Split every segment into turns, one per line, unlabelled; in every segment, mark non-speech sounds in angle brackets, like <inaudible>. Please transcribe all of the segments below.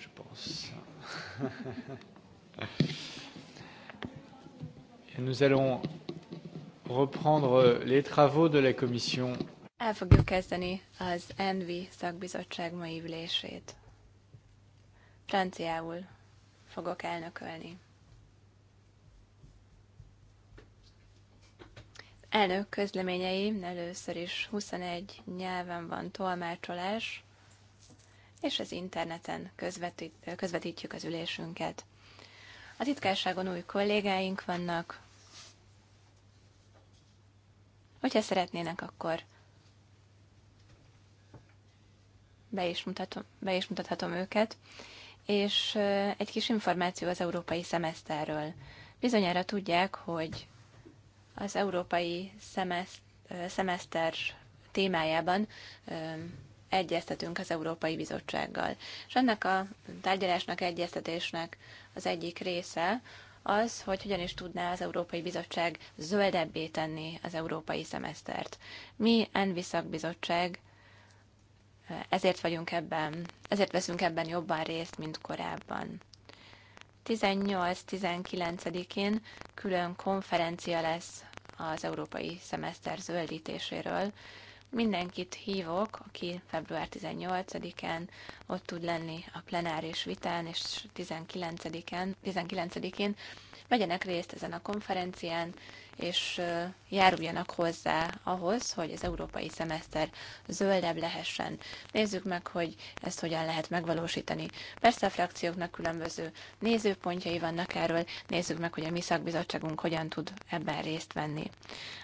je pense. <laughs> Et nous allons reprendre les travaux de la commission.
El fogjuk kezdeni az ENVI szakbizottság mai ülését. Franciául fogok elnökölni. Elnök közleményeim először is 21 nyelven van tolmácsolás, és az interneten közvetít, közvetítjük az ülésünket. A titkárságon új kollégáink vannak. Hogyha szeretnének, akkor be is, mutatom, be is mutathatom őket. És egy kis információ az európai szemeszterről. Bizonyára tudják, hogy az európai szemeszt, szemeszter témájában egyeztetünk az Európai Bizottsággal. És ennek a tárgyalásnak, egyeztetésnek az egyik része az, hogy hogyan is tudná az Európai Bizottság zöldebbé tenni az európai szemesztert. Mi, Envi Szakbizottság, ezért vagyunk ebben, ezért veszünk ebben jobban részt, mint korábban. 18-19-én külön konferencia lesz az európai szemeszter zöldítéséről, Mindenkit hívok, aki február 18-án ott tud lenni a plenáris vitán, és 19-en, 19-én vegyenek részt ezen a konferencián, és járuljanak hozzá ahhoz, hogy az európai szemeszter zöldebb lehessen. Nézzük meg, hogy ezt hogyan lehet megvalósítani. Persze a frakcióknak különböző nézőpontjai vannak erről, nézzük meg, hogy a mi szakbizottságunk hogyan tud ebben részt venni.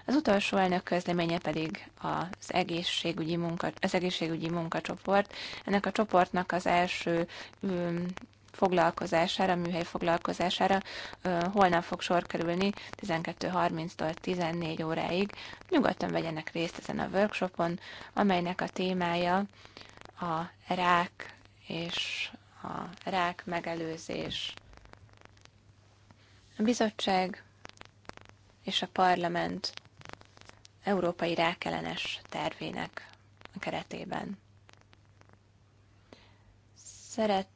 Az utolsó elnök közleménye pedig az egészségügyi, munka, az egészségügyi munkacsoport. Ennek a csoportnak az első foglalkozására, műhely foglalkozására holnap fog sor kerülni 12.30-tól 14 óráig. Nyugodtan vegyenek részt ezen a workshopon, amelynek a témája a rák és a rák megelőzés. A bizottság és a parlament európai rákellenes tervének keretében. Szeret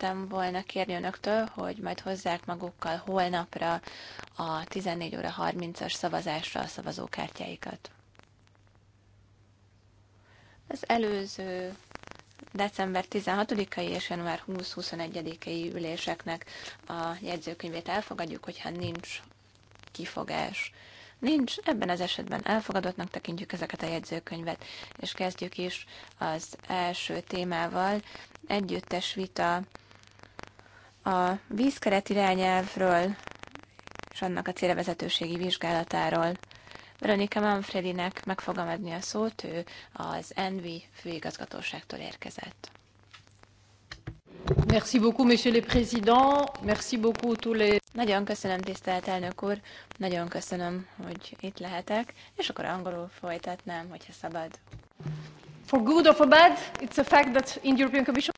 szerettem volna kérni önöktől, hogy majd hozzák magukkal holnapra a 14 óra 30-as szavazásra a szavazókártyáikat. Az előző december 16-ai és január 20-21-i üléseknek a jegyzőkönyvét elfogadjuk, hogyha nincs kifogás. Nincs, ebben az esetben elfogadottnak tekintjük ezeket a jegyzőkönyvet, és kezdjük is az első témával. Együttes vita a vízkeret irányelvről és annak a célvezetőségi vizsgálatáról. Veronika Manfredinek meg fogom adni a szót, ő az ENVI főigazgatóságtól érkezett. Merci beaucoup, monsieur le président. Merci beaucoup tous les... Nagyon köszönöm, tisztelt elnök úr, nagyon köszönöm, hogy itt lehetek, és akkor angolul folytatnám, hogyha szabad. For good or for bad, it's a fact that in the European
Commission...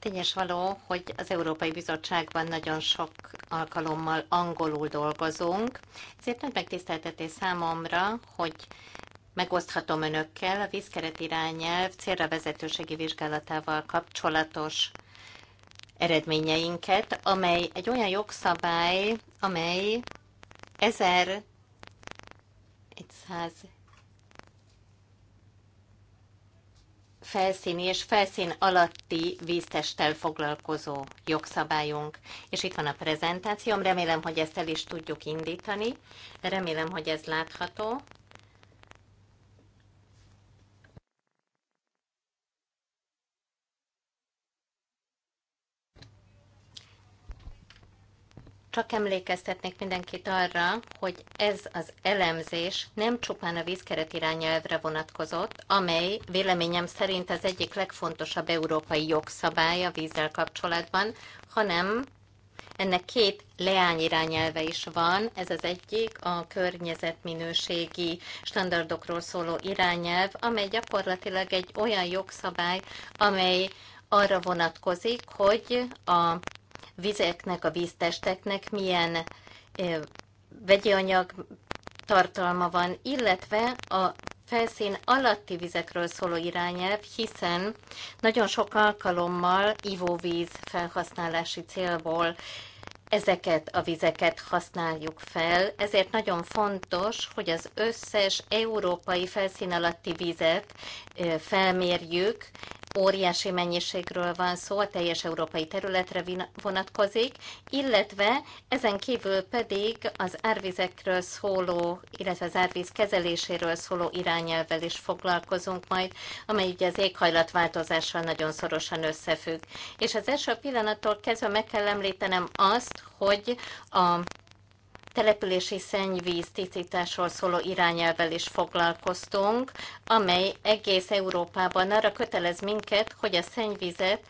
Tényes való, hogy az Európai Bizottságban nagyon sok alkalommal angolul dolgozunk, ezért nagy megtiszteltetés számomra, hogy megoszthatom önökkel a vízkeret irányelv célra vezetőségi vizsgálatával kapcsolatos eredményeinket, amely egy olyan jogszabály, amely 1100 felszíni és felszín alatti víztesttel foglalkozó jogszabályunk. És itt van a prezentációm, remélem, hogy ezt el is tudjuk indítani, remélem, hogy ez látható. Csak emlékeztetnék mindenkit arra, hogy ez az elemzés nem csupán a vízkeret irányelvre vonatkozott, amely véleményem szerint az egyik legfontosabb európai jogszabály a vízzel kapcsolatban, hanem ennek két leányirányelve is van, ez az egyik a környezetminőségi standardokról szóló irányelv, amely gyakorlatilag egy olyan jogszabály, amely arra vonatkozik, hogy a vizeknek, a víztesteknek milyen vegyi anyag tartalma van, illetve a felszín alatti vizekről szóló irányelv, hiszen nagyon sok alkalommal ivóvíz felhasználási célból ezeket a vizeket használjuk fel, ezért nagyon fontos, hogy az összes európai felszín alatti vizet felmérjük, óriási mennyiségről van szó, a teljes európai területre vonatkozik, illetve ezen kívül pedig az árvizekről szóló, illetve az árvíz kezeléséről szóló irányelvel is foglalkozunk majd, amely ugye az éghajlatváltozással nagyon szorosan összefügg. És az első pillanattól kezdve meg kell említenem azt, hogy a települési szennyvíz tisztításról szóló irányelvel is foglalkoztunk, amely egész Európában arra kötelez minket, hogy a szennyvizet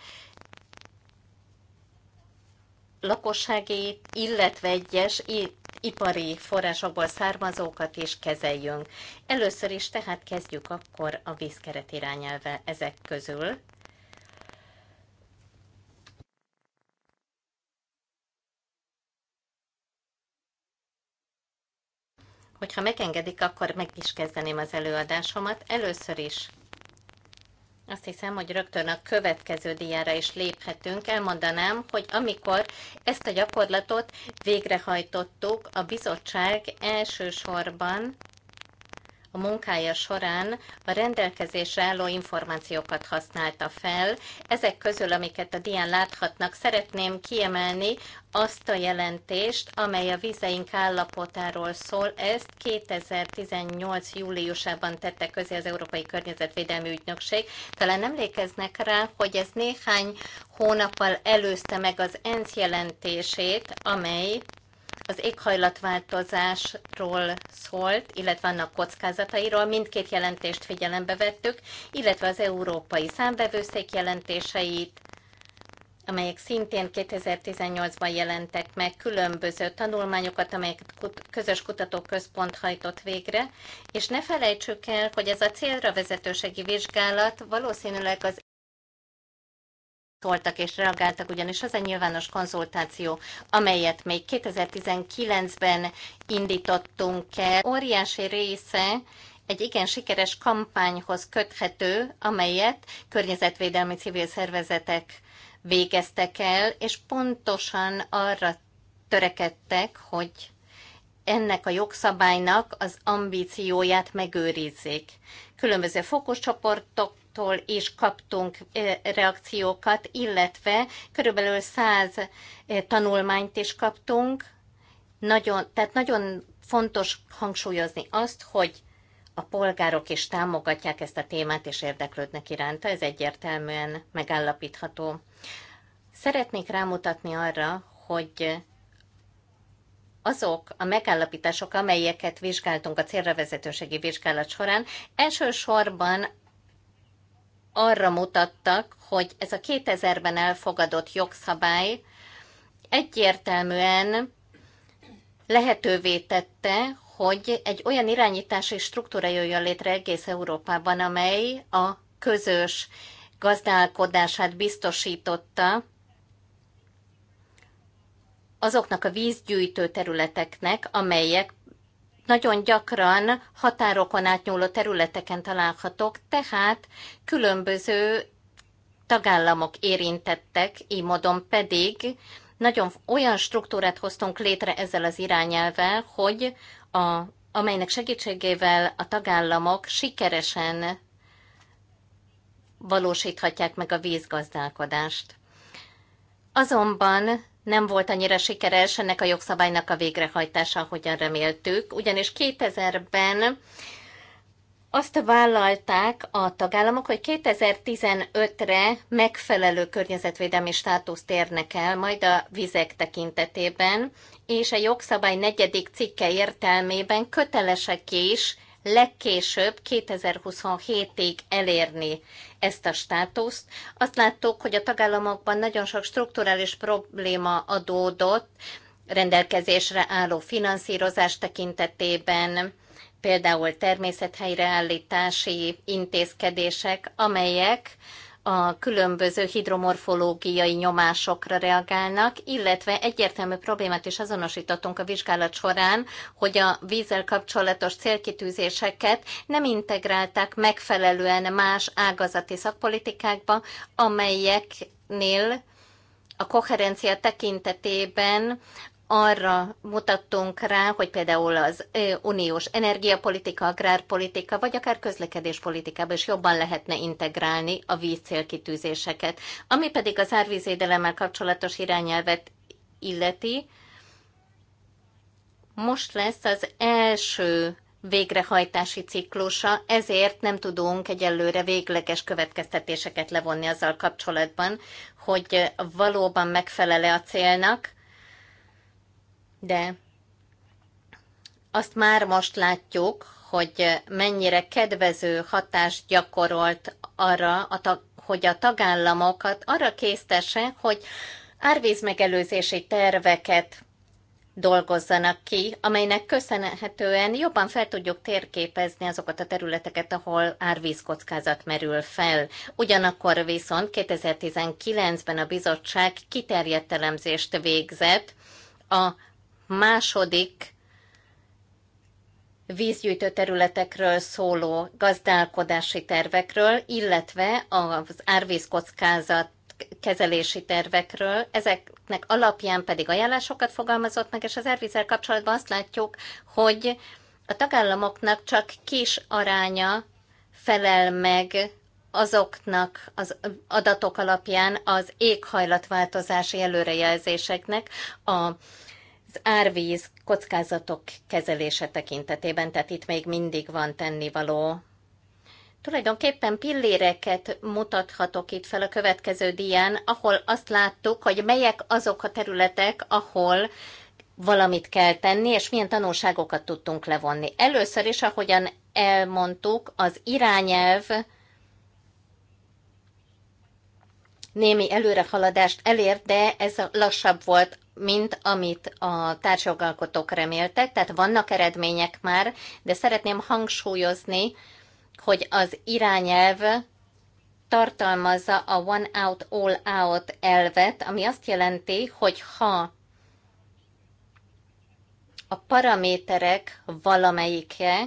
lakossági, illetve egyes ipari forrásokból származókat is kezeljünk. Először is tehát kezdjük akkor a vízkeret irányelve ezek közül. Hogyha megengedik, akkor meg is kezdeném az előadásomat. Először is azt hiszem, hogy rögtön a következő diára is léphetünk. Elmondanám, hogy amikor ezt a gyakorlatot végrehajtottuk, a bizottság elsősorban a munkája során a rendelkezésre álló információkat használta fel. Ezek közül, amiket a dián láthatnak, szeretném kiemelni azt a jelentést, amely a vizeink állapotáról szól. Ezt 2018. júliusában tette közé az Európai Környezetvédelmi Ügynökség. Talán emlékeznek rá, hogy ez néhány hónappal előzte meg az ENSZ jelentését, amely az éghajlatváltozásról szólt, illetve annak kockázatairól. Mindkét jelentést figyelembe vettük, illetve az Európai Számbevőszék jelentéseit, amelyek szintén 2018-ban jelentek meg különböző tanulmányokat, amelyeket közös kutatóközpont hajtott végre, és ne felejtsük el, hogy ez a célra vezetőségi vizsgálat valószínűleg az szóltak és reagáltak, ugyanis az a nyilvános konzultáció, amelyet még 2019-ben indítottunk el, óriási része egy igen sikeres kampányhoz köthető, amelyet környezetvédelmi civil szervezetek végeztek el, és pontosan arra törekedtek, hogy ennek a jogszabálynak az ambícióját megőrizzék. Különböző fókuszcsoportok tól is kaptunk reakciókat, illetve körülbelül 100 tanulmányt is kaptunk. Nagyon, tehát nagyon fontos hangsúlyozni azt, hogy a polgárok is támogatják ezt a témát és érdeklődnek iránta, ez egyértelműen megállapítható. Szeretnék rámutatni arra, hogy azok a megállapítások, amelyeket vizsgáltunk a célra vezetőségi vizsgálat során, elsősorban arra mutattak, hogy ez a 2000-ben elfogadott jogszabály egyértelműen lehetővé tette, hogy egy olyan irányítási struktúra jöjjön létre egész Európában, amely a közös gazdálkodását biztosította azoknak a vízgyűjtő területeknek, amelyek nagyon gyakran határokon átnyúló területeken találhatók, tehát különböző tagállamok érintettek, így módon pedig nagyon olyan struktúrát hoztunk létre ezzel az irányelvel, hogy a, amelynek segítségével a tagállamok sikeresen valósíthatják meg a vízgazdálkodást. Azonban nem volt annyira sikeres ennek a jogszabálynak a végrehajtása, ahogyan reméltük, ugyanis 2000-ben azt vállalták a tagállamok, hogy 2015-re megfelelő környezetvédelmi státuszt érnek el, majd a vizek tekintetében, és a jogszabály negyedik cikke értelmében kötelesek is legkésőbb 2027-ig elérni ezt a státuszt. Azt láttuk, hogy a tagállamokban nagyon sok strukturális probléma adódott, rendelkezésre álló finanszírozás tekintetében, például természethelyreállítási intézkedések, amelyek a különböző hidromorfológiai nyomásokra reagálnak, illetve egyértelmű problémát is azonosítottunk a vizsgálat során, hogy a vízzel kapcsolatos célkitűzéseket nem integrálták megfelelően más ágazati szakpolitikákba, amelyeknél a koherencia tekintetében arra mutattunk rá, hogy például az uniós energiapolitika, agrárpolitika, vagy akár közlekedéspolitikába is jobban lehetne integrálni a vízcélkitűzéseket. Ami pedig az árvízvédelemmel kapcsolatos irányelvet illeti, most lesz az első végrehajtási ciklusa, ezért nem tudunk egyelőre végleges következtetéseket levonni azzal kapcsolatban, hogy valóban megfelele a célnak, de azt már most látjuk, hogy mennyire kedvező hatást gyakorolt arra, a tag, hogy a tagállamokat arra késztesse, hogy árvízmegelőzési terveket dolgozzanak ki, amelynek köszönhetően jobban fel tudjuk térképezni azokat a területeket, ahol árvízkockázat merül fel. Ugyanakkor viszont 2019-ben a bizottság kiterjedt elemzést végzett a második vízgyűjtő területekről szóló gazdálkodási tervekről, illetve az árvízkockázat kezelési tervekről, ezeknek alapján pedig ajánlásokat fogalmazott meg, és az árvízzel kapcsolatban azt látjuk, hogy a tagállamoknak csak kis aránya felel meg azoknak az adatok alapján az éghajlatváltozási előrejelzéseknek a az árvíz kockázatok kezelése tekintetében, tehát itt még mindig van tennivaló. Tulajdonképpen pilléreket mutathatok itt fel a következő dián, ahol azt láttuk, hogy melyek azok a területek, ahol valamit kell tenni, és milyen tanulságokat tudtunk levonni. Először is, ahogyan elmondtuk, az irányelv némi előrehaladást elért, de ez lassabb volt mint amit a társjogalkotók reméltek, tehát vannak eredmények már, de szeretném hangsúlyozni, hogy az irányelv tartalmazza a one out, all out elvet, ami azt jelenti, hogy ha a paraméterek valamelyike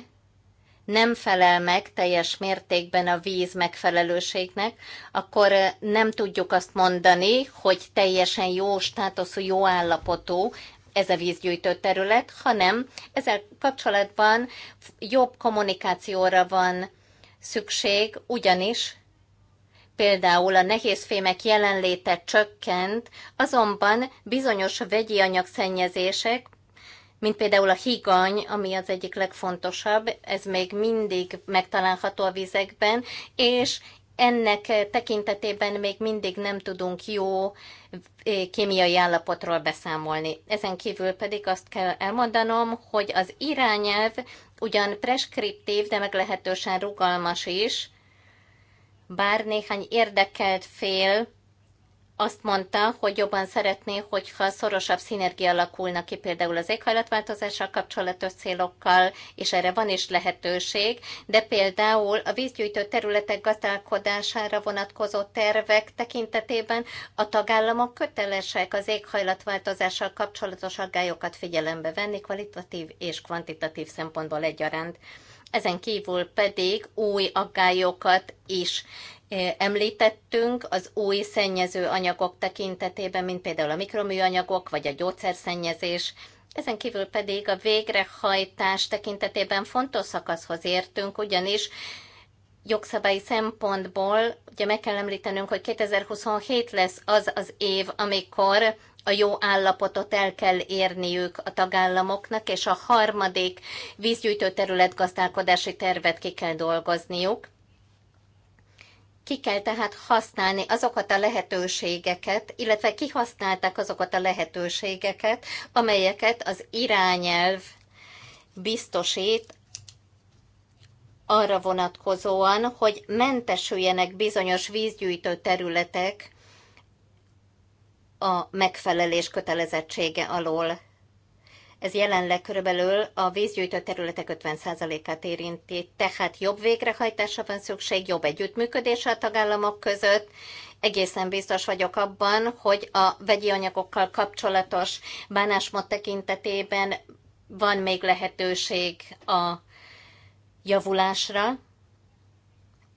nem felel meg teljes mértékben a víz megfelelőségnek, akkor nem tudjuk azt mondani, hogy teljesen jó státuszú, jó állapotú ez a vízgyűjtő terület, hanem ezzel kapcsolatban jobb kommunikációra van szükség, ugyanis Például a nehézfémek jelenléte csökkent, azonban bizonyos vegyi anyagszennyezések mint például a higany, ami az egyik legfontosabb, ez még mindig megtalálható a vizekben, és ennek tekintetében még mindig nem tudunk jó eh, kémiai állapotról beszámolni. Ezen kívül pedig azt kell elmondanom, hogy az irányelv ugyan preskriptív, de meglehetősen rugalmas is, bár néhány érdekelt fél azt mondta, hogy jobban szeretné, hogyha szorosabb szinergia alakulna ki például az éghajlatváltozással kapcsolatos célokkal, és erre van is lehetőség, de például a vízgyűjtő területek gazdálkodására vonatkozó tervek tekintetében a tagállamok kötelesek az éghajlatváltozással kapcsolatos aggályokat figyelembe venni kvalitatív és kvantitatív szempontból egyaránt ezen kívül pedig új aggályokat is említettünk az új szennyező anyagok tekintetében, mint például a mikroműanyagok vagy a gyógyszerszennyezés, ezen kívül pedig a végrehajtás tekintetében fontos szakaszhoz értünk, ugyanis jogszabályi szempontból, ugye meg kell említenünk, hogy 2027 lesz az az év, amikor a jó állapotot el kell érniük a tagállamoknak, és a harmadik vízgyűjtő terület gazdálkodási tervet ki kell dolgozniuk. Ki kell tehát használni azokat a lehetőségeket, illetve kihasználták azokat a lehetőségeket, amelyeket az irányelv biztosít arra vonatkozóan, hogy mentesüljenek bizonyos vízgyűjtő területek a megfelelés kötelezettsége alól. Ez jelenleg körülbelül a vízgyűjtő területek 50%-át érinti, tehát jobb végrehajtásra van szükség, jobb együttműködésre a tagállamok között. Egészen biztos vagyok abban, hogy a vegyi anyagokkal kapcsolatos bánásmód tekintetében van még lehetőség a javulásra,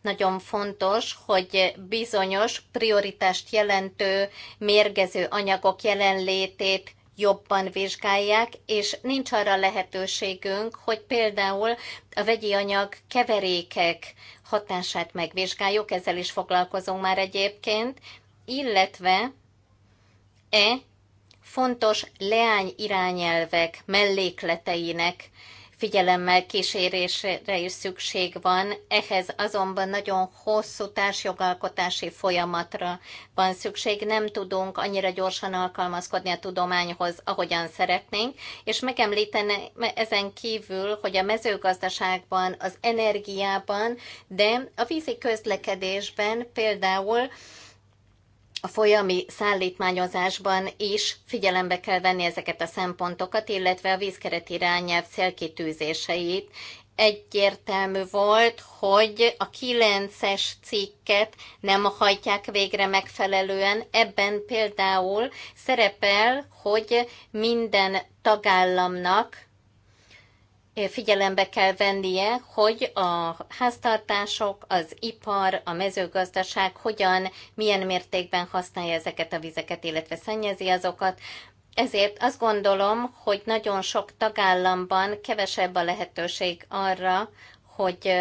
nagyon fontos, hogy bizonyos prioritást jelentő mérgező anyagok jelenlétét jobban vizsgálják, és nincs arra lehetőségünk, hogy például a vegyi anyag keverékek hatását megvizsgáljuk, ezzel is foglalkozunk már egyébként, illetve e fontos leány irányelvek mellékleteinek figyelemmel kísérésre is szükség van, ehhez azonban nagyon hosszú társjogalkotási folyamatra van szükség, nem tudunk annyira gyorsan alkalmazkodni a tudományhoz, ahogyan szeretnénk, és megemlíteném ezen kívül, hogy a mezőgazdaságban, az energiában, de a vízi közlekedésben például a folyami szállítmányozásban is figyelembe kell venni ezeket a szempontokat, illetve a vízkeret irányelv célkitűzéseit. Egyértelmű volt, hogy a 9-es cikket nem hajtják végre megfelelően. Ebben például szerepel, hogy minden tagállamnak figyelembe kell vennie, hogy a háztartások, az ipar, a mezőgazdaság hogyan, milyen mértékben használja ezeket a vizeket, illetve szennyezi azokat. Ezért azt gondolom, hogy nagyon sok tagállamban kevesebb a lehetőség arra, hogy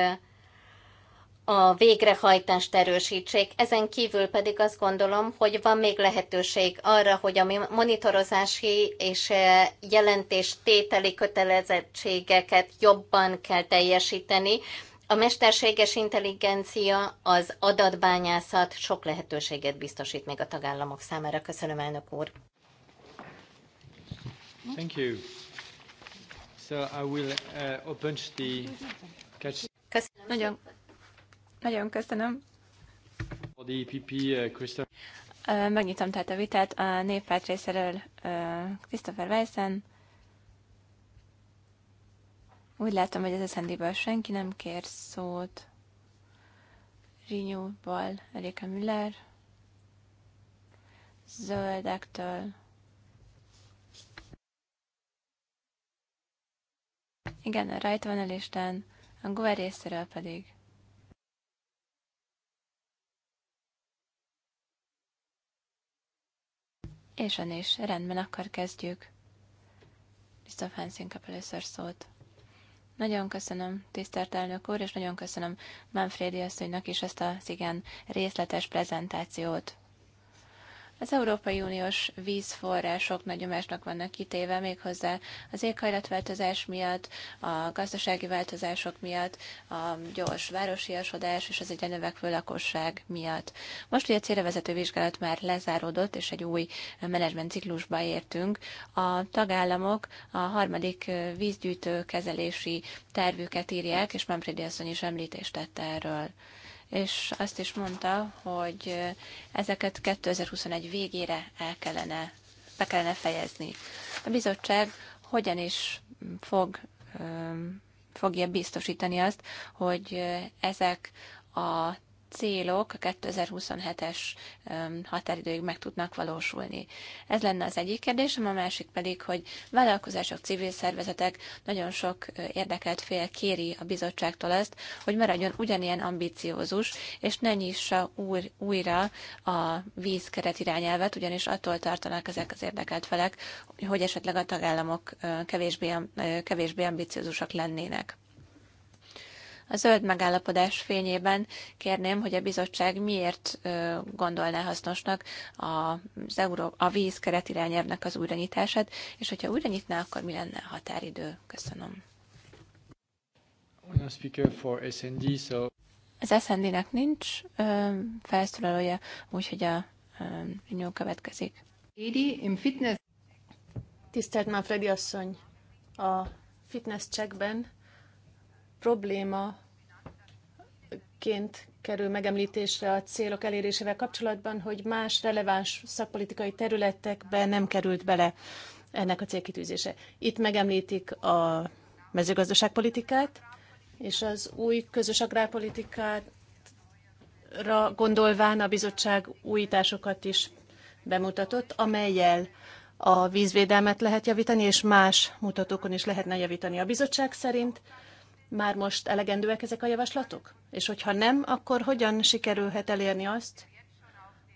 a végrehajtást erősítsék. Ezen kívül pedig azt gondolom, hogy van még lehetőség arra, hogy a monitorozási és e, jelentés tételi kötelezettségeket jobban kell teljesíteni. A mesterséges intelligencia az adatbányászat sok lehetőséget biztosít még a tagállamok számára. Köszönöm, elnök úr.
Thank you. So I will uh, open the Köszönöm.
Nagyon. Nagyon köszönöm. A DPP e Megnyitom tehát a vitát a néppárt részéről Christopher Weissen. Úgy látom, hogy az a ből senki nem kér szót. Rinyóval Erika Müller. Zöldektől. Igen, rajta van a listán. A Guver részéről pedig És ön is. Rendben, akkor kezdjük. Krisztof Hansen kap először szót. Nagyon köszönöm, tisztelt elnök úr, és nagyon köszönöm Manfredi asszonynak is ezt az igen részletes prezentációt. Az Európai Uniós vízforrások nagy nyomásnak vannak kitéve méghozzá az éghajlatváltozás miatt, a gazdasági változások miatt, a gyors városiasodás és az egyre növekvő lakosság miatt. Most, ugye a célrevezető vizsgálat már lezáródott, és egy új menedzsment ciklusba értünk, a tagállamok a harmadik vízgyűjtő kezelési tervüket írják, és Manfredi asszony is említést tette erről és azt is mondta, hogy ezeket 2021 végére el kellene, be kellene fejezni. A bizottság hogyan is fog, fogja biztosítani azt, hogy ezek a célok a 2027-es határidőig meg tudnak valósulni. Ez lenne az egyik kérdésem, a másik pedig, hogy vállalkozások, civil szervezetek, nagyon sok érdekelt fél kéri a bizottságtól ezt, hogy maradjon ugyanilyen ambiciózus, és ne nyissa úr, újra a vízkeret irányelvet, ugyanis attól tartanak ezek az érdekelt felek, hogy esetleg a tagállamok kevésbé, kevésbé ambiciózusak lennének. A zöld megállapodás fényében kérném, hogy a bizottság miért gondolná hasznosnak az Euró, a víz keretirányelvnek az újranyitását, és hogyha újranyitná, akkor mi lenne a határidő? Köszönöm. Az SND-nek nincs felszólalója, úgyhogy a nyúl következik. Édi, im fitness... Tisztelt Manfredi asszony,
a fitness checkben problémaként kerül megemlítésre a célok elérésével kapcsolatban, hogy más releváns szakpolitikai területekbe nem került bele ennek a célkitűzése. Itt megemlítik a mezőgazdaságpolitikát és az új közös agrárpolitikára gondolván a bizottság újításokat is bemutatott, amelyel a vízvédelmet lehet javítani, és más mutatókon is lehetne javítani a bizottság szerint. Már most elegendőek ezek a javaslatok? És hogyha nem, akkor hogyan sikerülhet elérni azt,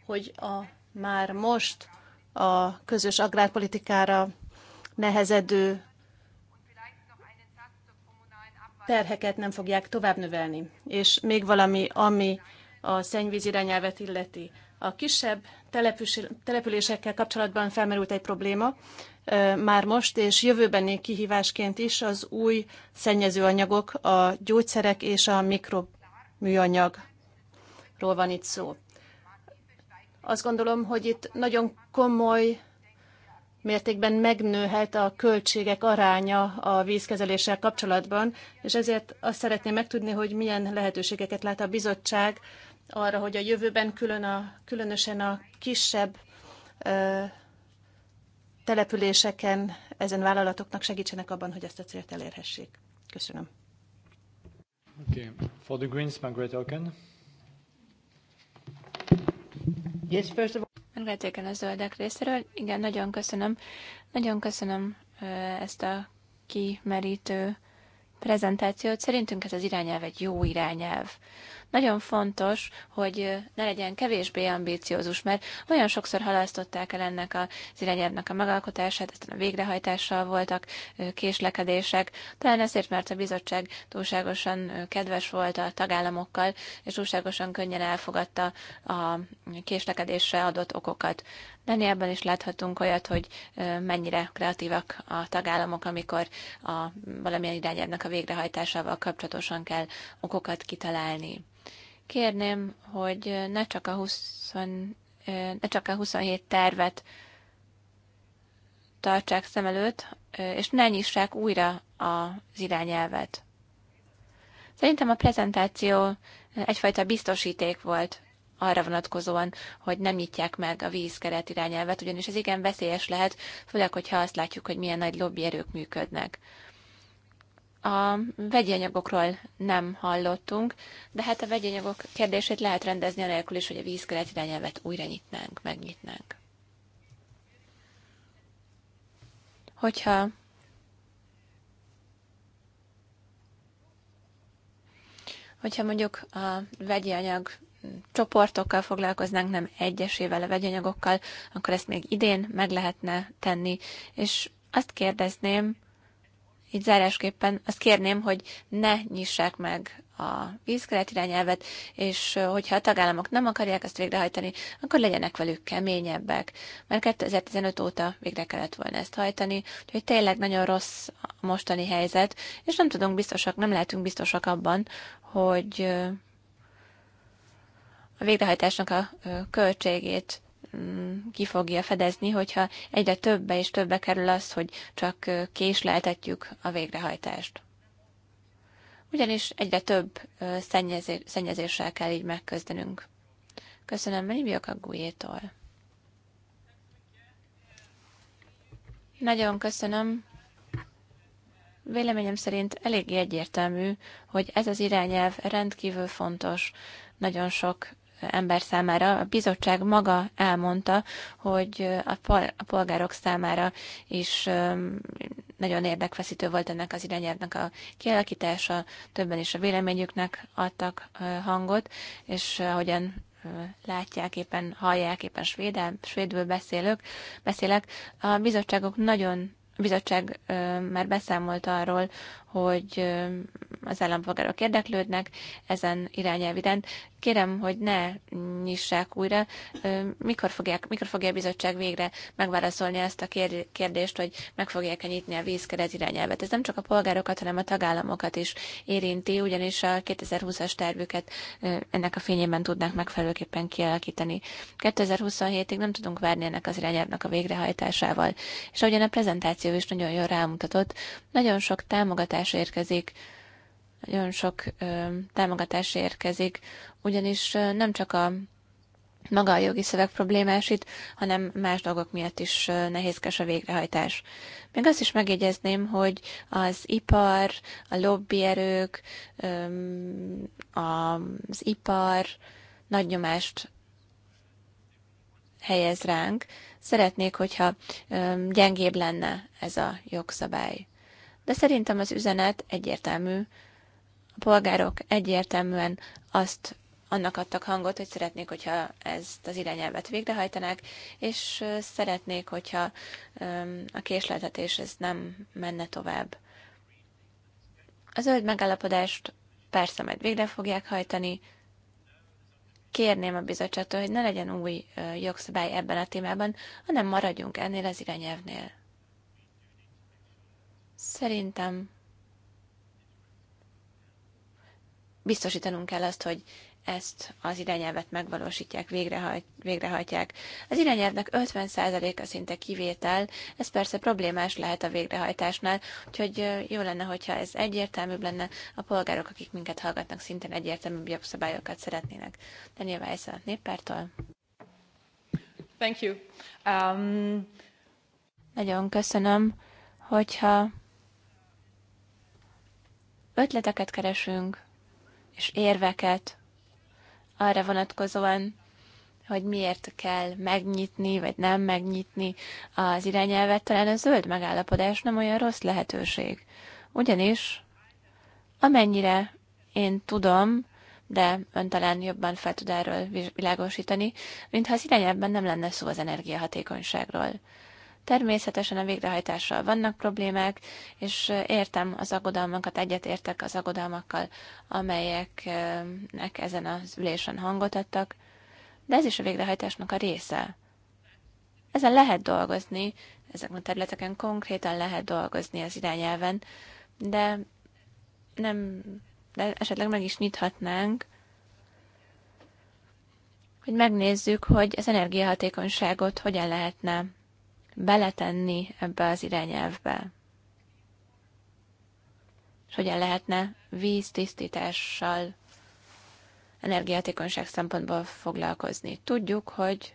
hogy a már most a közös agrárpolitikára nehezedő terheket nem fogják tovább növelni. És még valami, ami a szennyvíz irányelvet illeti. A kisebb településekkel kapcsolatban felmerült egy probléma már most, és jövőbeni kihívásként is az új szennyezőanyagok, a gyógyszerek és a mikroműanyagról van itt szó. Azt gondolom, hogy itt nagyon komoly mértékben megnőhet a költségek aránya a vízkezeléssel kapcsolatban, és ezért azt szeretném megtudni, hogy milyen lehetőségeket lát a bizottság arra, hogy a jövőben külön a, különösen a kisebb ö, településeken ezen vállalatoknak segítsenek abban, hogy ezt a célt elérhessék. Köszönöm.
Okay. For the Greens, Margaret Elken.
Yes, first of all... Margaret Elken a zöldek részéről. Igen, nagyon köszönöm. Nagyon köszönöm ezt a kimerítő prezentációt. Szerintünk ez az irányelv egy jó irányelv. Nagyon fontos, hogy ne legyen kevésbé ambíciózus, mert olyan sokszor halasztották el ennek az irányelvnek a megalkotását, aztán a végrehajtással voltak késlekedések, talán ezért, mert a bizottság túlságosan kedves volt a tagállamokkal, és túlságosan könnyen elfogadta a késlekedésre adott okokat. Danielben is láthatunk olyat, hogy mennyire kreatívak a tagállamok, amikor a valamilyen irányelvnek a végrehajtásával kapcsolatosan kell okokat kitalálni. Kérném, hogy ne csak a, 20, ne csak a 27 tervet tartsák szem előtt, és ne nyissák újra az irányelvet. Szerintem a prezentáció egyfajta biztosíték volt arra vonatkozóan, hogy nem nyitják meg a vízkeret irányelvet, ugyanis ez igen veszélyes lehet, főleg, hogyha azt látjuk, hogy milyen nagy lobbyerők működnek. A vegyi anyagokról nem hallottunk, de hát a vegyi anyagok kérdését lehet rendezni anélkül is, hogy a vízkeret irányelvet újra nyitnánk, megnyitnánk. Hogyha hogyha mondjuk a vegyi anyag csoportokkal foglalkoznánk, nem egyesével, a vegyanyagokkal, akkor ezt még idén meg lehetne tenni. És azt kérdezném, így zárásképpen azt kérném, hogy ne nyissák meg a vízkeret irányelvet, és hogyha a tagállamok nem akarják ezt végrehajtani, akkor legyenek velük keményebbek, mert 2015 óta végre kellett volna ezt hajtani, úgyhogy tényleg nagyon rossz a mostani helyzet, és nem tudunk biztosak, nem lehetünk biztosak abban, hogy a végrehajtásnak a költségét mm, ki fogja fedezni, hogyha egyre többe és többe kerül az, hogy csak késleltetjük a végrehajtást. Ugyanis egyre több szennyezéssel kell így megközdenünk. Köszönöm, Melibjak a Gujétól. Nagyon köszönöm. Véleményem szerint eléggé egyértelmű, hogy ez az irányelv rendkívül fontos, nagyon sok ember számára. A bizottság maga elmondta, hogy a polgárok számára is nagyon érdekfeszítő volt ennek az irányelvnek a kialakítása, többen is a véleményüknek adtak hangot, és ahogyan látják, éppen hallják, éppen svédel, svédből beszélök, beszélek. A bizottságok nagyon bizottság már beszámolt arról, hogy az állampolgárok érdeklődnek ezen irányelvi rend. Kérem, hogy ne nyissák újra. Mikor, fogják, mikor fogja a bizottság végre megválaszolni ezt a kérdést, hogy meg fogják-e nyitni a vízkeret irányelvet? Ez nem csak a polgárokat, hanem a tagállamokat is érinti, ugyanis a 2020-as tervüket ennek a fényében tudnák megfelelőképpen kialakítani. 2027-ig nem tudunk várni ennek az irányelvnek a végrehajtásával. És ahogyan a prezentáció is nagyon jól rámutatott, nagyon sok támogatás támogatás érkezik, nagyon sok támogatás érkezik, ugyanis nem csak a maga a jogi szöveg problémás itt, hanem más dolgok miatt is nehézkes a végrehajtás. Még azt is megjegyezném, hogy az ipar, a lobbyerők, az ipar nagy nyomást helyez ránk. Szeretnék, hogyha gyengébb lenne ez a jogszabály de szerintem az üzenet egyértelmű. A polgárok egyértelműen azt annak adtak hangot, hogy szeretnék, hogyha ezt az irányelvet végrehajtanák, és szeretnék, hogyha a késleltetés ez nem menne tovább. A zöld megállapodást persze majd végre fogják hajtani. Kérném a bizottságtól, hogy ne legyen új jogszabály ebben a témában, hanem maradjunk ennél az irányelvnél. Szerintem biztosítanunk kell azt, hogy ezt az irányelvet megvalósítják, végrehajt, végrehajtják. Az irányelvnek 50%-a szinte kivétel, ez persze problémás lehet a végrehajtásnál, úgyhogy jó lenne, hogyha ez egyértelműbb lenne, a polgárok, akik minket hallgatnak, szintén egyértelműbb jobb szabályokat szeretnének. nyilván ez a néppártól. Thank you. Um... Nagyon köszönöm, hogyha Ötleteket keresünk, és érveket arra vonatkozóan, hogy miért kell megnyitni, vagy nem megnyitni az irányelvet, talán a zöld megállapodás nem olyan rossz lehetőség. Ugyanis, amennyire én tudom, de ön talán jobban fel tud erről világosítani, mintha az irányelvben nem lenne szó az energiahatékonyságról. Természetesen a végrehajtással vannak problémák, és értem az aggodalmakat, egyetértek az aggodalmakkal, amelyeknek ezen az ülésen hangot adtak, de ez is a végrehajtásnak a része. Ezen lehet dolgozni, ezek a területeken konkrétan lehet dolgozni az irányelven, de nem, de esetleg meg is nyithatnánk, hogy megnézzük, hogy az energiahatékonyságot hogyan lehetne beletenni ebbe az irányelvbe? És hogyan lehetne víztisztítással energiahatékonyság szempontból foglalkozni? Tudjuk, hogy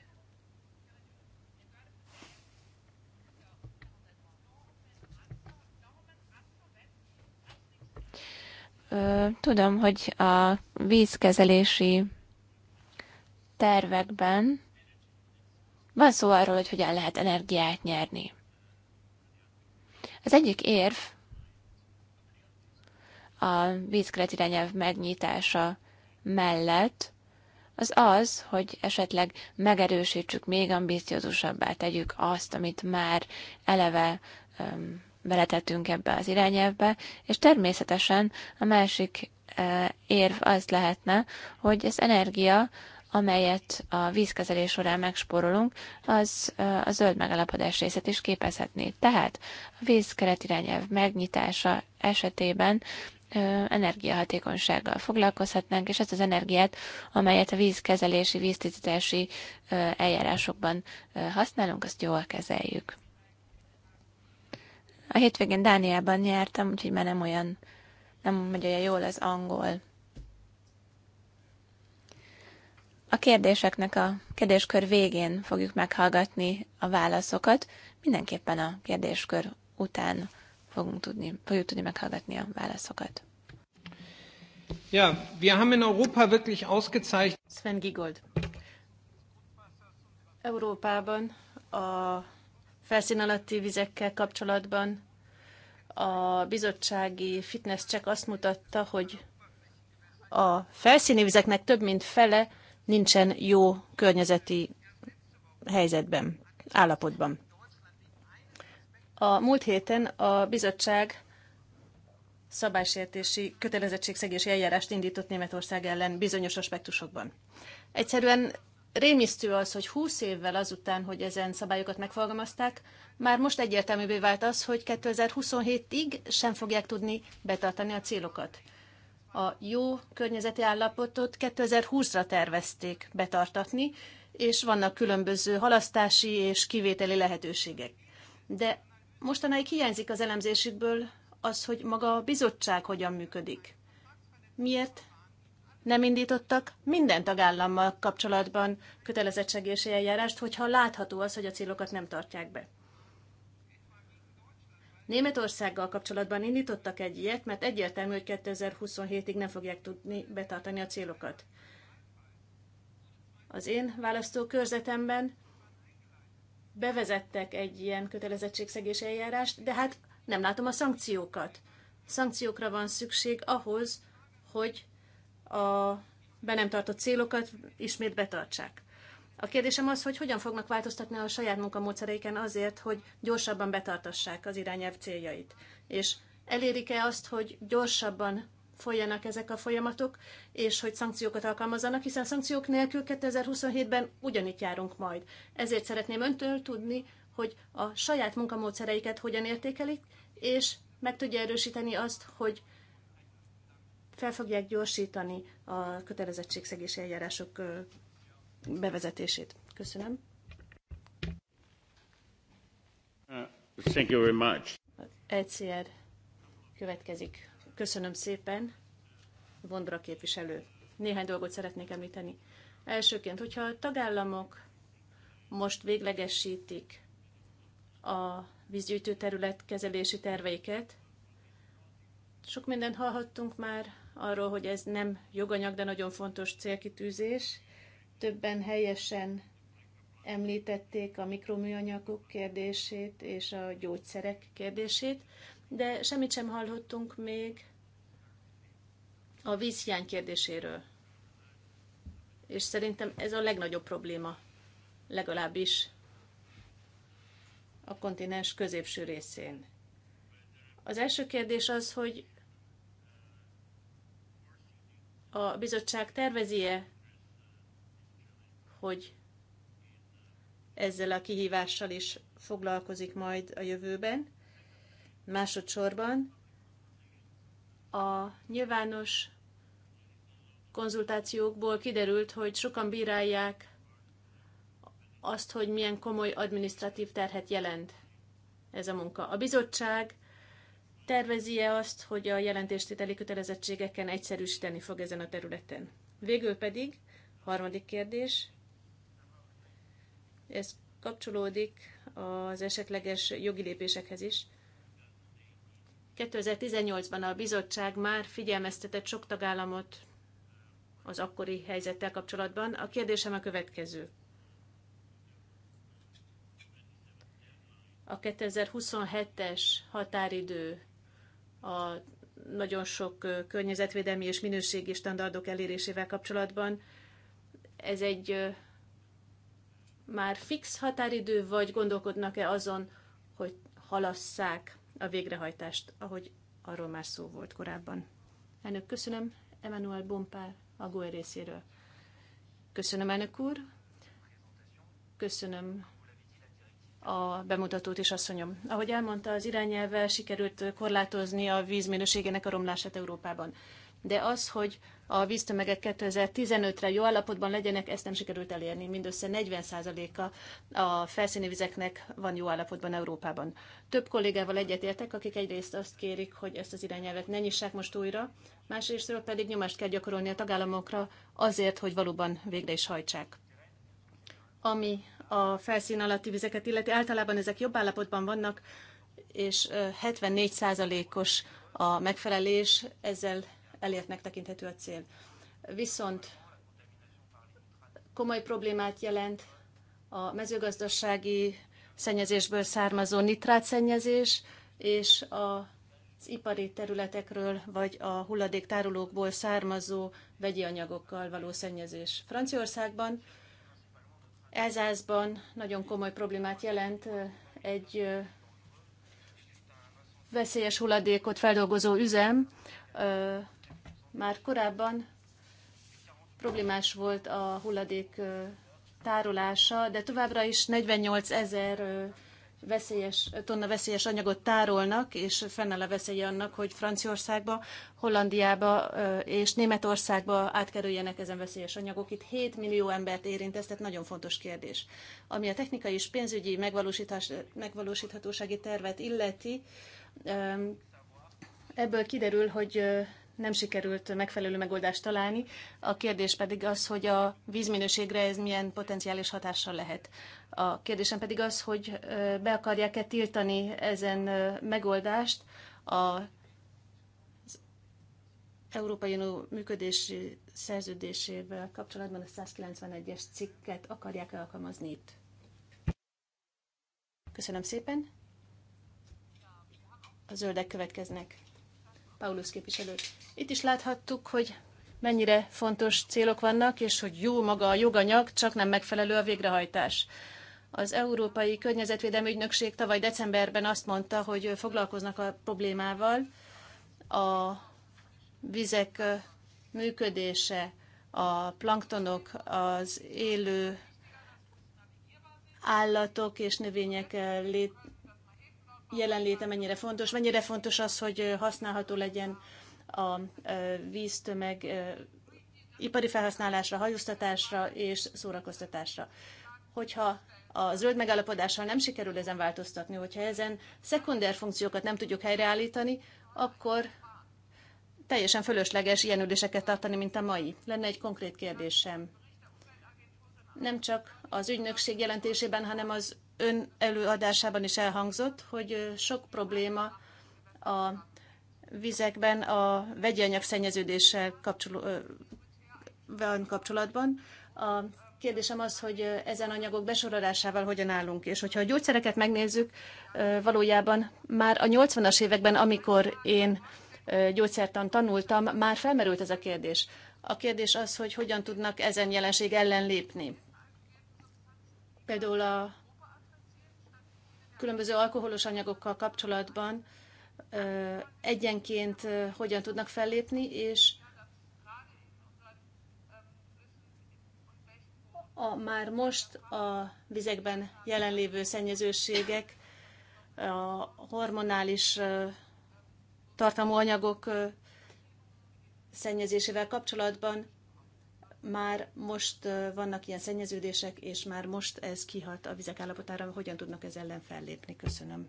tudom, hogy a vízkezelési tervekben van szó arról, hogy hogyan lehet energiát nyerni. Az egyik érv a vízkeret irányelv megnyitása mellett az az, hogy esetleg megerősítsük, még ambiciózusabbá tegyük azt, amit már eleve um, beletettünk ebbe az irányelvbe, és természetesen a másik érv az lehetne, hogy az energia amelyet a vízkezelés során megspórolunk, az a zöld megalapodás részét is képezhetné. Tehát a vízkeret megnyitása esetében energiahatékonysággal foglalkozhatnánk, és ezt az energiát, amelyet a vízkezelési, víztisztítási eljárásokban használunk, azt jól kezeljük. A hétvégén Dániában jártam, úgyhogy már nem olyan, nem mondja jól az angol A kérdéseknek a kérdéskör végén fogjuk meghallgatni a válaszokat, mindenképpen a kérdéskör után fogunk tudni, fogjuk tudni meghallgatni a válaszokat.
Ja, wir haben in Europa wirklich ausgezeichnet. Sven Gigold. Európában a felszín alatti vizekkel kapcsolatban a bizottsági fitness csak azt mutatta, hogy a felszíni vizeknek több mint fele nincsen jó környezeti helyzetben, állapotban. A múlt héten a bizottság szabálysértési kötelezettségszegési eljárást indított Németország ellen bizonyos aspektusokban. Egyszerűen rémisztő az, hogy 20 évvel azután, hogy ezen szabályokat megfogalmazták, már most egyértelművé vált az, hogy 2027-ig sem fogják tudni betartani a célokat a jó környezeti állapotot 2020-ra tervezték betartatni, és vannak különböző halasztási és kivételi lehetőségek. De mostanáig hiányzik az elemzésükből az, hogy maga a bizottság hogyan működik. Miért nem indítottak minden tagállammal kapcsolatban kötelezettségési eljárást, hogyha látható az, hogy a célokat nem tartják be. Németországgal kapcsolatban indítottak egy ilyet, mert egyértelmű, hogy 2027-ig nem fogják tudni betartani a célokat. Az én választókörzetemben bevezettek egy ilyen kötelezettségszegés eljárást, de hát nem látom a szankciókat. Szankciókra van szükség ahhoz, hogy a be nem tartott célokat ismét betartsák. A kérdésem az, hogy hogyan fognak változtatni a saját munkamódszereiken azért, hogy gyorsabban betartassák az irányelv céljait. És elérik-e azt, hogy gyorsabban folyjanak ezek a folyamatok, és hogy szankciókat alkalmazzanak, hiszen szankciók nélkül 2027-ben ugyanitt járunk majd. Ezért szeretném öntől tudni, hogy a saját munkamódszereiket hogyan értékelik, és meg tudja erősíteni azt, hogy fel fogják gyorsítani a kötelezettségszegési eljárások bevezetését. Köszönöm.
Uh, thank you very much.
ECR következik. Köszönöm szépen, Vondra képviselő. Néhány dolgot szeretnék említeni. Elsőként, hogyha a tagállamok most véglegesítik a vízgyűjtő terület kezelési terveiket, sok mindent hallhattunk már arról, hogy ez nem joganyag, de nagyon fontos célkitűzés, Többen helyesen említették a mikroműanyagok kérdését és a gyógyszerek kérdését, de semmit sem hallottunk még a vízhiány kérdéséről. És szerintem ez a legnagyobb probléma, legalábbis a kontinens középső részén. Az első kérdés az, hogy a bizottság tervezi-e hogy ezzel a kihívással is foglalkozik majd a jövőben. Másodszorban a nyilvános konzultációkból kiderült, hogy sokan bírálják azt, hogy milyen komoly administratív terhet jelent ez a munka. A bizottság tervezi-e azt, hogy a jelentéstételi kötelezettségeken egyszerűsíteni fog ezen a területen? Végül pedig, harmadik kérdés, ez kapcsolódik az esetleges jogi lépésekhez is. 2018-ban a bizottság már figyelmeztetett sok tagállamot az akkori helyzettel kapcsolatban. A kérdésem a következő. A 2027-es határidő a nagyon sok környezetvédelmi és minőségi standardok elérésével kapcsolatban. Ez egy már fix határidő, vagy gondolkodnak-e azon, hogy halasszák a végrehajtást, ahogy arról már szó volt korábban. Elnök, köszönöm. Emmanuel Bompár a GOE részéről. Köszönöm, elnök úr. Köszönöm a bemutatót is, asszonyom. Ahogy elmondta, az irányelve sikerült korlátozni a víz a romlását Európában de az, hogy a víztömegek 2015-re jó állapotban legyenek, ezt nem sikerült elérni. Mindössze 40%-a a felszíni vizeknek van jó állapotban Európában. Több kollégával egyetértek, akik egyrészt azt kérik, hogy ezt az irányelvet ne nyissák most újra, másrésztről pedig nyomást kell gyakorolni a tagállamokra azért, hogy valóban végre is hajtsák. Ami a felszín alatti vizeket illeti, általában ezek jobb állapotban vannak, és 74%-os a megfelelés, ezzel elértnek tekinthető a cél. Viszont komoly problémát jelent a mezőgazdasági szennyezésből származó nitrátszennyezés és az ipari területekről vagy a hulladéktárolókból származó vegyi anyagokkal való szennyezés. Franciaországban, Elzászban nagyon komoly problémát jelent egy veszélyes hulladékot feldolgozó üzem, már korábban problémás volt a hulladék tárolása, de továbbra is 48 ezer veszélyes, tonna veszélyes anyagot tárolnak, és fennáll a veszély annak, hogy Franciaországba, Hollandiába és Németországba átkerüljenek ezen veszélyes anyagok. Itt 7 millió embert érint ez, tehát nagyon fontos kérdés. Ami a technikai és pénzügyi megvalósítás, megvalósíthatósági tervet illeti, ebből kiderül, hogy nem sikerült megfelelő megoldást találni. A kérdés pedig az, hogy a vízminőségre ez milyen potenciális hatással lehet. A kérdésem pedig az, hogy be akarják-e tiltani ezen megoldást a Európai Unió működési szerződésével kapcsolatban a 191-es cikket akarják -e alkalmazni itt. Köszönöm szépen. A zöldek következnek. Paulus képviselő. Itt is láthattuk, hogy mennyire fontos célok vannak, és hogy jó maga a joganyag, csak nem megfelelő a végrehajtás. Az Európai Környezetvédelmi Ügynökség tavaly decemberben azt mondta, hogy foglalkoznak a problémával, a vizek működése, a planktonok, az élő állatok és növények lét, jelenléte mennyire fontos, mennyire fontos az, hogy használható legyen a víztömeg ipari felhasználásra, hajóztatásra és szórakoztatásra. Hogyha a zöld megállapodással nem sikerül ezen változtatni, hogyha ezen szekunder funkciókat nem tudjuk helyreállítani, akkor teljesen fölösleges ilyen üléseket tartani, mint a mai. Lenne egy konkrét kérdésem. Nem csak az ügynökség jelentésében, hanem az ön előadásában is elhangzott, hogy sok probléma a vizekben a vegyi szennyeződéssel kapcsoló, van kapcsolatban. A kérdésem az, hogy ezen anyagok besorolásával hogyan állunk, és hogyha a gyógyszereket megnézzük, valójában már a 80-as években, amikor én gyógyszertan tanultam, már felmerült ez a kérdés. A kérdés az, hogy hogyan tudnak ezen jelenség ellen lépni. Például a különböző alkoholos anyagokkal kapcsolatban egyenként hogyan tudnak fellépni, és a már most a vizekben jelenlévő szennyezőségek, a hormonális tartalmú anyagok szennyezésével kapcsolatban már most vannak ilyen szennyeződések, és már most ez kihat a vizek
állapotára, hogyan tudnak ez ellen fellépni. Köszönöm.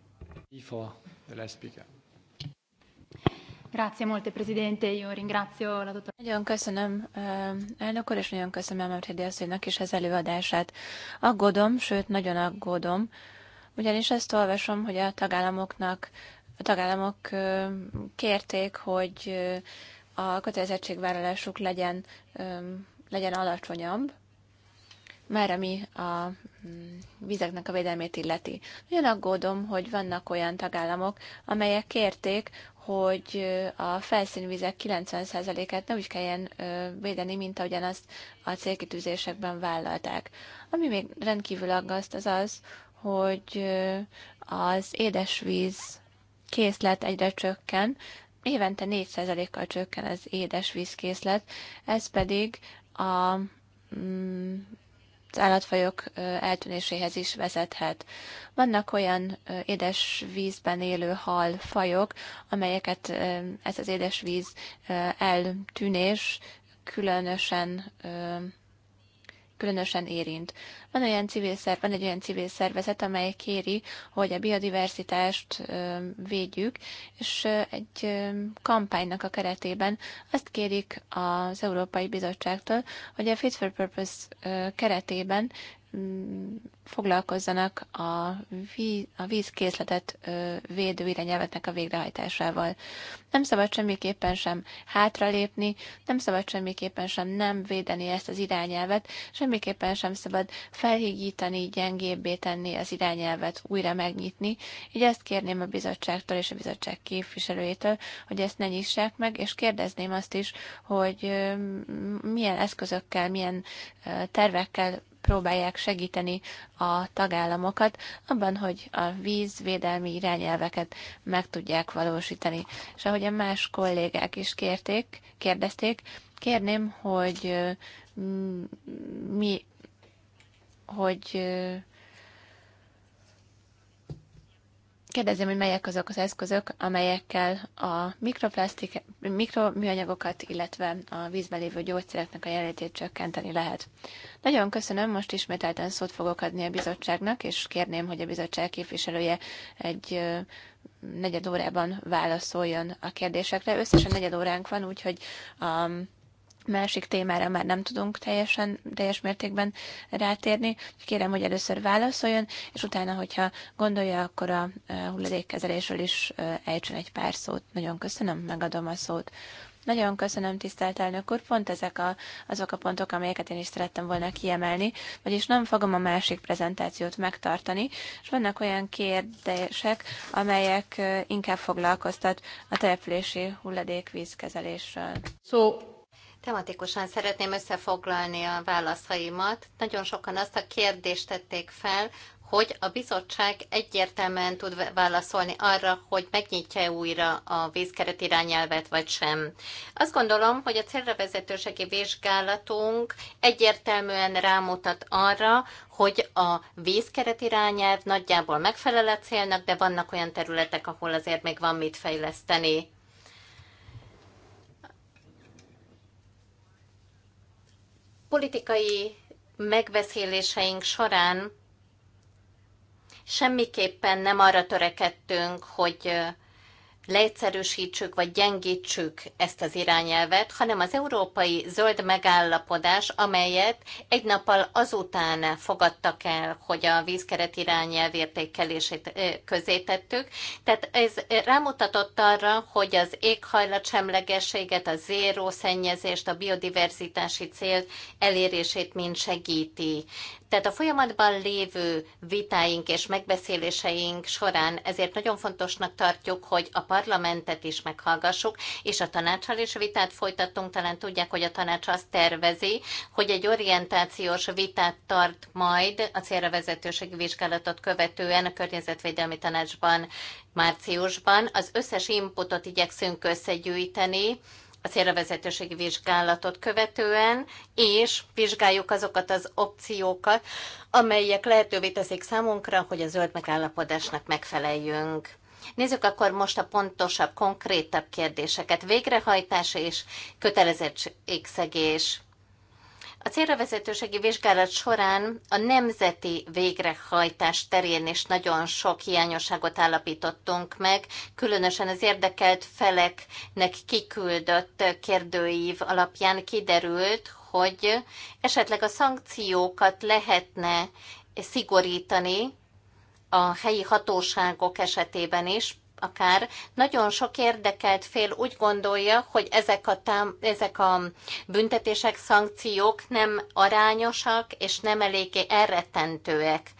IFA, leszpike.
Grazie molte, Presidente. Io ringrazio la dottoressa. Nagyon köszönöm elnök úr, és nagyon köszönöm Emredi asszonynak is az előadását. Aggódom, sőt, nagyon aggódom, ugyanis ezt olvasom, hogy a tagállamoknak a tagállamok kérték, hogy a kötelezettségvállalásuk legyen legyen alacsonyabb, már ami a mm, vizeknek a védelmét illeti. Nagyon aggódom, hogy vannak olyan tagállamok, amelyek kérték, hogy a felszínvizek 90%-át nem úgy kelljen védeni, mint ahogyan azt a célkitűzésekben vállalták. Ami még rendkívül aggaszt, az az, hogy az édesvíz készlet egyre csökken, évente 4%-kal csökken az készlet, ez pedig a mm, az állatfajok eltűnéséhez is vezethet. Vannak olyan édes vízben élő halfajok, amelyeket ez az édes víz eltűnés különösen különösen érint. Van, olyan civil szerv, van egy olyan civil szervezet, amely kéri, hogy a biodiverzitást védjük, és egy kampánynak a keretében azt kérik az Európai Bizottságtól, hogy a Fit for Purpose keretében Mm, foglalkozzanak a, víz, a vízkészletet védő irányelvetnek a végrehajtásával. Nem szabad semmiképpen sem hátralépni, nem szabad semmiképpen sem nem védeni ezt az irányelvet, semmiképpen sem szabad felhígítani, gyengébbé tenni az irányelvet, újra megnyitni. Így ezt kérném a bizottságtól és a bizottság képviselőjétől, hogy ezt ne nyissák meg, és kérdezném azt is, hogy milyen eszközökkel, milyen tervekkel próbálják segíteni a tagállamokat abban, hogy a vízvédelmi irányelveket meg tudják valósítani. És a más kollégák is kérték, kérdezték, kérném, hogy mm, mi, hogy Kérdezem, hogy melyek azok az eszközök, amelyekkel a mikroplasztik, mikroműanyagokat, illetve a vízben lévő gyógyszereknek a jelenlétét csökkenteni lehet. Nagyon köszönöm, most ismételten szót fogok adni a bizottságnak, és kérném, hogy a bizottság képviselője egy negyed órában válaszoljon a kérdésekre. Összesen negyed óránk van, úgyhogy um, másik témára már nem tudunk teljesen, teljes mértékben rátérni. Kérem, hogy először válaszoljon, és utána, hogyha gondolja, akkor a eh, hulladékkezelésről is eh, ejtsen egy pár szót. Nagyon köszönöm, megadom a szót. Nagyon köszönöm, tisztelt elnök úr, pont ezek a, azok a pontok, amelyeket én is szerettem volna kiemelni, vagyis nem fogom a másik prezentációt megtartani, és vannak olyan kérdések, amelyek eh, inkább foglalkoztat a települési hulladékvízkezelésről.
So Tematikusan szeretném összefoglalni a válaszaimat. Nagyon sokan azt a kérdést tették fel, hogy a bizottság egyértelműen tud válaszolni arra, hogy megnyitja újra a vízkeret irányelvet, vagy sem. Azt gondolom, hogy a célra vezetőségi vizsgálatunk egyértelműen rámutat arra, hogy a vízkeret irányelv nagyjából megfelel a célnak, de vannak olyan területek, ahol azért még van mit fejleszteni. politikai megbeszéléseink során semmiképpen nem arra törekedtünk, hogy leegyszerűsítsük vagy gyengítsük ezt az irányelvet, hanem az európai zöld megállapodás, amelyet egy nappal azután fogadtak el, hogy a vízkeret irányelv értékelését közé tettük. Tehát ez rámutatott arra, hogy az éghajlat semlegességet, a zéró szennyezést, a biodiverzitási cél elérését mind segíti. Tehát a folyamatban lévő vitáink és megbeszéléseink során ezért nagyon fontosnak tartjuk, hogy a parlamentet is meghallgassuk, és a tanácssal is vitát folytattunk. Talán tudják, hogy a tanács azt tervezi, hogy egy orientációs vitát tart majd a célra vezetőségi vizsgálatot követően a környezetvédelmi tanácsban márciusban. Az összes inputot igyekszünk összegyűjteni, a célravezetőségi vizsgálatot követően, és vizsgáljuk azokat az opciókat, amelyek lehetővé teszik számunkra, hogy a zöld megállapodásnak megfeleljünk. Nézzük akkor most a pontosabb, konkrétabb kérdéseket. Végrehajtás és kötelezettségszegés. A célra vizsgálat során a nemzeti végrehajtás terén is nagyon sok hiányosságot állapítottunk meg, különösen az érdekelt feleknek kiküldött kérdőív alapján kiderült, hogy esetleg a szankciókat lehetne szigorítani a helyi hatóságok esetében is, akár, nagyon sok érdekelt fél úgy gondolja, hogy ezek a, tám, ezek a büntetések, szankciók nem arányosak és nem eléggé elrettentőek.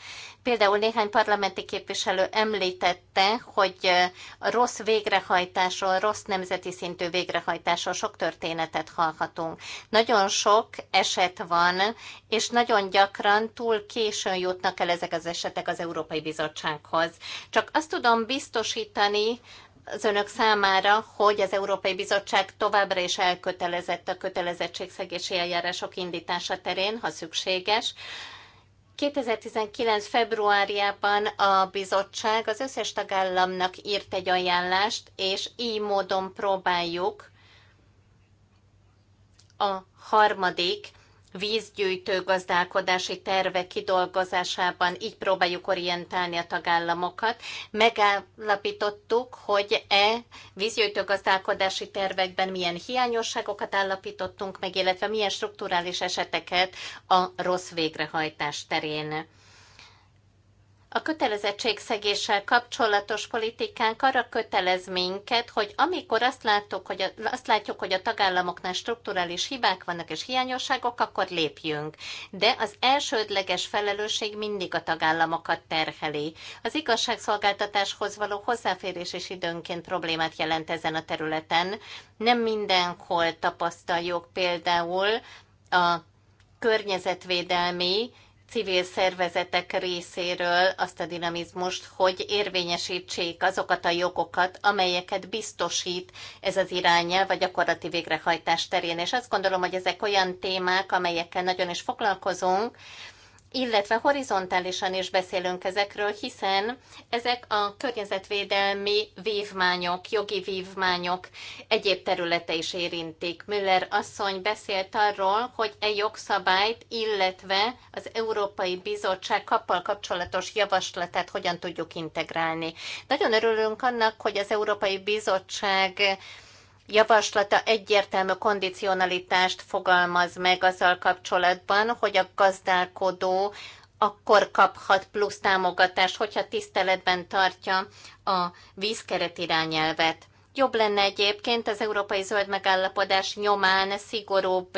Például néhány parlamenti képviselő említette, hogy a rossz végrehajtásról, rossz nemzeti szintű végrehajtásról sok történetet hallhatunk. Nagyon sok eset van, és nagyon gyakran túl későn jutnak el ezek az esetek az Európai Bizottsághoz. Csak azt tudom biztosítani, az önök számára, hogy az Európai Bizottság továbbra is elkötelezett a kötelezettségszegési eljárások indítása terén, ha szükséges, 2019. februárjában a bizottság az összes tagállamnak írt egy ajánlást, és így módon próbáljuk a harmadik vízgyűjtő gazdálkodási tervek kidolgozásában így próbáljuk orientálni a tagállamokat. Megállapítottuk, hogy e vízgyűjtő gazdálkodási tervekben milyen hiányosságokat állapítottunk meg, illetve milyen strukturális eseteket a rossz végrehajtás terén. A kötelezettségszegéssel kapcsolatos politikánk arra kötelez minket, hogy amikor azt, látok, hogy a, azt látjuk, hogy a tagállamoknál strukturális hibák vannak és hiányosságok, akkor lépjünk. De az elsődleges felelősség mindig a tagállamokat terheli. Az igazságszolgáltatáshoz való hozzáférés is időnként problémát jelent ezen a területen. Nem mindenhol tapasztaljuk például a környezetvédelmi civil szervezetek részéről azt a dinamizmust, hogy érvényesítsék azokat a jogokat, amelyeket biztosít ez az irányelv a gyakorlati végrehajtás terén. És azt gondolom, hogy ezek olyan témák, amelyekkel nagyon is foglalkozunk, illetve horizontálisan is beszélünk ezekről, hiszen ezek a környezetvédelmi vívmányok, jogi vívmányok egyéb területe is érintik. Müller asszony beszélt arról, hogy e jogszabályt, illetve az Európai Bizottság kappal kapcsolatos javaslatát hogyan tudjuk integrálni. Nagyon örülünk annak, hogy az Európai Bizottság javaslata egyértelmű kondicionalitást fogalmaz meg azzal kapcsolatban, hogy a gazdálkodó akkor kaphat plusz támogatást, hogyha tiszteletben tartja a vízkeret irányelvet. Jobb lenne egyébként az Európai Zöld Megállapodás nyomán szigorúbb,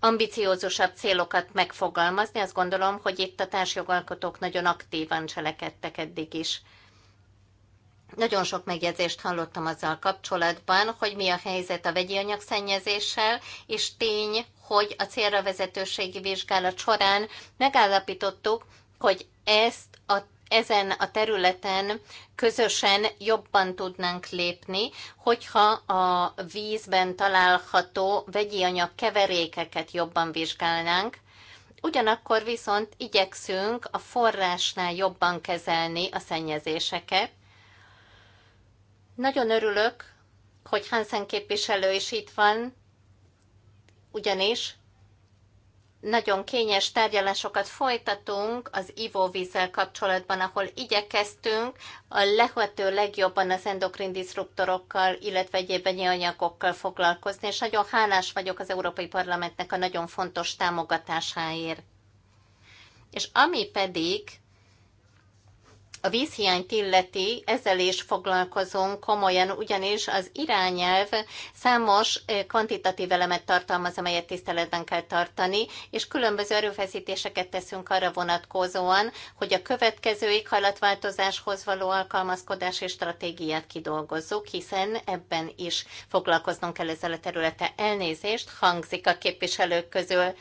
ambiciózusabb célokat megfogalmazni. Azt gondolom, hogy itt a társjogalkotók nagyon aktívan cselekedtek eddig is. Nagyon sok megjegyzést hallottam azzal kapcsolatban, hogy mi a helyzet a vegyi anyagszennyezéssel, és tény, hogy a célra vezetőségi vizsgálat során megállapítottuk, hogy ezt a ezen a területen közösen jobban tudnánk lépni, hogyha a vízben található vegyi anyag keverékeket jobban vizsgálnánk, ugyanakkor viszont igyekszünk a forrásnál jobban kezelni a szennyezéseket, nagyon örülök, hogy Hansen képviselő is itt van, ugyanis nagyon kényes tárgyalásokat folytatunk az ivóvízzel kapcsolatban, ahol igyekeztünk a lehető legjobban az endokrin diszruptorokkal, illetve egyéb anyagokkal foglalkozni, és nagyon hálás vagyok az Európai Parlamentnek a nagyon fontos támogatásáért. És ami pedig a vízhiányt illeti, ezzel is foglalkozunk komolyan, ugyanis az irányelv számos eh, kvantitatív elemet tartalmaz, amelyet tiszteletben kell tartani, és különböző erőfeszítéseket teszünk arra vonatkozóan, hogy a következő éghajlatváltozáshoz való és stratégiát kidolgozzuk, hiszen ebben is foglalkoznunk kell ezzel a területe elnézést, hangzik a képviselők közül.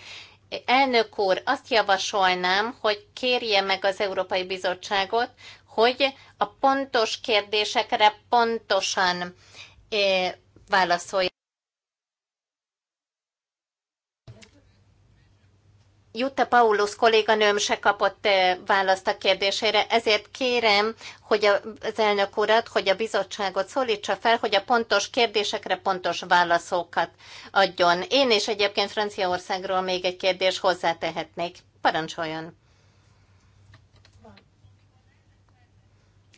Elnök úr, azt javasolnám, hogy kérje meg az Európai Bizottságot, hogy a pontos kérdésekre pontosan eh, válaszolja. Jutta Paulus kolléganőm se kapott választ a kérdésére, ezért kérem, hogy az elnök urat, hogy a bizottságot szólítsa fel, hogy a pontos kérdésekre pontos válaszokat adjon. Én is egyébként Franciaországról még egy kérdés hozzátehetnék. Parancsoljon!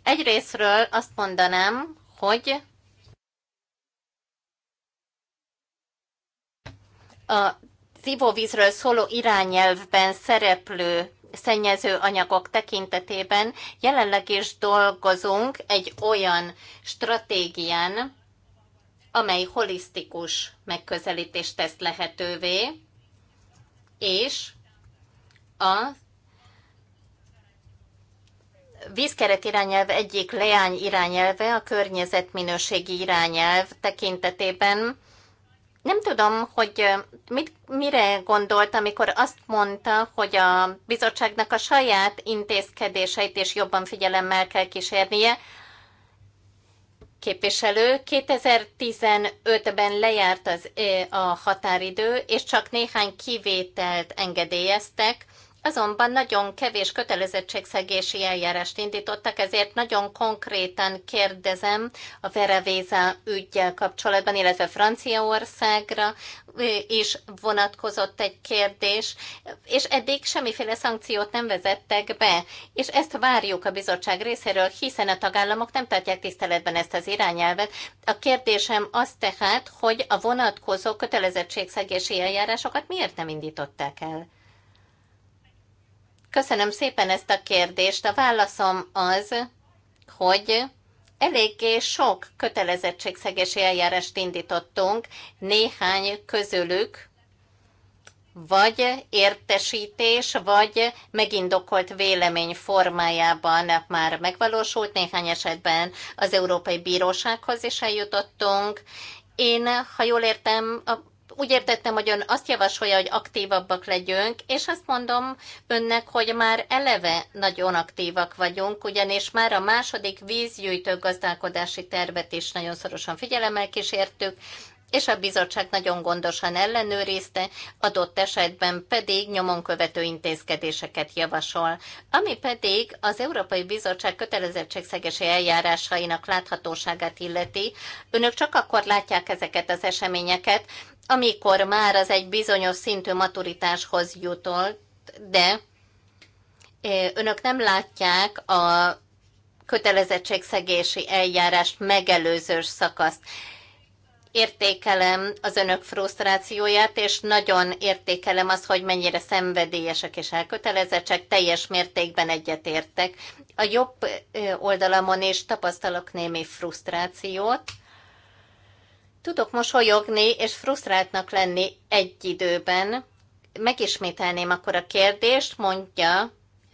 Egyrésztről azt mondanám, hogy a ivóvízről szóló irányelvben szereplő szennyező anyagok tekintetében jelenleg is dolgozunk egy olyan stratégián, amely holisztikus megközelítést tesz lehetővé, és a vízkeret irányelv egyik leány irányelve, a környezetminőségi irányelv tekintetében nem tudom, hogy mit, mire gondolt, amikor azt mondta, hogy a bizottságnak a saját intézkedéseit is jobban figyelemmel kell kísérnie. Képviselő, 2015-ben lejárt az, a határidő, és csak néhány kivételt engedélyeztek Azonban nagyon kevés kötelezettségszegési eljárást indítottak, ezért nagyon konkrétan kérdezem a Verevéza ügyjel kapcsolatban, illetve Franciaországra is vonatkozott egy kérdés, és eddig semmiféle szankciót nem vezettek be, és ezt várjuk a bizottság részéről, hiszen a tagállamok nem tartják tiszteletben ezt az irányelvet. A kérdésem az tehát, hogy a vonatkozó kötelezettségszegési eljárásokat miért nem indították el? Köszönöm szépen ezt a kérdést. A válaszom az, hogy eléggé sok kötelezettségszegési eljárást indítottunk, néhány közülük vagy értesítés, vagy megindokolt vélemény formájában már megvalósult, néhány esetben az Európai Bírósághoz is eljutottunk. Én, ha jól értem, a úgy értettem, hogy ön azt javasolja, hogy aktívabbak legyünk, és azt mondom önnek, hogy már eleve nagyon aktívak vagyunk, ugyanis már a második vízgyűjtő gazdálkodási tervet is nagyon szorosan figyelemmel kísértük, és a bizottság nagyon gondosan ellenőrizte, adott esetben pedig nyomon követő intézkedéseket javasol. Ami pedig az Európai Bizottság kötelezettségszegési eljárásainak láthatóságát illeti, önök csak akkor látják ezeket az eseményeket, amikor már az egy bizonyos szintű maturitáshoz jutott, de e, önök nem látják a kötelezettségszegési eljárást megelőző szakaszt értékelem az önök frusztrációját, és nagyon értékelem azt, hogy mennyire szenvedélyesek és elkötelezettek, teljes mértékben egyetértek. A jobb oldalamon is tapasztalok némi frusztrációt. Tudok mosolyogni és frusztráltnak lenni egy időben. Megismételném akkor a kérdést, mondja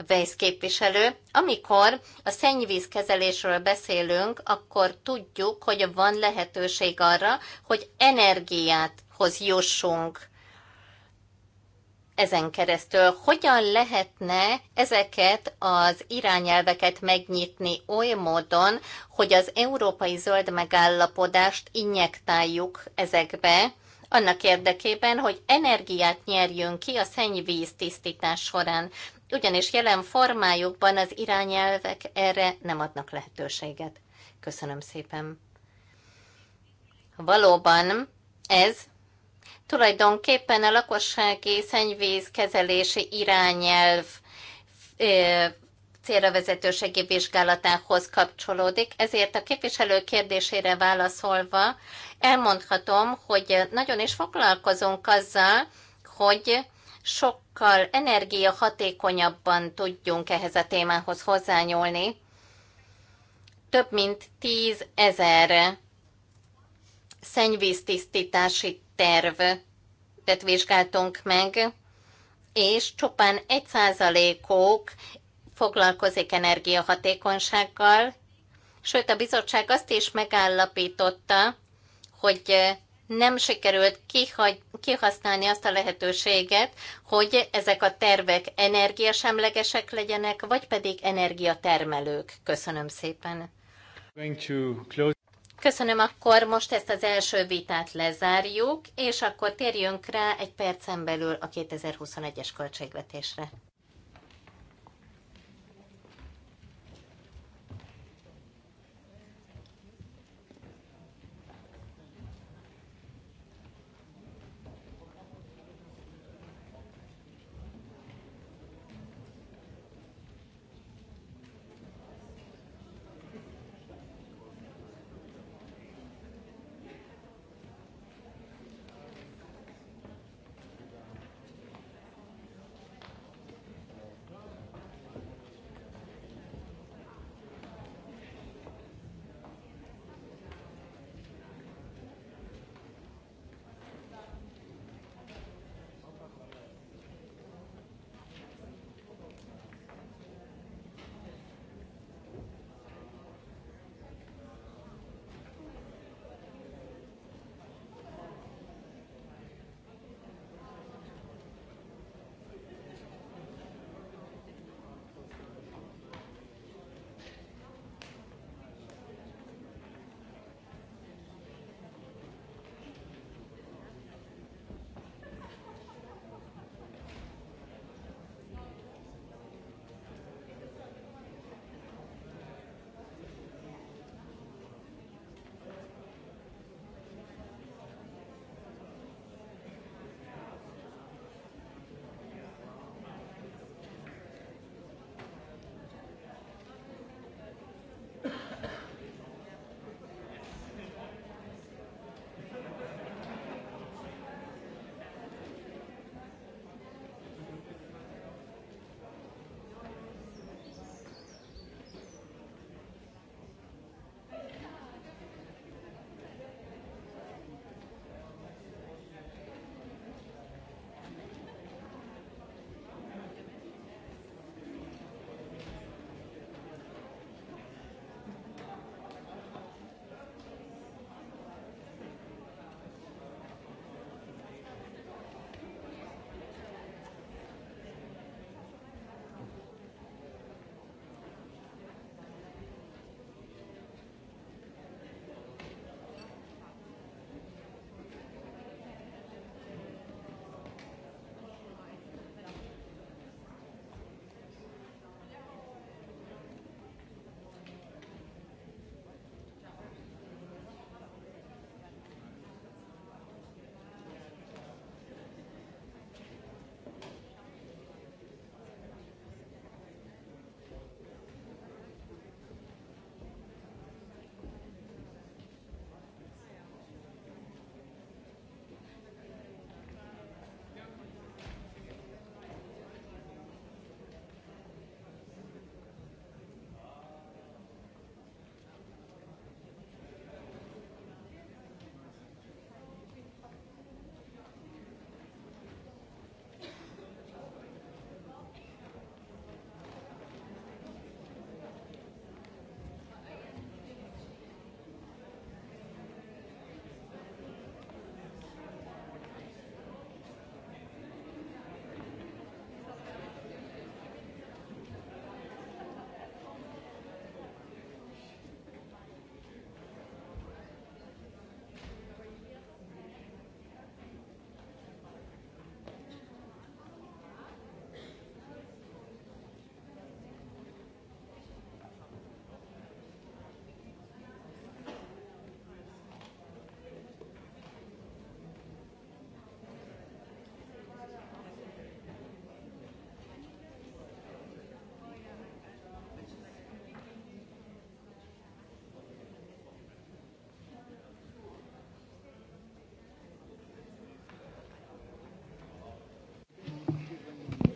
Weiss képviselő. Amikor a szennyvízkezelésről beszélünk, akkor tudjuk, hogy van lehetőség arra, hogy hoz jussunk ezen keresztül. Hogyan lehetne ezeket az irányelveket megnyitni oly módon, hogy az európai zöld megállapodást injektáljuk ezekbe, annak érdekében, hogy energiát nyerjünk ki a szennyvíz tisztítás során ugyanis jelen formájukban az irányelvek erre nem adnak lehetőséget. Köszönöm szépen. Valóban ez tulajdonképpen a lakossági kezelési irányelv célra vezetőségi vizsgálatához kapcsolódik, ezért a képviselő kérdésére válaszolva elmondhatom, hogy nagyon is foglalkozunk azzal, hogy sokkal energiahatékonyabban tudjunk ehhez a témához hozzányúlni. Több mint tízezer szennyvíztisztítási tervet vizsgáltunk meg, és csupán egy százalékok foglalkozik energiahatékonysággal, sőt a bizottság azt is megállapította, hogy nem sikerült kihagy, kihasználni azt a lehetőséget, hogy ezek a tervek energiasemlegesek legyenek, vagy pedig energiatermelők. Köszönöm szépen. Köszönöm, akkor most ezt az első vitát lezárjuk, és akkor térjünk rá egy percen belül a 2021-es költségvetésre.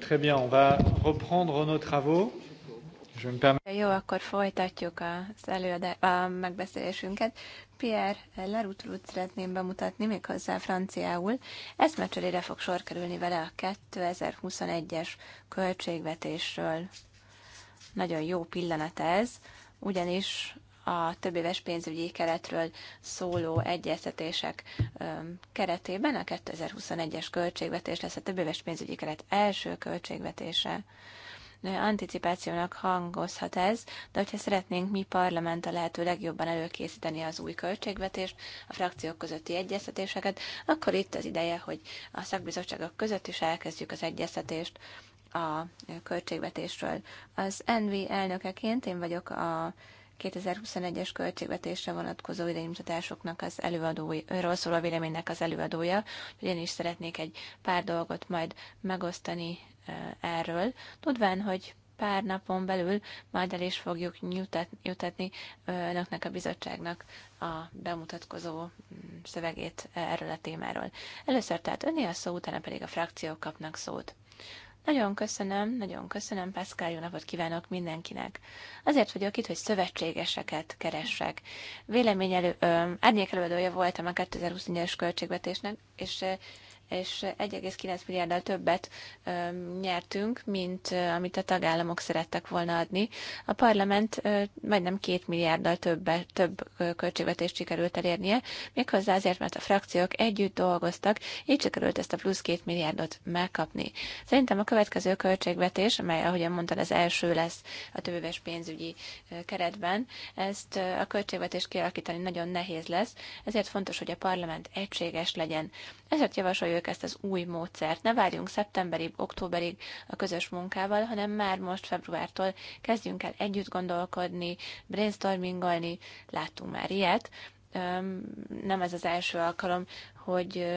Très bien, on va reprendre nos travaux. Je me permets...
Jó, akkor folytatjuk az előade, a megbeszélésünket. Pierre Laroutrut szeretném bemutatni, hozzá franciául. Ezt mecserére fog sor kerülni vele a 2021-es költségvetésről. Nagyon jó pillanat ez, ugyanis a éves pénzügyi keretről szóló egyeztetések keretében a 2021-es költségvetés lesz a éves pénzügyi keret első költségvetése anticipációnak hangozhat ez, de hogyha szeretnénk mi parlament a lehető legjobban előkészíteni az új költségvetést, a frakciók közötti egyeztetéseket, akkor itt az ideje, hogy a szakbizottságok között is elkezdjük az egyeztetést a költségvetésről. Az NV elnökeként én vagyok a 2021-es költségvetésre vonatkozó idénymutatásoknak az előadói, erről szóló véleménynek az előadója, hogy én is szeretnék egy pár dolgot majd megosztani erről, tudván, hogy pár napon belül majd el is fogjuk jutatni önöknek a bizottságnak a bemutatkozó mm, szövegét e, erről a témáról. Először tehát önné a szó, utána pedig a frakciók kapnak szót. Nagyon köszönöm, nagyon köszönöm, Pászkál, jó napot kívánok mindenkinek. Azért vagyok itt, hogy szövetségeseket keressek. Véleményelő, árnyékelőadója voltam a 2024-es költségvetésnek, és és 1,9 milliárddal többet nyertünk, mint amit a tagállamok szerettek volna adni. A parlament majdnem 2 milliárddal többe, több költségvetést sikerült elérnie, méghozzá azért, mert a frakciók együtt dolgoztak, így sikerült ezt a plusz 2 milliárdot megkapni. Szerintem a következő költségvetés, amely, ahogyan mondtad, az első lesz a többéves pénzügyi keretben, ezt a költségvetést kialakítani nagyon nehéz lesz, ezért fontos, hogy a parlament egységes legyen. Ezért javasoljuk üdvözöljük ezt az új módszert. Ne várjunk szeptemberig, októberig a közös munkával, hanem már most februártól kezdjünk el együtt gondolkodni, brainstormingolni, láttunk már ilyet, nem ez az első alkalom, hogy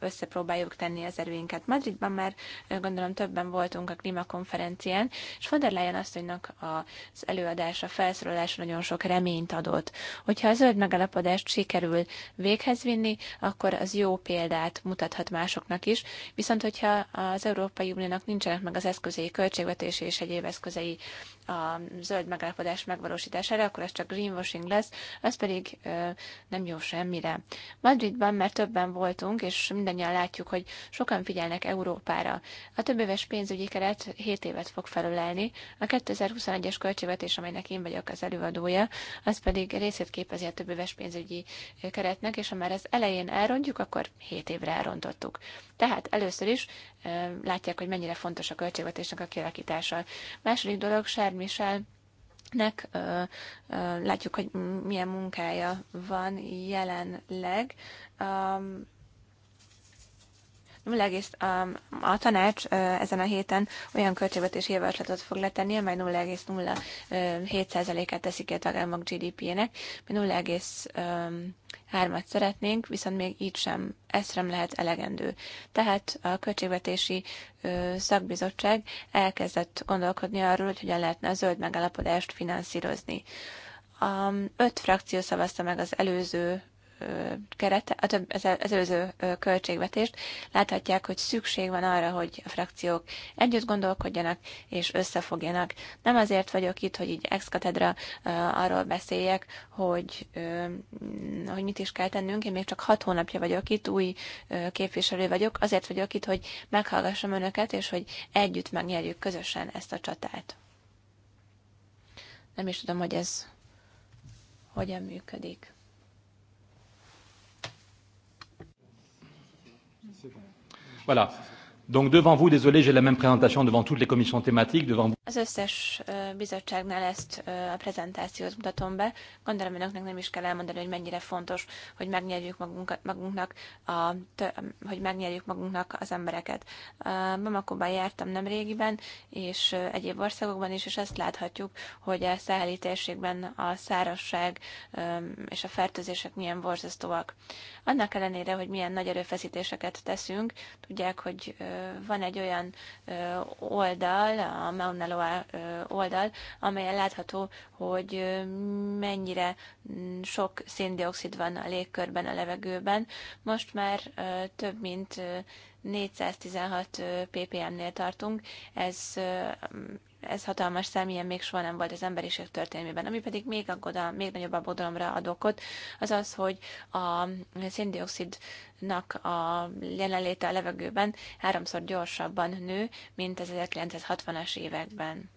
összepróbáljuk tenni az erőinket. Madridban már gondolom többen voltunk a klímakonferencián, és von der Leyen asszonynak az előadása, felszólalása nagyon sok reményt adott. Hogyha a zöld megalapodást sikerül véghez vinni, akkor az jó példát mutathat másoknak is, viszont hogyha az Európai Uniónak nincsenek meg az eszközei, költségvetési és egyéb eszközei a zöld megalapodás megvalósítására, akkor ez csak greenwashing lesz, az pedig ö, nem jó semmire. Madridban nem, mert többen voltunk, és mindannyian látjuk, hogy sokan figyelnek Európára. A éves pénzügyi keret 7 évet fog felülelni, a 2021-es költségvetés, amelynek én vagyok az előadója, az pedig részét képezi a éves pénzügyi keretnek, és ha már az elején elrontjuk, akkor 7 évre elrontottuk. Tehát először is látják, hogy mennyire fontos a költségvetésnek a kialakítása. Második dolog, Sármisel, nek látjuk, hogy milyen munkája van jelenleg. Egész, um, a tanács ezen a héten olyan költségvetési javaslatot fog letenni, amely 0,07%-át teszik a tagállamok GDP-nek, 0, hármat szeretnénk, viszont még így sem, ez sem lehet elegendő. Tehát a Költségvetési Szakbizottság elkezdett gondolkodni arról, hogy hogyan lehetne a zöld megállapodást finanszírozni. A öt frakció szavazta meg az előző kerete, az előző költségvetést, láthatják, hogy szükség van arra, hogy a frakciók együtt gondolkodjanak és összefogjanak. Nem azért vagyok itt, hogy így ex katedra arról beszéljek, hogy, hogy mit is kell tennünk. Én még csak hat hónapja vagyok itt, új képviselő vagyok. Azért vagyok itt, hogy meghallgassam önöket, és hogy együtt megnyerjük közösen ezt a csatát. Nem is tudom, hogy ez hogyan működik.
Voilà. Donc devant vous, désolé, j'ai la même présentation devant toutes les commissions thématiques, devant vous.
Az összes bizottságnál ezt a prezentációt mutatom be. Gondolom önöknek nem is kell elmondani, hogy mennyire fontos, hogy megnyerjük magunk, magunknak, a, hogy megnyerjük magunknak az embereket. Bamako-ban jártam nem régiben, és egyéb országokban is, és ezt láthatjuk, hogy a száheli térségben a szárasság és a fertőzések milyen borzasztóak. Annak ellenére, hogy milyen nagy erőfeszítéseket teszünk, tudják, hogy van egy olyan oldal, a Mauna Loa oldal, amelyen látható, hogy mennyire mm, sok széndiokszid van a légkörben, a levegőben. Most már több mint 416 ppm-nél tartunk, ez ez hatalmas szám, ilyen még soha nem volt az emberiség történelmében. Ami pedig még aggoda, még nagyobb aggodalomra ad okot, az az, hogy a széndiokszidnak a jelenléte a levegőben háromszor gyorsabban nő, mint az 1960-as években.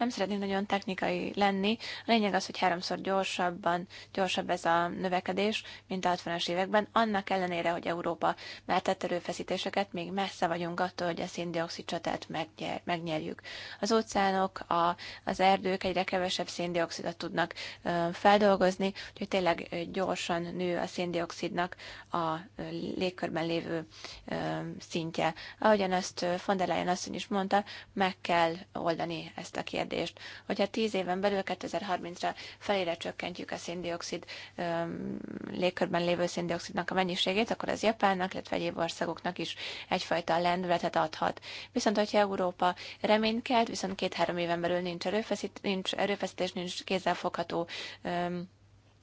Nem szeretnénk nagyon technikai lenni. A lényeg az, hogy háromszor gyorsabban, gyorsabb ez a növekedés, mint a 60-as években, annak ellenére, hogy Európa már tett erőfeszítéseket, még messze vagyunk attól, hogy a széndiokszid csatát megnyer, megnyerjük. Az óceánok, a, az erdők egyre kevesebb széndiokszidot tudnak ö, feldolgozni, úgyhogy tényleg gyorsan nő a széndiokszidnak a légkörben lévő ö, szintje. Ahogyan azt von der Leyen asszony is mondta, meg kell oldani ezt a kérdést kérdést, hogyha 10 éven belül 2030-ra felére csökkentjük a széndiokszid légkörben lévő széndiokszidnak a mennyiségét, akkor az Japánnak, illetve egyéb országoknak is egyfajta lendületet adhat. Viszont, hogyha Európa reménykelt, viszont két-három éven belül nincs, erőfeszítés, nincs erőfeszítés, nincs kézzelfogható öm,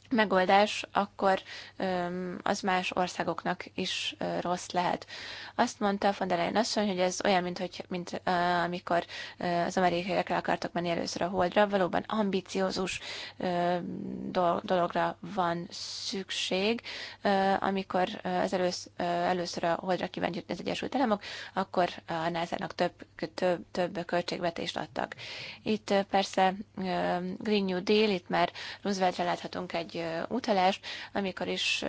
megoldás, akkor az más országoknak is rossz lehet. Azt mondta von der Leyen asszony, hogy ez olyan, mint, hogy, mint amikor az amerikaiak el akartak menni először a holdra, valóban ambiciózus dologra van szükség. Amikor az elősz, először a holdra kívánt az Egyesült Államok, akkor a NASA-nak több, több, több költségvetést adtak. Itt persze Green New Deal, itt már Roosevelt-re láthatunk egy utalást, amikor is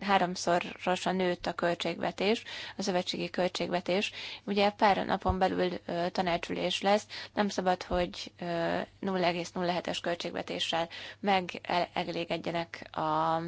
háromszorosan nőtt a költségvetés, a szövetségi költségvetés. Ugye pár napon belül tanácsülés lesz, nem szabad, hogy 0,07-es költségvetéssel megelégedjenek a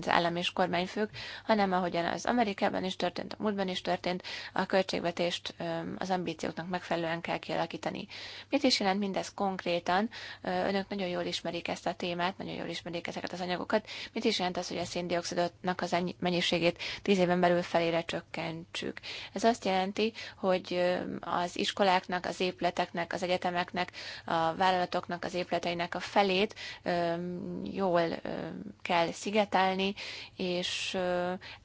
az állam és kormányfők, hanem ahogyan az Amerikában is történt, a múltban is történt, a költségvetést az ambícióknak megfelelően kell kialakítani. Mit is jelent mindez konkrétan? Önök nagyon jól ismerik ezt a témát, nagyon jól ismerik ezeket az anyagokat. Mit is jelent az, hogy a széndiokszidotnak az mennyiségét tíz éven belül felére csökkentsük? Ez azt jelenti, hogy az iskoláknak, az épületeknek, az egyetemeknek, a vállalatoknak, az épületeinek a felét jól kell szigetelni, szigetelni, és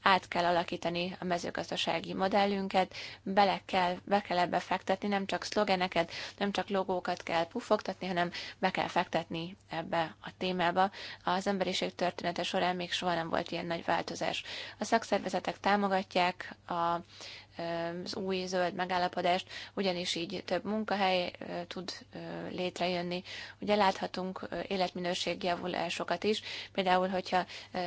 át kell alakítani a mezőgazdasági modellünket, bele kell, be kell ebbe fektetni, nem csak szlogeneket, nem csak logókat kell pufogtatni, hanem be kell fektetni ebbe a témába. Az emberiség története során még soha nem volt ilyen nagy változás. A szakszervezetek támogatják a az új zöld megállapodást, ugyanis így több munkahely tud létrejönni. Ugye láthatunk életminőségi javulásokat is, például, hogyha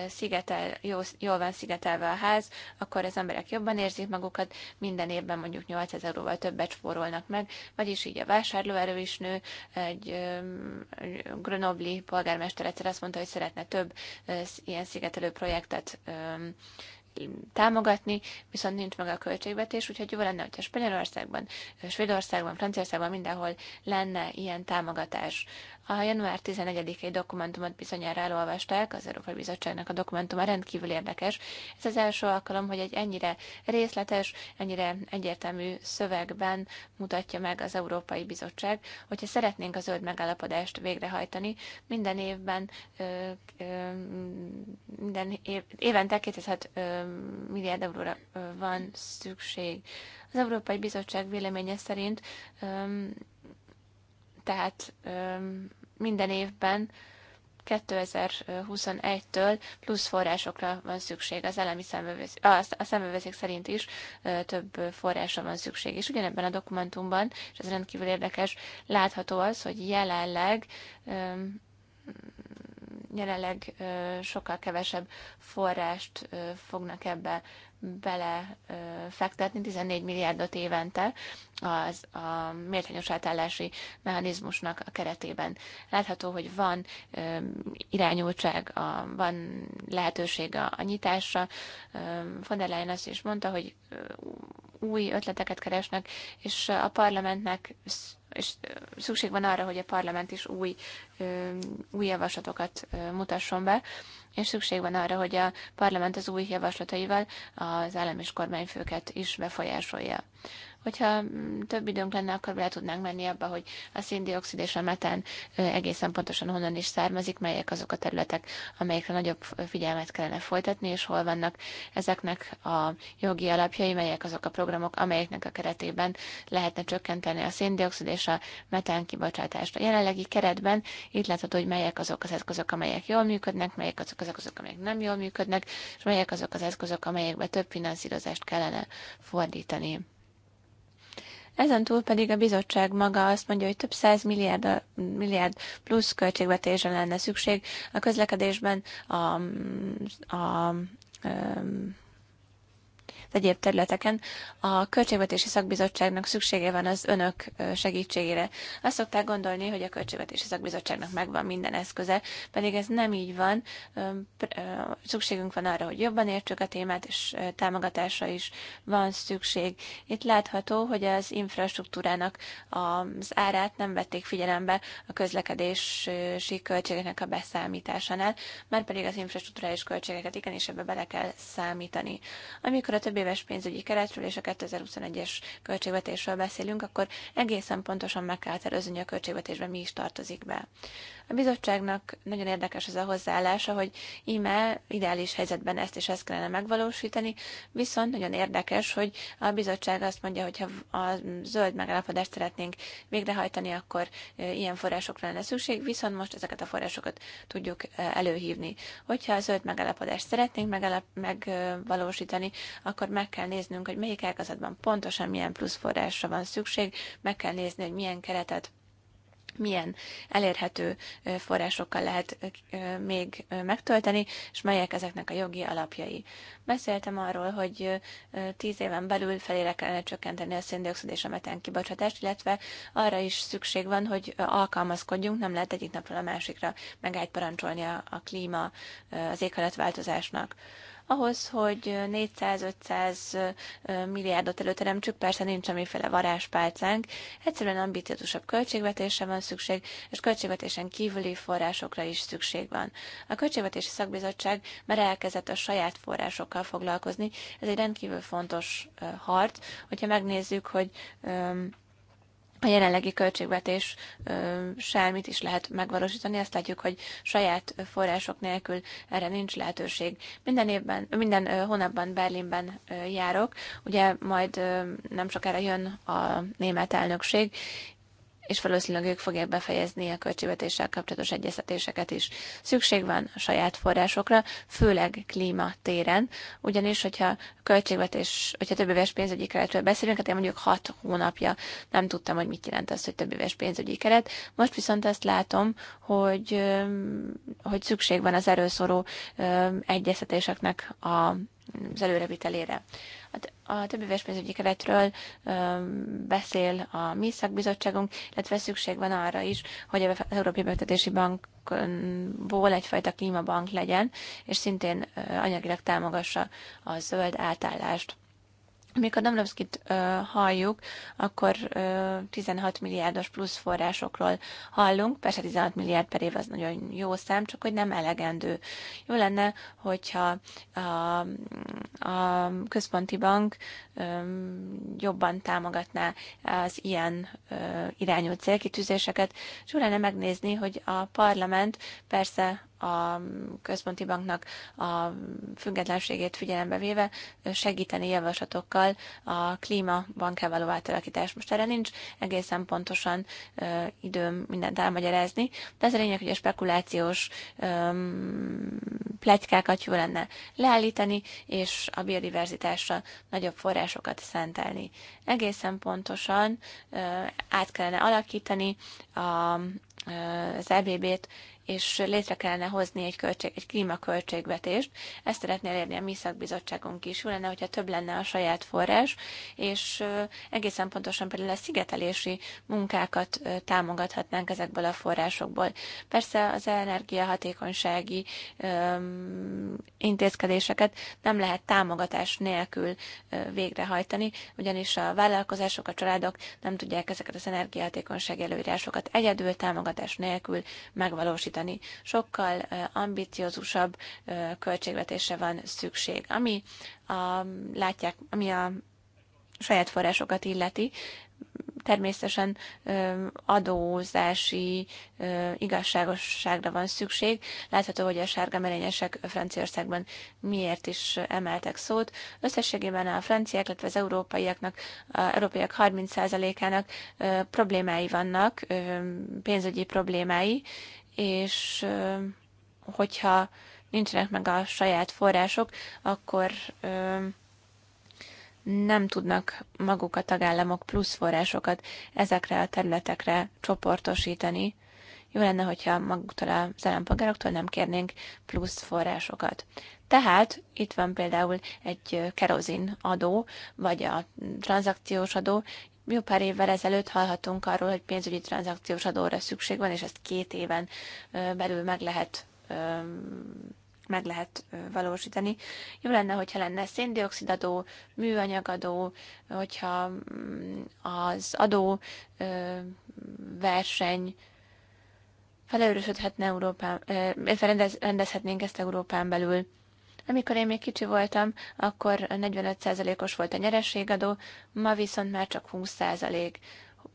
szigetel, jó, jól van szigetelve a ház, akkor az emberek jobban érzik magukat, minden évben mondjuk 800 euróval többet spórolnak meg, vagyis így a vásárlóerő is nő, egy Grönobli polgármester egyszer azt mondta, hogy szeretne több ilyen szigetelő projektet támogatni, viszont nincs meg a költségvetés, úgyhogy jó lenne, hogyha Spanyolországban, Svédországban, Franciaországban mindenhol lenne ilyen támogatás. A január 11-i dokumentumot bizonyára elolvasták, az Európai Bizottságnak a dokumentuma rendkívül érdekes. Ez az első alkalom, hogy egy ennyire részletes, ennyire egyértelmű szövegben mutatja meg az Európai Bizottság, hogyha szeretnénk a zöld megállapodást végrehajtani, minden évben, minden év, évente 200 milliárd euróra van szükség. Az Európai Bizottság véleménye szerint tehát minden évben 2021-től plusz forrásokra van szükség, az elemi szemövőszék, a szemövezék szerint is több forrásra van szükség. És ugyanebben a dokumentumban, és ez rendkívül érdekes, látható az, hogy jelenleg jelenleg sokkal kevesebb forrást fognak ebbe bele fektetni 14 milliárdot évente az a méltányos átállási mechanizmusnak a keretében. Látható, hogy van irányultság, van lehetőség a, a nyitásra. Von der Leyen azt is mondta, hogy új ötleteket keresnek, és a parlamentnek és szükség van arra, hogy a parlament is új, új javaslatokat mutasson be és szükség van arra, hogy a parlament az új javaslataival az állam és kormányfőket is befolyásolja. Hogyha mm, több időnk lenne, akkor bele tudnánk menni abba, hogy a széndiokszid és a metán egészen pontosan honnan is származik, melyek azok a területek, amelyekre nagyobb figyelmet kellene folytatni, és hol vannak ezeknek a jogi alapjai, melyek azok a programok, amelyeknek a keretében lehetne csökkenteni a széndiokszid és a metán kibocsátást. A jelenlegi keretben itt látható, hogy melyek azok az eszközök, amelyek jól működnek, melyek azok az eszközök, amelyek nem jól működnek, és melyek azok az eszközök, amelyekbe több finanszírozást kellene fordítani. Ezen túl pedig a bizottság maga azt mondja, hogy több száz milliárd, milliárd plusz költségvetésre lenne szükség a közlekedésben, a, a, a egyéb területeken a Költségvetési Szakbizottságnak szüksége van az önök segítségére. Azt szokták gondolni, hogy a Költségvetési Szakbizottságnak megvan minden eszköze, pedig ez nem így van. Szükségünk van arra, hogy jobban értsük a témát, és támogatásra is van szükség. Itt látható, hogy az infrastruktúrának az árát nem vették figyelembe a közlekedési költségeknek a beszámításánál, mert pedig az infrastruktúrális költségeket igenis ebbe bele kell számítani. Amikor a többi éves pénzügyi keretről és a 2021-es költségvetésről beszélünk, akkor egészen pontosan meg kell tervezni, a költségvetésben mi is tartozik be. A bizottságnak nagyon érdekes az a hozzáállása, hogy íme ideális helyzetben ezt és ezt kellene megvalósítani, viszont nagyon érdekes, hogy a bizottság azt mondja, hogy ha a zöld megállapodást szeretnénk végrehajtani, akkor ilyen forrásokra lenne szükség, viszont most ezeket a forrásokat tudjuk előhívni. Hogyha a zöld megállapodást szeretnénk megvalósítani, akkor meg kell néznünk, hogy melyik ágazatban pontosan milyen pluszforrásra van szükség, meg kell nézni, hogy milyen keretet milyen elérhető forrásokkal lehet még megtölteni, és melyek ezeknek a jogi alapjai. Beszéltem arról, hogy tíz éven belül felére kellene csökkenteni a széndiokszid és a metán kibocsátást, illetve arra is szükség van, hogy alkalmazkodjunk, nem lehet egyik napról a másikra megállt parancsolni a, a klíma, az éghajlatváltozásnak ahhoz, hogy 400-500 milliárdot előteremtsük, persze nincs amiféle varázspálcánk, egyszerűen ambiciózusabb költségvetésre van szükség, és költségvetésen kívüli forrásokra is szükség van. A Költségvetési Szakbizottság már elkezdett a saját forrásokkal foglalkozni, ez egy rendkívül fontos harc, hogyha megnézzük, hogy a jelenlegi költségvetés semmit is lehet megvalósítani. Azt látjuk, hogy saját források nélkül erre nincs lehetőség. Minden évben, minden hónapban Berlinben járok. Ugye majd nem sokára jön a német elnökség, és valószínűleg ők fogják befejezni a költségvetéssel kapcsolatos egyeztetéseket is. Szükség van a saját forrásokra, főleg klíma téren, ugyanis, hogyha költségvetés, hogyha több éves pénzügyi keretről beszélünk, hát én mondjuk hat hónapja nem tudtam, hogy mit jelent az, hogy több éves pénzügyi keret. Most viszont azt látom, hogy, hogy szükség van az erőszorú egyeztetéseknek a az előrevitelére. Hát a többi vérspénzügyi keretről beszél a mi szakbizottságunk, illetve szükség van arra is, hogy az Európai Befektetési Bankból egyfajta klímabank legyen, és szintén anyagilag támogassa a zöld átállást. Mikor Domrovskit uh, halljuk, akkor uh, 16 milliárdos plusz forrásokról hallunk. Persze 16 milliárd per év az nagyon jó szám, csak hogy nem elegendő. Jó lenne, hogyha a, a központi bank um, jobban támogatná az ilyen uh, irányú célkitűzéseket, és jó lenne megnézni, hogy a parlament persze a központi banknak a függetlenségét figyelembe véve segíteni javaslatokkal a klíma való átalakítás. Most erre nincs egészen pontosan ö, időm mindent elmagyarázni, de ez a lényeg, hogy a spekulációs ö, plegykákat jó lenne leállítani, és a biodiverzitásra nagyobb forrásokat szentelni. Egészen pontosan ö, át kellene alakítani a, az EBB-t, és létre kellene hozni egy, költség, egy klímaköltségvetést. Ezt szeretné elérni a mi szakbizottságunk is. Jó lenne, hogyha több lenne a saját forrás, és egészen pontosan például a szigetelési munkákat támogathatnánk ezekből a forrásokból. Persze az energiahatékonysági intézkedéseket nem lehet támogatás nélkül végrehajtani, ugyanis a vállalkozások, a családok nem tudják ezeket az energiahatékonysági előírásokat egyedül támogatás nélkül megvalósítani megvalósítani. Sokkal ambiciózusabb költségvetésre van szükség, ami a, látják, ami a saját forrásokat illeti, természetesen adózási igazságosságra van szükség. Látható, hogy a sárga merényesek Franciaországban miért is emeltek szót. Összességében a franciák, illetve az európaiaknak, a európaiak 30%-ának problémái vannak, pénzügyi problémái, és hogyha nincsenek meg a saját források, akkor nem tudnak maguk a tagállamok plusz forrásokat ezekre a területekre csoportosítani. Jó lenne, hogyha maguktól az állampolgároktól nem kérnénk plusz forrásokat. Tehát itt van például egy kerozin adó, vagy a tranzakciós adó. Jó pár évvel ezelőtt hallhatunk arról, hogy pénzügyi tranzakciós adóra szükség van, és ezt két éven belül meg lehet meg lehet valósítani. Jó lenne, hogyha lenne széndiokszidadó, műanyagadó, hogyha mm, az adó verseny felerősödhetne Európán, rendez, rendezhetnénk ezt Európán belül. Amikor én még kicsi voltam, akkor 45%-os volt a nyereségadó, ma viszont már csak 20%,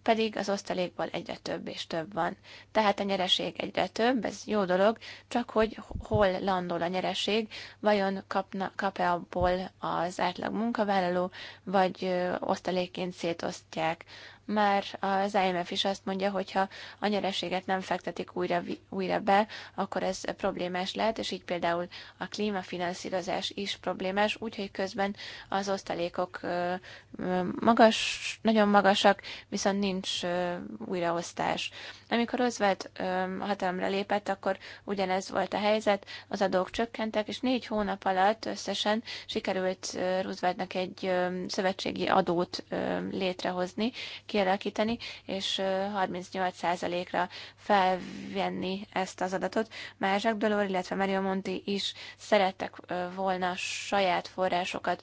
pedig az osztalékból egyre több és több van. Tehát a nyereség egyre több, ez jó dolog, csak hogy hol landol a nyereség, vajon kapna, kap-e abból az átlag munkavállaló, vagy osztalékként szétosztják már az IMF is azt mondja, hogy ha a nyereséget nem fektetik újra, újra be, akkor ez problémás lehet, és így például a klímafinanszírozás is problémás, úgyhogy közben az osztalékok magas, nagyon magasak, viszont nincs újraosztás. Amikor Roosevelt hatalomra lépett, akkor ugyanez volt a helyzet, az adók csökkentek, és négy hónap alatt összesen sikerült Rooseveltnek egy szövetségi adót létrehozni, ki kialakítani, és 38%-ra felvenni ezt az adatot. Már Jacques Delors, illetve Mario Monti is szerettek volna saját forrásokat,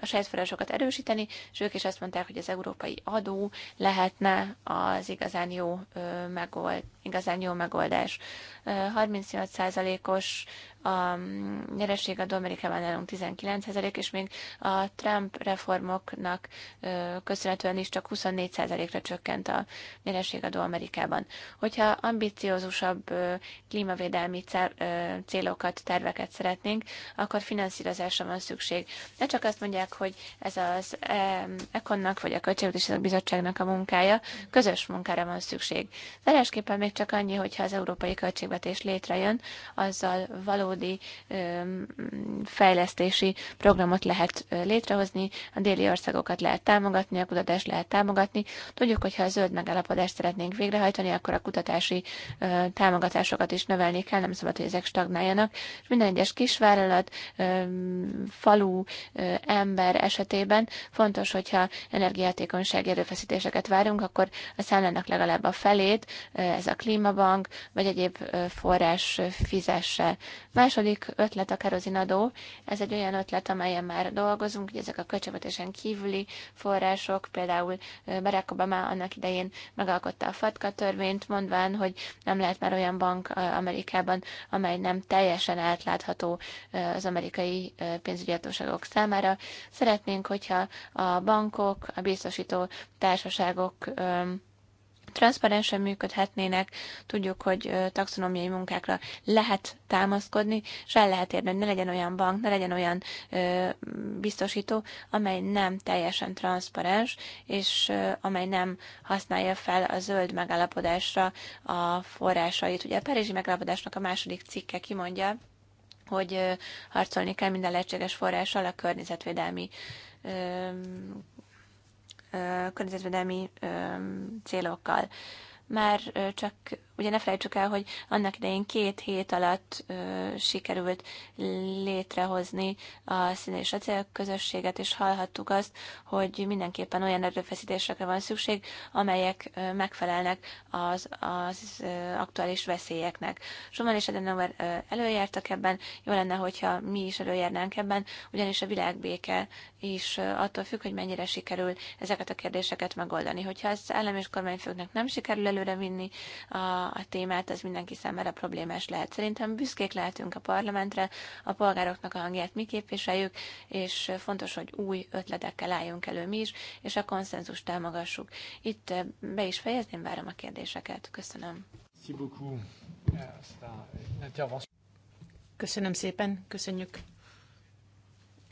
a saját forrásokat erősíteni, és ők is azt mondták, hogy az európai adó lehetne az igazán jó, megold, igazán jó megoldás. 38%-os a nyeresség a Dominikában nálunk 19%, és még a Trump reformoknak köszönhetően is csak 24%-ra csökkent a nyeresség a Amerikában. Hogyha ambiciózusabb klímavédelmi célokat, terveket szeretnénk, akkor finanszírozásra van szükség. Ne csak azt mondják, hogy ez az e, Ekonnak vagy a Költségvetési Bizottságnak a munkája, közös munkára van szükség. Zárásképpen még csak annyi, hogyha az európai költségvetés létrejön, azzal való valódi fejlesztési programot lehet létrehozni, a déli országokat lehet támogatni, a kutatást lehet támogatni. Tudjuk, hogy ha a zöld megállapodást szeretnénk végrehajtani, akkor a kutatási támogatásokat is növelni kell, nem szabad, hogy ezek stagnáljanak. És minden egyes kisvállalat, falu, ember esetében fontos, hogyha energiahatékonysági erőfeszítéseket várunk, akkor a számlának legalább a felét, ez a klímabank, vagy egyéb forrás fizesse Második ötlet a kerozinadó. Ez egy olyan ötlet, amelyen már dolgozunk, hogy ezek a költségvetésen kívüli források, például Barack Obama annak idején megalkotta a FATKA törvényt, mondván, hogy nem lehet már olyan bank Amerikában, amely nem teljesen átlátható az amerikai pénzügyi hatóságok számára. Szeretnénk, hogyha a bankok, a biztosító társaságok transzparensen működhetnének, tudjuk, hogy taxonomiai munkákra lehet támaszkodni, és el lehet érni, hogy ne legyen olyan bank, ne legyen olyan ö, biztosító, amely nem teljesen transzparens, és ö, amely nem használja fel a zöld megállapodásra a forrásait. Ugye a Párizsi megállapodásnak a második cikke kimondja, hogy harcolni kell minden lehetséges forrással a környezetvédelmi környezetvédelmi célokkal. Már csak Ugye ne felejtsük el, hogy annak idején két hét alatt ö, sikerült létrehozni a szín és acél közösséget, és hallhattuk azt, hogy mindenképpen olyan erőfeszítésekre van szükség, amelyek ö, megfelelnek az, az ö, aktuális veszélyeknek. Schumann és Adenauer ö, előjártak ebben, jó lenne, hogyha mi is előjárnánk ebben, ugyanis a világbéke is attól függ, hogy mennyire sikerül ezeket a kérdéseket megoldani. Hogyha ezt állam és kormányfőknek nem sikerül előre vinni a a témát, az mindenki számára problémás lehet. Szerintem büszkék lehetünk a parlamentre, a polgároknak a hangját mi képviseljük, és fontos, hogy új ötletekkel álljunk elő mi is, és a konszenzust támogassuk. Itt eh, be is fejezném, várom a kérdéseket. Köszönöm. Köszönöm szépen,
köszönjük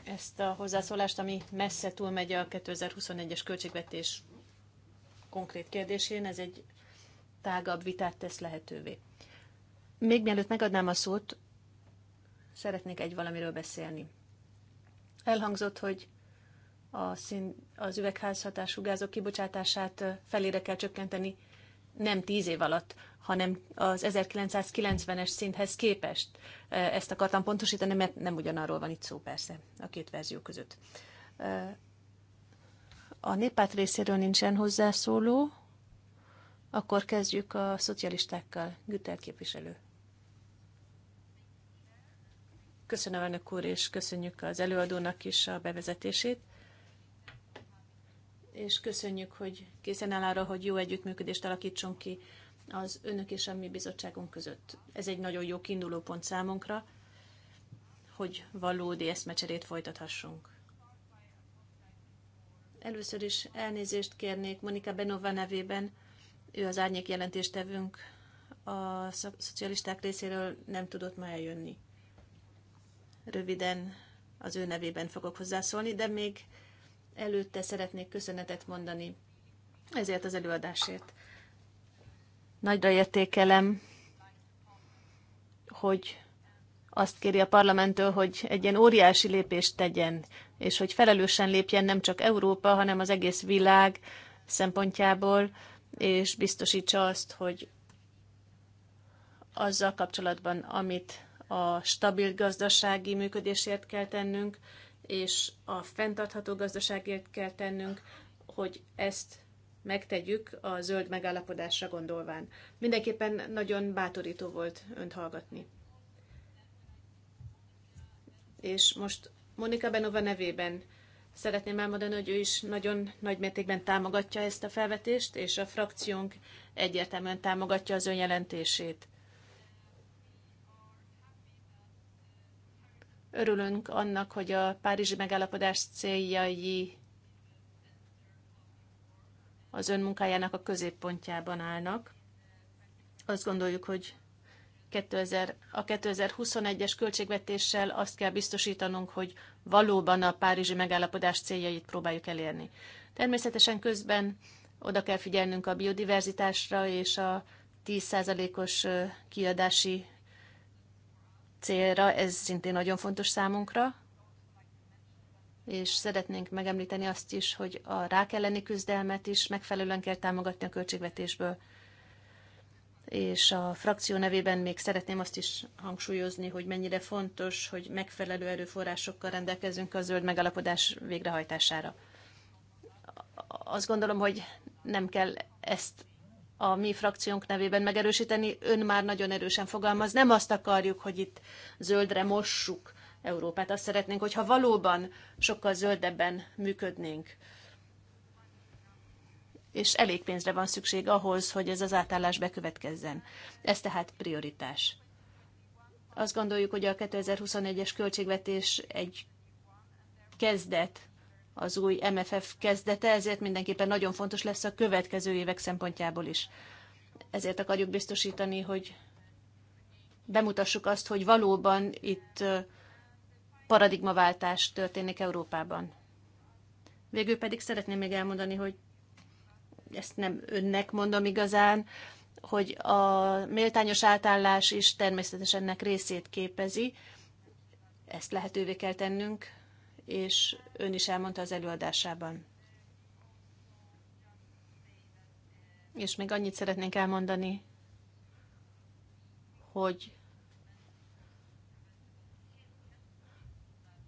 ezt a hozzászólást, ami messze túlmegy a 2021-es költségvetés konkrét kérdésén. Ez egy tágabb vitát tesz lehetővé. Még mielőtt megadnám a szót, szeretnék egy valamiről beszélni. Elhangzott, hogy a szín, az üvegházhatású gázok kibocsátását felére kell csökkenteni nem tíz év alatt, hanem az 1990-es szinthez képest. Ezt akartam pontosítani, mert nem ugyanarról van itt szó persze a két verzió között. A néppárt részéről nincsen hozzászóló. Akkor kezdjük a szocialistákkal. Gütel képviselő. Köszönöm, elnök úr, és köszönjük az előadónak is a bevezetését. És köszönjük, hogy készen áll arra, hogy jó együttműködést alakítsunk ki az önök és a mi bizottságunk között. Ez egy nagyon jó kiinduló pont számunkra, hogy valódi eszmecserét folytathassunk. Először is elnézést kérnék Monika Benova nevében, ő az árnyék jelentéstevünk a szocialisták részéről nem tudott ma eljönni. Röviden az ő nevében fogok hozzászólni, de még előtte szeretnék köszönetet mondani ezért az előadásért. Nagyra értékelem, hogy azt kéri a parlamenttől, hogy egy ilyen óriási lépést tegyen, és hogy felelősen lépjen nem csak Európa, hanem az egész világ szempontjából, és biztosítsa azt, hogy azzal kapcsolatban, amit a stabil gazdasági működésért kell tennünk, és a fenntartható gazdaságért kell tennünk, hogy ezt megtegyük a zöld megállapodásra gondolván. Mindenképpen nagyon bátorító volt önt hallgatni. És most Monika Benova nevében Szeretném elmondani, hogy ő is nagyon nagy mértékben támogatja ezt a felvetést, és a frakciónk egyértelműen támogatja az önjelentését. Örülünk annak, hogy a Párizsi megállapodás céljai az önmunkájának a középpontjában állnak. Azt gondoljuk, hogy 2000, a 2021-es költségvetéssel azt kell biztosítanunk, hogy valóban a párizsi megállapodás céljait próbáljuk elérni. Természetesen közben oda kell figyelnünk a biodiverzitásra és a 10%-os kiadási célra, ez szintén nagyon fontos számunkra. És szeretnénk megemlíteni azt is, hogy a rák elleni küzdelmet is megfelelően kell támogatni a költségvetésből és a frakció nevében még szeretném azt is hangsúlyozni, hogy mennyire fontos, hogy megfelelő erőforrásokkal rendelkezünk a zöld megalapodás végrehajtására. Azt gondolom, hogy nem kell ezt a mi frakciónk nevében megerősíteni, ön már nagyon erősen fogalmaz, nem azt akarjuk, hogy itt zöldre mossuk Európát, azt szeretnénk, hogyha valóban sokkal zöldebben működnénk és elég pénzre van szükség ahhoz, hogy ez az átállás bekövetkezzen. Ez tehát prioritás. Azt gondoljuk, hogy a 2021-es költségvetés egy kezdet, az új MFF kezdete, ezért mindenképpen nagyon fontos lesz a következő évek szempontjából is. Ezért akarjuk biztosítani, hogy bemutassuk azt, hogy valóban itt paradigmaváltás történik Európában. Végül pedig szeretném még elmondani, hogy ezt nem önnek mondom igazán, hogy a méltányos átállás is természetesen ennek részét képezi. Ezt lehetővé kell tennünk, és ön is elmondta az előadásában. És még annyit szeretnénk elmondani, hogy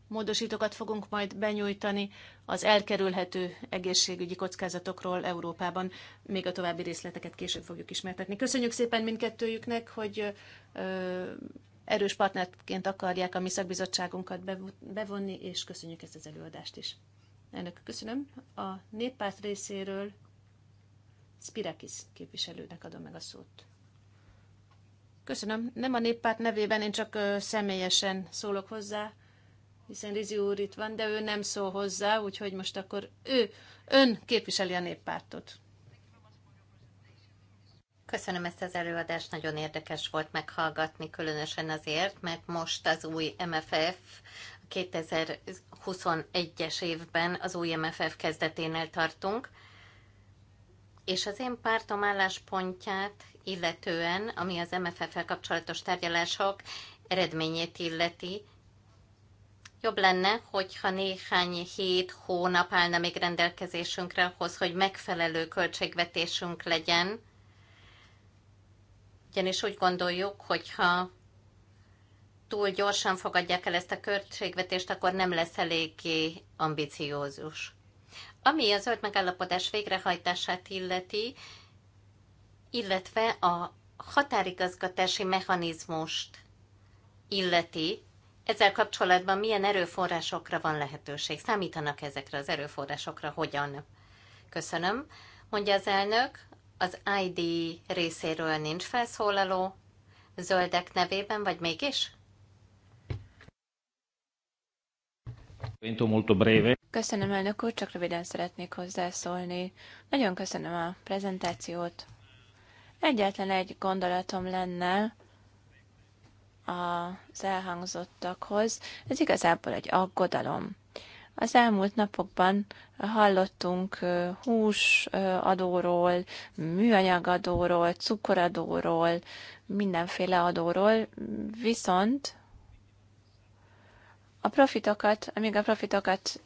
módosítókat fogunk majd benyújtani az elkerülhető egészségügyi kockázatokról Európában. Még a további részleteket később fogjuk ismertetni. Köszönjük szépen mindkettőjüknek, hogy erős partnerként akarják a mi szakbizottságunkat bevonni, és köszönjük ezt az előadást is. Ennek köszönöm. A néppárt részéről Spirakis képviselőnek adom meg a szót. Köszönöm. Nem a néppárt nevében, én csak személyesen szólok hozzá hiszen Rizi úr itt van, de ő nem szól hozzá, úgyhogy most akkor ő, ön képviseli a néppártot.
Köszönöm ezt az előadást, nagyon érdekes volt meghallgatni, különösen azért, mert most az új MFF 2021-es évben az új MFF kezdeténél tartunk, és az én pártom álláspontját illetően, ami az MFF-fel kapcsolatos tárgyalások eredményét illeti, Jobb lenne, hogyha néhány hét, hónap állna még rendelkezésünkre ahhoz, hogy megfelelő költségvetésünk legyen, ugyanis úgy gondoljuk, hogyha túl gyorsan fogadják el ezt a költségvetést, akkor nem lesz eléggé ambiciózus. Ami a zöld megállapodás végrehajtását illeti, illetve a határigazgatási mechanizmust illeti, ezzel kapcsolatban milyen erőforrásokra van lehetőség? Számítanak ezekre az erőforrásokra hogyan? Köszönöm. Mondja az elnök, az ID részéről nincs felszólaló, zöldek nevében, vagy mégis? Köszönöm, elnök úr, csak röviden szeretnék
hozzászólni. Nagyon köszönöm a prezentációt. Egyetlen egy gondolatom lenne, az elhangzottakhoz, ez igazából egy aggodalom. Az elmúlt napokban hallottunk húsadóról, műanyagadóról, cukoradóról, mindenféle adóról, viszont a profitokat, amíg a profitokat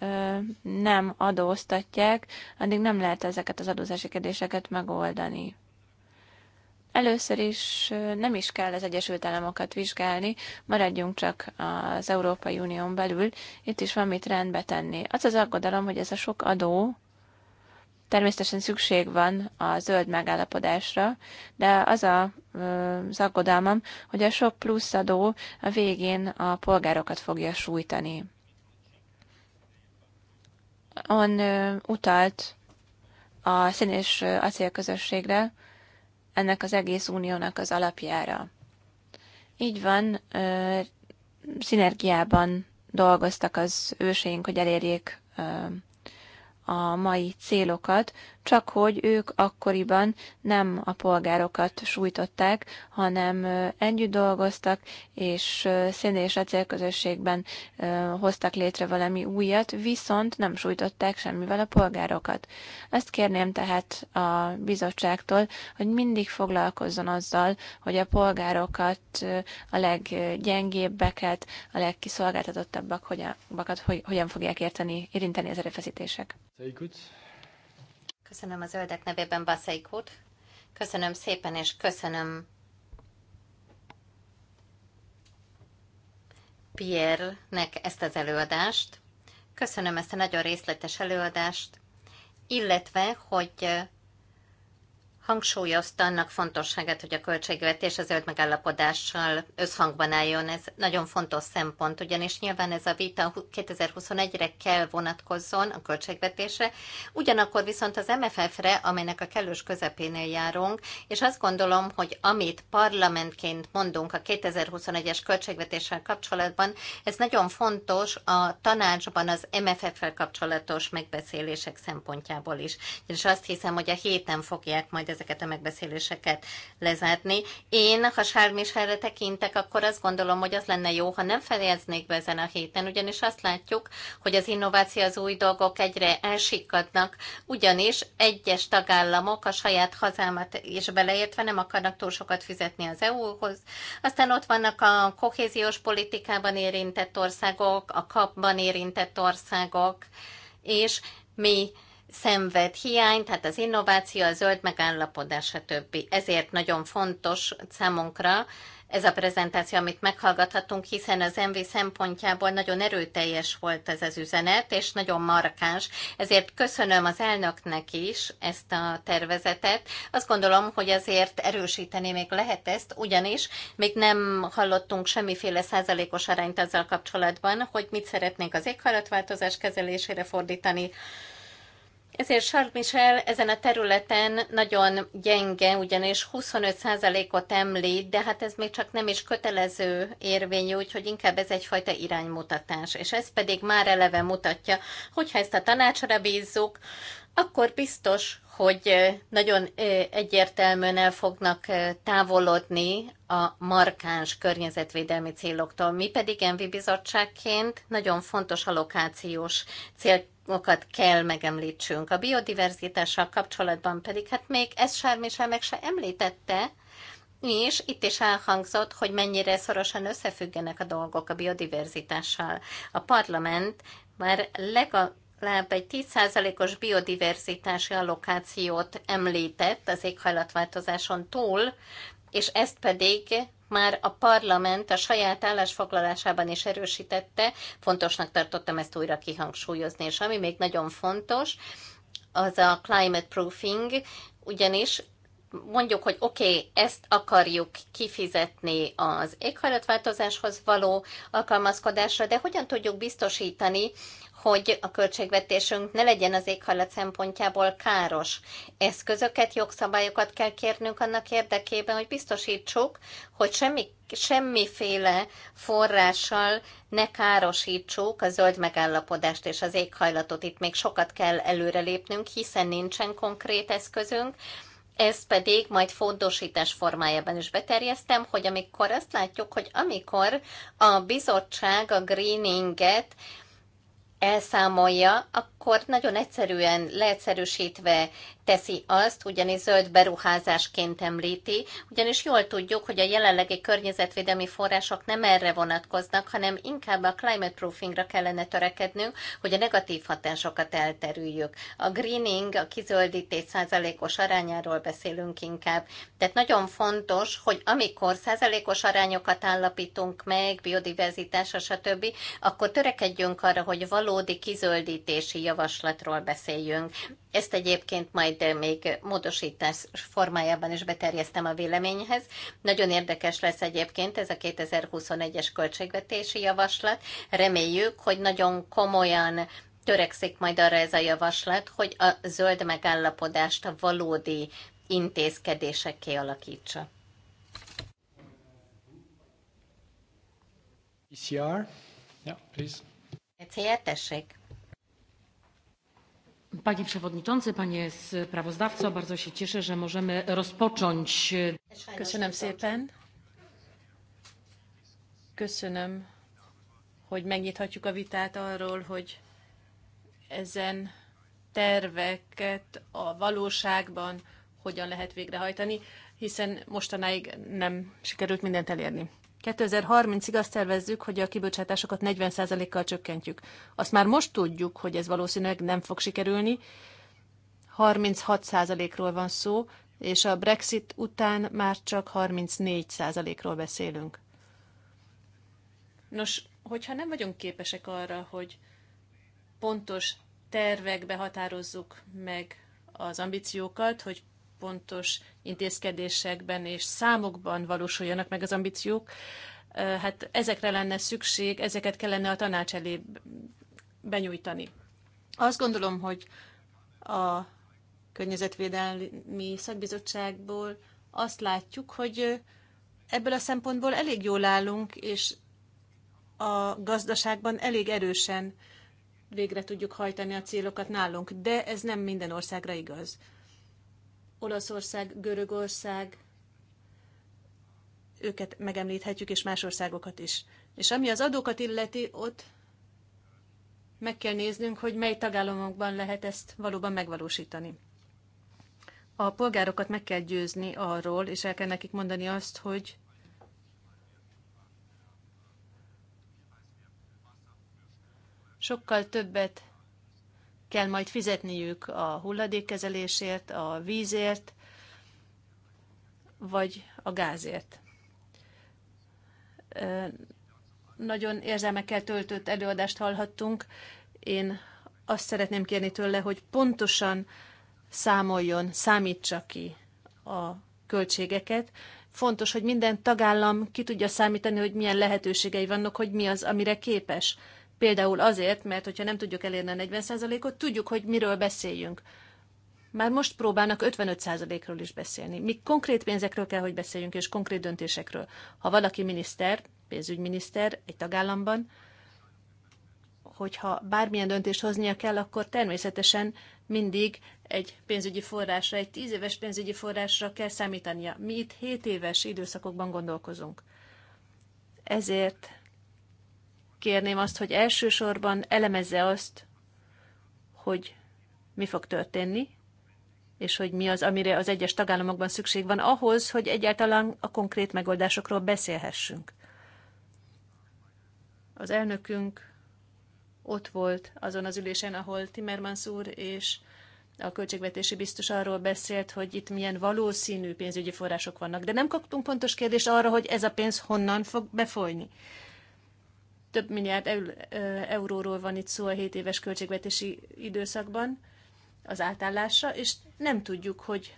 nem adóztatják, addig nem lehet ezeket az adózási kérdéseket megoldani. Először is nem is kell az Egyesült Államokat vizsgálni, maradjunk csak az Európai Unión belül, itt is van mit rendbe tenni. Az az aggodalom, hogy ez a sok adó, természetesen szükség van a zöld megállapodásra, de az a, az aggodalmam, hogy a sok plusz adó a végén a polgárokat fogja sújtani. On utalt a szín és acélközösségre, ennek az egész uniónak az alapjára. Így van, ö, szinergiában dolgoztak az őseink, hogy elérjék ö, a mai célokat, csak hogy ők akkoriban nem a polgárokat sújtották, hanem együtt dolgoztak, és szén és acélközösségben hoztak létre valami újat, viszont nem sújtották semmivel a polgárokat. Ezt kérném tehát a bizottságtól, hogy mindig foglalkozzon azzal, hogy a polgárokat, a leggyengébbeket, a legkiszolgáltatottabbakat hogyan, hogyan fogják érteni, érinteni az erőfeszítések.
Very
Köszönöm a zöldek nevében Baszaik Köszönöm szépen, és köszönöm Pierre-nek ezt az előadást. Köszönöm ezt a nagyon részletes előadást, illetve, hogy hangsúlyozta annak fontosságát, hogy a költségvetés az zöld megállapodással összhangban álljon. Ez nagyon fontos szempont, ugyanis nyilván ez a vita 2021-re kell vonatkozzon a költségvetésre, ugyanakkor viszont az MFF-re, amelynek a kellős közepénél járunk, és azt gondolom, hogy amit parlamentként mondunk a 2021-es költségvetéssel kapcsolatban, ez nagyon fontos a tanácsban az mff rel kapcsolatos megbeszélések szempontjából is. És azt hiszem, hogy a héten fogják majd az ezeket a megbeszéléseket lezárni. Én, ha Sármiselre tekintek, akkor azt gondolom, hogy az lenne jó, ha nem fejeznék be ezen a héten, ugyanis azt látjuk, hogy az innováció, az új dolgok egyre elsikadnak, ugyanis egyes tagállamok a saját hazámat és beleértve nem akarnak túl sokat fizetni az EU-hoz. Aztán ott vannak a kohéziós politikában érintett országok, a kapban érintett országok, és mi szenved hiány, tehát az innováció, a zöld megállapodás, többi. Ezért nagyon fontos számunkra ez a prezentáció, amit meghallgathatunk, hiszen az MV szempontjából nagyon erőteljes volt ez az üzenet, és nagyon markáns. Ezért köszönöm az elnöknek is ezt a tervezetet. Azt gondolom, hogy azért erősíteni még lehet ezt, ugyanis még nem hallottunk semmiféle százalékos arányt azzal kapcsolatban, hogy mit szeretnénk az éghajlatváltozás kezelésére fordítani, ezért Charles Michel ezen a területen nagyon gyenge, ugyanis 25%-ot említ, de hát ez még csak nem is kötelező érvényű, úgyhogy inkább ez egyfajta iránymutatás. És ez pedig már eleve mutatja, hogyha ezt a tanácsra bízzuk, akkor biztos, hogy nagyon egyértelműen el fognak távolodni a markáns környezetvédelmi céloktól. Mi pedig Envi Bizottságként nagyon fontos lokációs célt magat kell megemlítsünk. A biodiverzitással kapcsolatban pedig, hát még ezt Sármi sem meg se említette, és itt is elhangzott, hogy mennyire szorosan összefüggenek a dolgok a biodiverzitással. A parlament már legalább egy 10%-os biodiverzitási allokációt említett az éghajlatváltozáson túl, és ezt pedig már a parlament a saját állásfoglalásában is erősítette, fontosnak tartottam ezt újra kihangsúlyozni, és ami még nagyon fontos, az a climate proofing, ugyanis mondjuk, hogy oké, okay, ezt akarjuk kifizetni az éghajlatváltozáshoz való alkalmazkodásra, de hogyan tudjuk biztosítani, hogy a költségvetésünk ne legyen az éghajlat szempontjából káros. Eszközöket, jogszabályokat kell kérnünk annak érdekében, hogy biztosítsuk, hogy semmi, semmiféle forrással ne károsítsuk a zöld megállapodást és az éghajlatot. Itt még sokat kell előrelépnünk, hiszen nincsen konkrét eszközünk, ezt pedig majd fontosítás formájában is beterjesztem, hogy amikor azt látjuk, hogy amikor a bizottság a greeninget elszámolja, akkor nagyon egyszerűen, leegyszerűsítve teszi azt, ugyanis zöld beruházásként említi, ugyanis jól tudjuk, hogy a jelenlegi környezetvédelmi források nem erre vonatkoznak, hanem inkább a climate proofingra kellene törekednünk, hogy a negatív hatásokat elterüljük. A greening, a kizöldítés százalékos arányáról beszélünk inkább. Tehát nagyon fontos, hogy amikor százalékos arányokat állapítunk meg, biodiverzitásra, stb., akkor törekedjünk arra, hogy való valódi kizöldítési javaslatról beszéljünk. Ezt egyébként majd még módosítás formájában is beterjesztem a véleményhez. Nagyon érdekes lesz egyébként ez a 2021-es költségvetési javaslat. Reméljük, hogy nagyon komolyan törekszik majd arra ez a javaslat, hogy a zöld megállapodást a valódi intézkedésekké alakítsa.
PCR, Yeah, please
cél, tessék.
Panie Przewodniczący,
Panie Sprawozdawco, bardzo się cieszę, że możemy rozpocząć. Köszönöm szépen. Köszönöm, hogy megnyithatjuk a vitát arról, hogy ezen terveket a valóságban hogyan lehet végrehajtani, hiszen mostanáig nem sikerült mindent elérni. 2030-ig azt tervezzük, hogy a kibocsátásokat 40%-kal csökkentjük. Azt már most tudjuk, hogy ez valószínűleg nem fog sikerülni. 36%-ról van szó, és a Brexit után már csak 34%-ról beszélünk. Nos, hogyha nem vagyunk képesek arra, hogy pontos tervekbe határozzuk meg az ambíciókat, hogy pontos intézkedésekben és számokban valósuljanak meg az ambíciók, hát ezekre lenne szükség, ezeket kellene a tanács elé benyújtani. Azt gondolom, hogy a környezetvédelmi szakbizottságból azt látjuk, hogy ebből a szempontból elég jól állunk, és a gazdaságban elég erősen végre tudjuk hajtani a célokat nálunk, de ez nem minden országra igaz. Olaszország, Görögország, őket megemlíthetjük, és más országokat is. És ami az adókat illeti, ott meg kell néznünk, hogy mely tagállamokban lehet ezt valóban megvalósítani. A polgárokat meg kell győzni arról, és el kell nekik mondani azt, hogy sokkal többet kell majd fizetniük a hulladékkezelésért, a vízért, vagy a gázért. Nagyon érzelmekkel töltött előadást hallhattunk. Én azt szeretném kérni tőle, hogy pontosan számoljon, számítsa ki a költségeket. Fontos, hogy minden tagállam ki tudja számítani, hogy milyen lehetőségei vannak, hogy mi az, amire képes Például azért, mert hogyha nem tudjuk elérni a 40%-ot, tudjuk, hogy miről beszéljünk. Már most próbálnak 55%-ról is beszélni. Mi konkrét pénzekről kell, hogy beszéljünk, és konkrét döntésekről. Ha valaki miniszter, pénzügyminiszter egy tagállamban, hogyha bármilyen döntést hoznia kell, akkor természetesen mindig egy pénzügyi forrásra, egy tíz éves pénzügyi forrásra kell számítania. Mi itt 7 éves időszakokban gondolkozunk. Ezért kérném azt, hogy elsősorban elemezze azt, hogy mi fog történni, és hogy mi az, amire az egyes tagállamokban szükség van ahhoz, hogy egyáltalán a konkrét megoldásokról beszélhessünk. Az elnökünk ott volt azon az ülésen, ahol Timmermans úr és a költségvetési biztos arról beszélt, hogy itt milyen valószínű pénzügyi források vannak, de nem kaptunk pontos kérdést arra, hogy ez a pénz honnan fog befolyni több milliárd euróról van itt szó a 7 éves költségvetési időszakban az átállásra, és nem tudjuk, hogy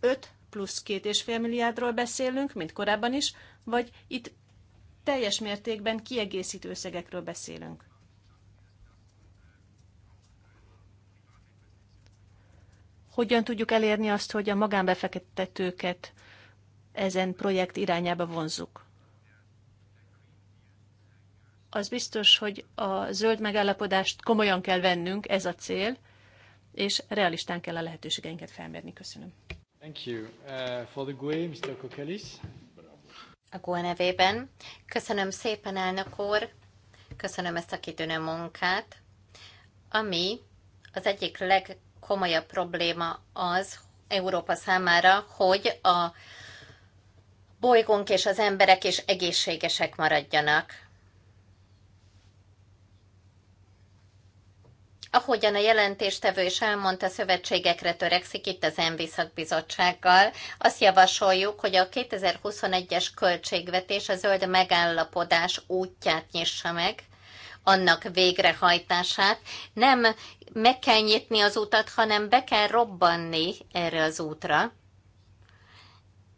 5 plusz 2,5 milliárdról beszélünk, mint korábban is, vagy itt teljes mértékben kiegészítő összegekről beszélünk. Hogyan tudjuk elérni azt, hogy a magánbefektetőket ezen projekt irányába vonzuk? az biztos, hogy a zöld megállapodást komolyan kell vennünk, ez a cél, és realistán
kell a lehetőségeinket felmérni. Köszönöm.
Thank you. Uh, for the GUE, Mr. Kokelis.
A GUE nevében. Köszönöm szépen, elnök úr. Köszönöm ezt a kitűnő munkát, ami az egyik legkomolyabb probléma az Európa számára, hogy a bolygónk és az emberek is egészségesek maradjanak. Ahogyan a jelentéstevő is elmondta, szövetségekre törekszik itt az ENVI szakbizottsággal. Azt javasoljuk, hogy a 2021-es költségvetés a zöld megállapodás útját nyissa meg, annak végrehajtását. Nem meg kell nyitni az utat, hanem be kell robbanni erre az útra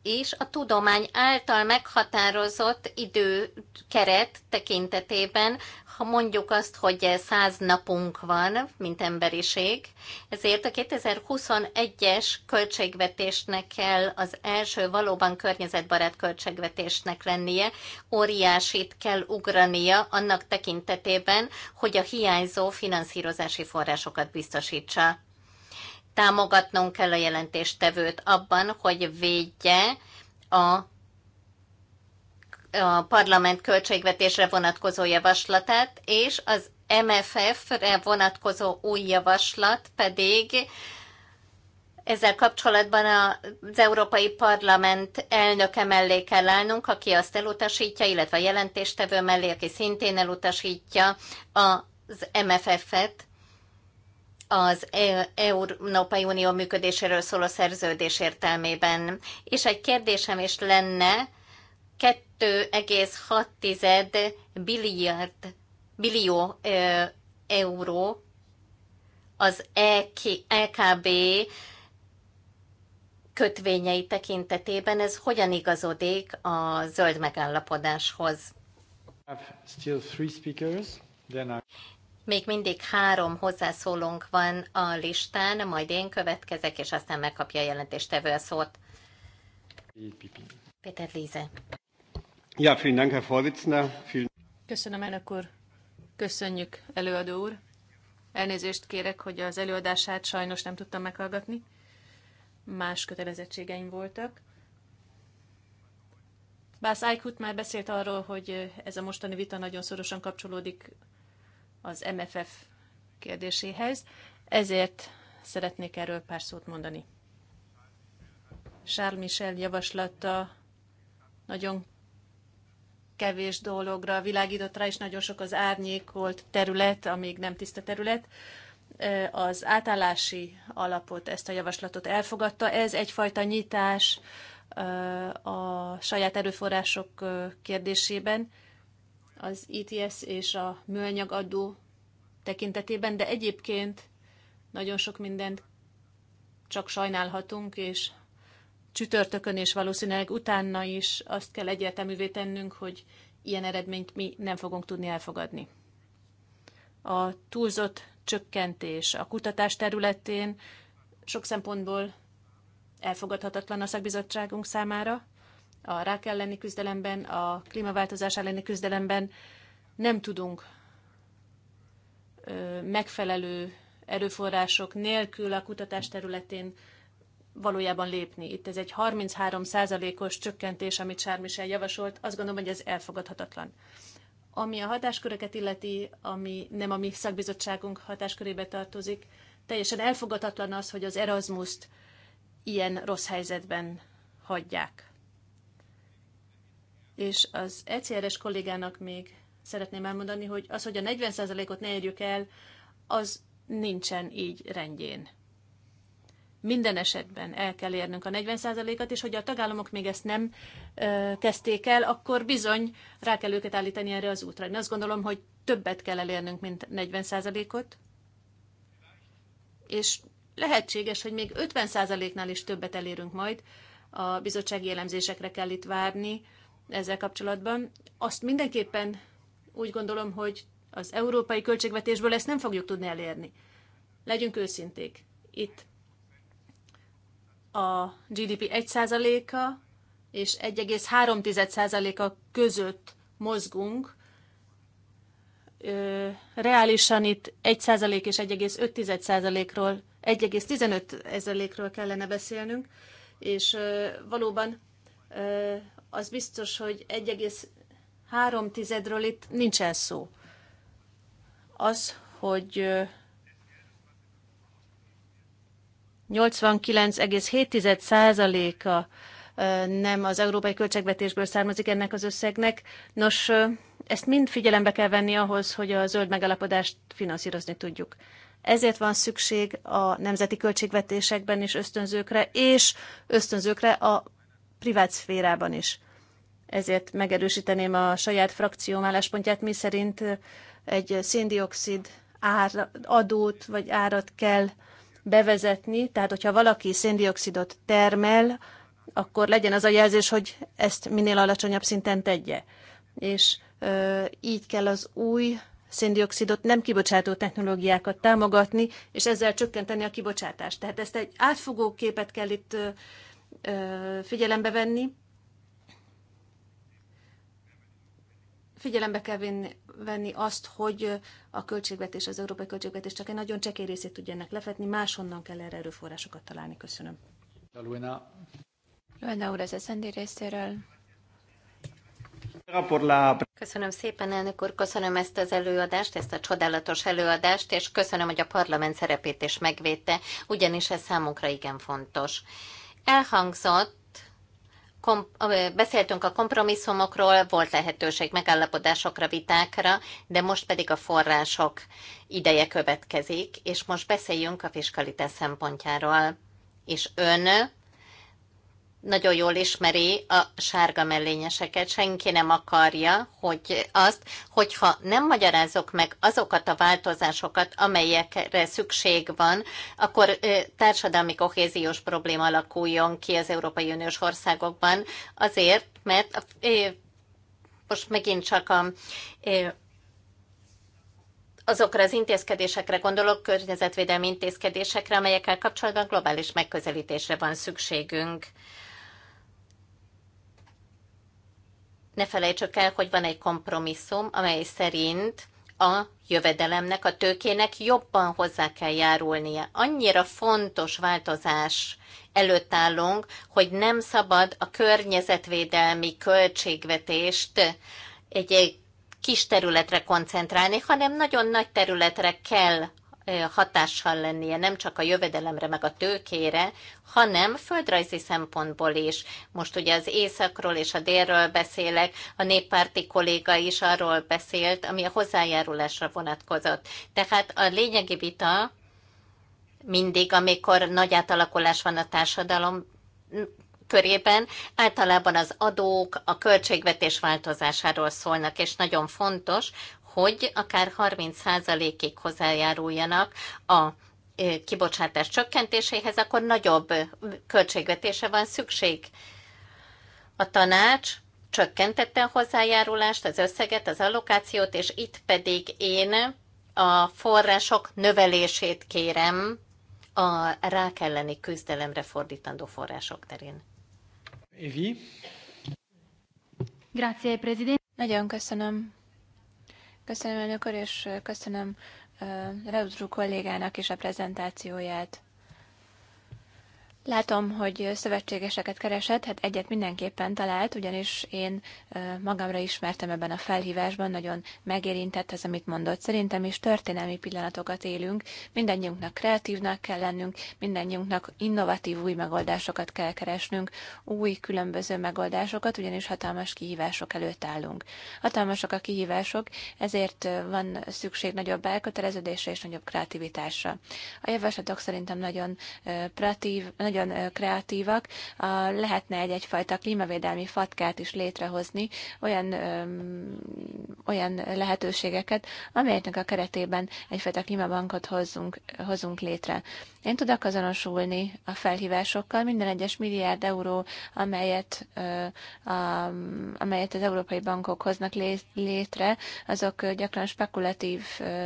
és a tudomány által meghatározott időkeret tekintetében, ha mondjuk azt, hogy száz napunk van, mint emberiség, ezért a 2021-es költségvetésnek kell az első valóban környezetbarát költségvetésnek lennie, óriásit kell ugrania annak tekintetében, hogy a hiányzó finanszírozási forrásokat biztosítsa. Támogatnunk kell a jelentéstevőt abban, hogy védje a a parlament költségvetésre vonatkozó javaslatát, és az MFF-re vonatkozó új javaslat pedig ezzel kapcsolatban az Európai Parlament elnöke mellé kell állnunk, aki azt elutasítja, illetve a jelentéstevő mellé, aki szintén elutasítja az MFF-et, az e- Európai Unió működéséről szóló szerződés értelmében. És egy kérdésem is lenne, 2,6 billiárd, billió euró az EKB e kötvényei tekintetében, ez hogyan igazodik a zöld megállapodáshoz? Még mindig három hozzászólónk van a listán, majd én következek, és aztán megkapja a jelentéstevő a szót. Péter Líze.
Ja, vielen Dank, Herr Vorsitzender. Vielen...
Köszönöm, elnök úr.
Köszönjük, előadó úr. Elnézést kérek, hogy az előadását sajnos nem tudtam meghallgatni. Más kötelezettségeim voltak. Bász Eichhut már beszélt arról, hogy ez a mostani vita nagyon szorosan kapcsolódik az MFF kérdéséhez, ezért szeretnék erről pár szót mondani. Charles Michel javaslata nagyon kevés dologra világított rá, és nagyon sok az árnyékolt terület, amíg nem tiszta terület. Az átállási alapot, ezt a javaslatot elfogadta. Ez egyfajta nyitás a saját erőforrások kérdésében, az ETS és a műanyag adó tekintetében, de egyébként nagyon sok mindent csak sajnálhatunk, és csütörtökön és valószínűleg utána is azt kell egyértelművé tennünk, hogy ilyen eredményt mi nem fogunk tudni elfogadni. A túlzott csökkentés a kutatás területén sok szempontból elfogadhatatlan a szakbizottságunk számára, a rák elleni küzdelemben, a klímaváltozás elleni küzdelemben nem tudunk megfelelő erőforrások nélkül a kutatás területén valójában lépni. Itt ez egy 33%-os csökkentés, amit Sármisel javasolt, azt gondolom, hogy ez elfogadhatatlan. Ami a hatásköröket illeti, ami nem a mi szakbizottságunk hatáskörébe tartozik, teljesen elfogadhatatlan az, hogy az Erasmus-t ilyen rossz helyzetben hagyják. És az ECRS kollégának még szeretném elmondani, hogy az, hogy a 40%-ot ne érjük el, az nincsen így rendjén. Minden esetben el kell érnünk a 40%-at, és hogy a tagállamok még ezt nem ö, kezdték el, akkor bizony rá kell őket állítani erre az útra. Én azt gondolom, hogy többet kell elérnünk, mint 40%-ot, és lehetséges, hogy még 50%-nál is többet elérünk majd. A bizottsági elemzésekre kell itt várni, ezzel kapcsolatban. Azt mindenképpen úgy gondolom, hogy az európai költségvetésből ezt nem fogjuk tudni elérni. Legyünk őszinték. Itt a GDP 1%-a és 1,3%-a között mozgunk. Reálisan itt 1% és 1,5%-ról, 1,15%-ról kellene beszélnünk, és valóban az biztos, hogy 13 tizedről itt nincsen szó. Az, hogy 897 százaléka nem az európai költségvetésből származik ennek az összegnek. Nos, ezt mind figyelembe kell venni ahhoz, hogy a zöld megalapodást finanszírozni tudjuk. Ezért van szükség a nemzeti költségvetésekben is ösztönzőkre, és ösztönzőkre a privát szférában is ezért megerősíteném a saját frakcióm álláspontját, mi szerint egy széndiokszid ár, adót vagy árat kell bevezetni, tehát hogyha valaki széndiokszidot termel, akkor legyen az a jelzés, hogy ezt minél alacsonyabb szinten tegye. És ö, így kell az új széndiokszidot nem kibocsátó technológiákat támogatni, és ezzel csökkenteni a kibocsátást. Tehát ezt egy átfogó képet kell itt ö, figyelembe venni, figyelembe kell venni, venni azt, hogy a költségvetés, az európai költségvetés csak egy nagyon csekély részét tudja ennek lefetni, máshonnan kell erre erőforrásokat találni. Köszönöm.
Luena.
Luena úr, az SZND részéről. Köszönöm szépen, elnök úr, köszönöm ezt az előadást, ezt a csodálatos előadást, és köszönöm, hogy a parlament szerepét is megvédte, ugyanis ez számunkra igen fontos. Elhangzott, kom- beszéltünk a kompromisszumokról, volt lehetőség megállapodásokra, vitákra, de most pedig a források ideje következik, és most beszéljünk a fiskalitás szempontjáról. És ön nagyon jól ismeri a sárga mellényeseket. Senki nem akarja, hogy azt, hogyha nem magyarázok meg azokat a változásokat, amelyekre szükség van, akkor társadalmi kohéziós probléma alakuljon ki az Európai Uniós országokban, azért, mert most megint csak a azokra az intézkedésekre gondolok, környezetvédelmi intézkedésekre, amelyekkel kapcsolatban globális megközelítésre van szükségünk. ne felejtsük el, hogy van egy kompromisszum, amely szerint a jövedelemnek, a tőkének jobban hozzá kell járulnia. Annyira fontos változás előtt állunk, hogy nem szabad a környezetvédelmi költségvetést egy kis területre koncentrálni, hanem nagyon nagy területre kell hatással lennie nem csak a jövedelemre, meg a tőkére, hanem földrajzi szempontból is. Most ugye az északról és a délről beszélek, a néppárti kolléga is arról beszélt, ami a hozzájárulásra vonatkozott. Tehát a lényegi vita mindig, amikor nagy átalakulás van a társadalom körében, általában az adók, a költségvetés változásáról szólnak, és nagyon fontos, hogy akár 30%-ig hozzájáruljanak a kibocsátás csökkentéséhez, akkor nagyobb költségvetése van szükség. A tanács csökkentette a hozzájárulást, az összeget, az allokációt, és itt pedig én a források növelését kérem a rák elleni küzdelemre fordítandó források terén. Évi?
Grazie, Presidente. Nagyon köszönöm, Köszönöm, elnök és köszönöm Reutru kollégának is a prezentációját. Látom, hogy szövetségeseket keresett, hát egyet mindenképpen talált, ugyanis én magamra ismertem ebben a felhívásban, nagyon megérintett ez, amit mondott. Szerintem is történelmi pillanatokat élünk, mindannyiunknak kreatívnak kell lennünk, mindannyiunknak innovatív új megoldásokat kell keresnünk, új különböző megoldásokat, ugyanis hatalmas kihívások előtt állunk. Hatalmasak a kihívások, ezért van szükség nagyobb elköteleződésre és nagyobb kreativitásra. A javaslatok szerintem nagyon, pratív, nagyon nagyon kreatívak. Lehetne egy egyfajta klímavédelmi fatkát is létrehozni, olyan, olyan lehetőségeket, amelyeknek a keretében egyfajta klímabankot hozzunk, hozunk létre. Én tudok azonosulni a felhívásokkal, minden egyes milliárd euró, amelyet, a, amelyet az európai bankok hoznak létre, azok gyakran spekulatív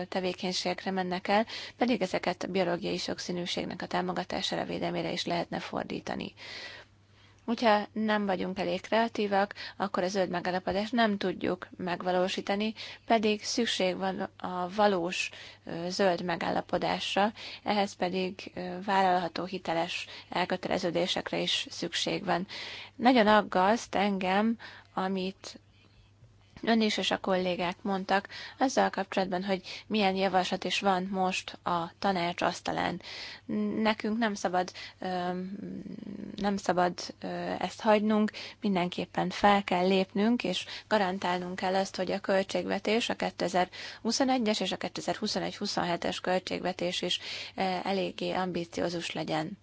tevékenységekre mennek el, pedig ezeket a biológiai sokszínűségnek a támogatására, védelmére is lehet lehetne fordítani. Hogyha nem vagyunk elég kreatívak, akkor a zöld megállapodást nem tudjuk megvalósítani, pedig szükség van a valós zöld megállapodásra, ehhez pedig vállalható hiteles elköteleződésekre is szükség van. Nagyon aggaszt engem, amit Ön is és a kollégák mondtak azzal kapcsolatban, hogy milyen javaslat is van most a tanács asztalán. Nekünk nem szabad, nem szabad ezt hagynunk, mindenképpen fel kell lépnünk, és garantálnunk kell azt, hogy a költségvetés, a 2021-es és a 2021-27-es költségvetés is eléggé ambiciózus legyen.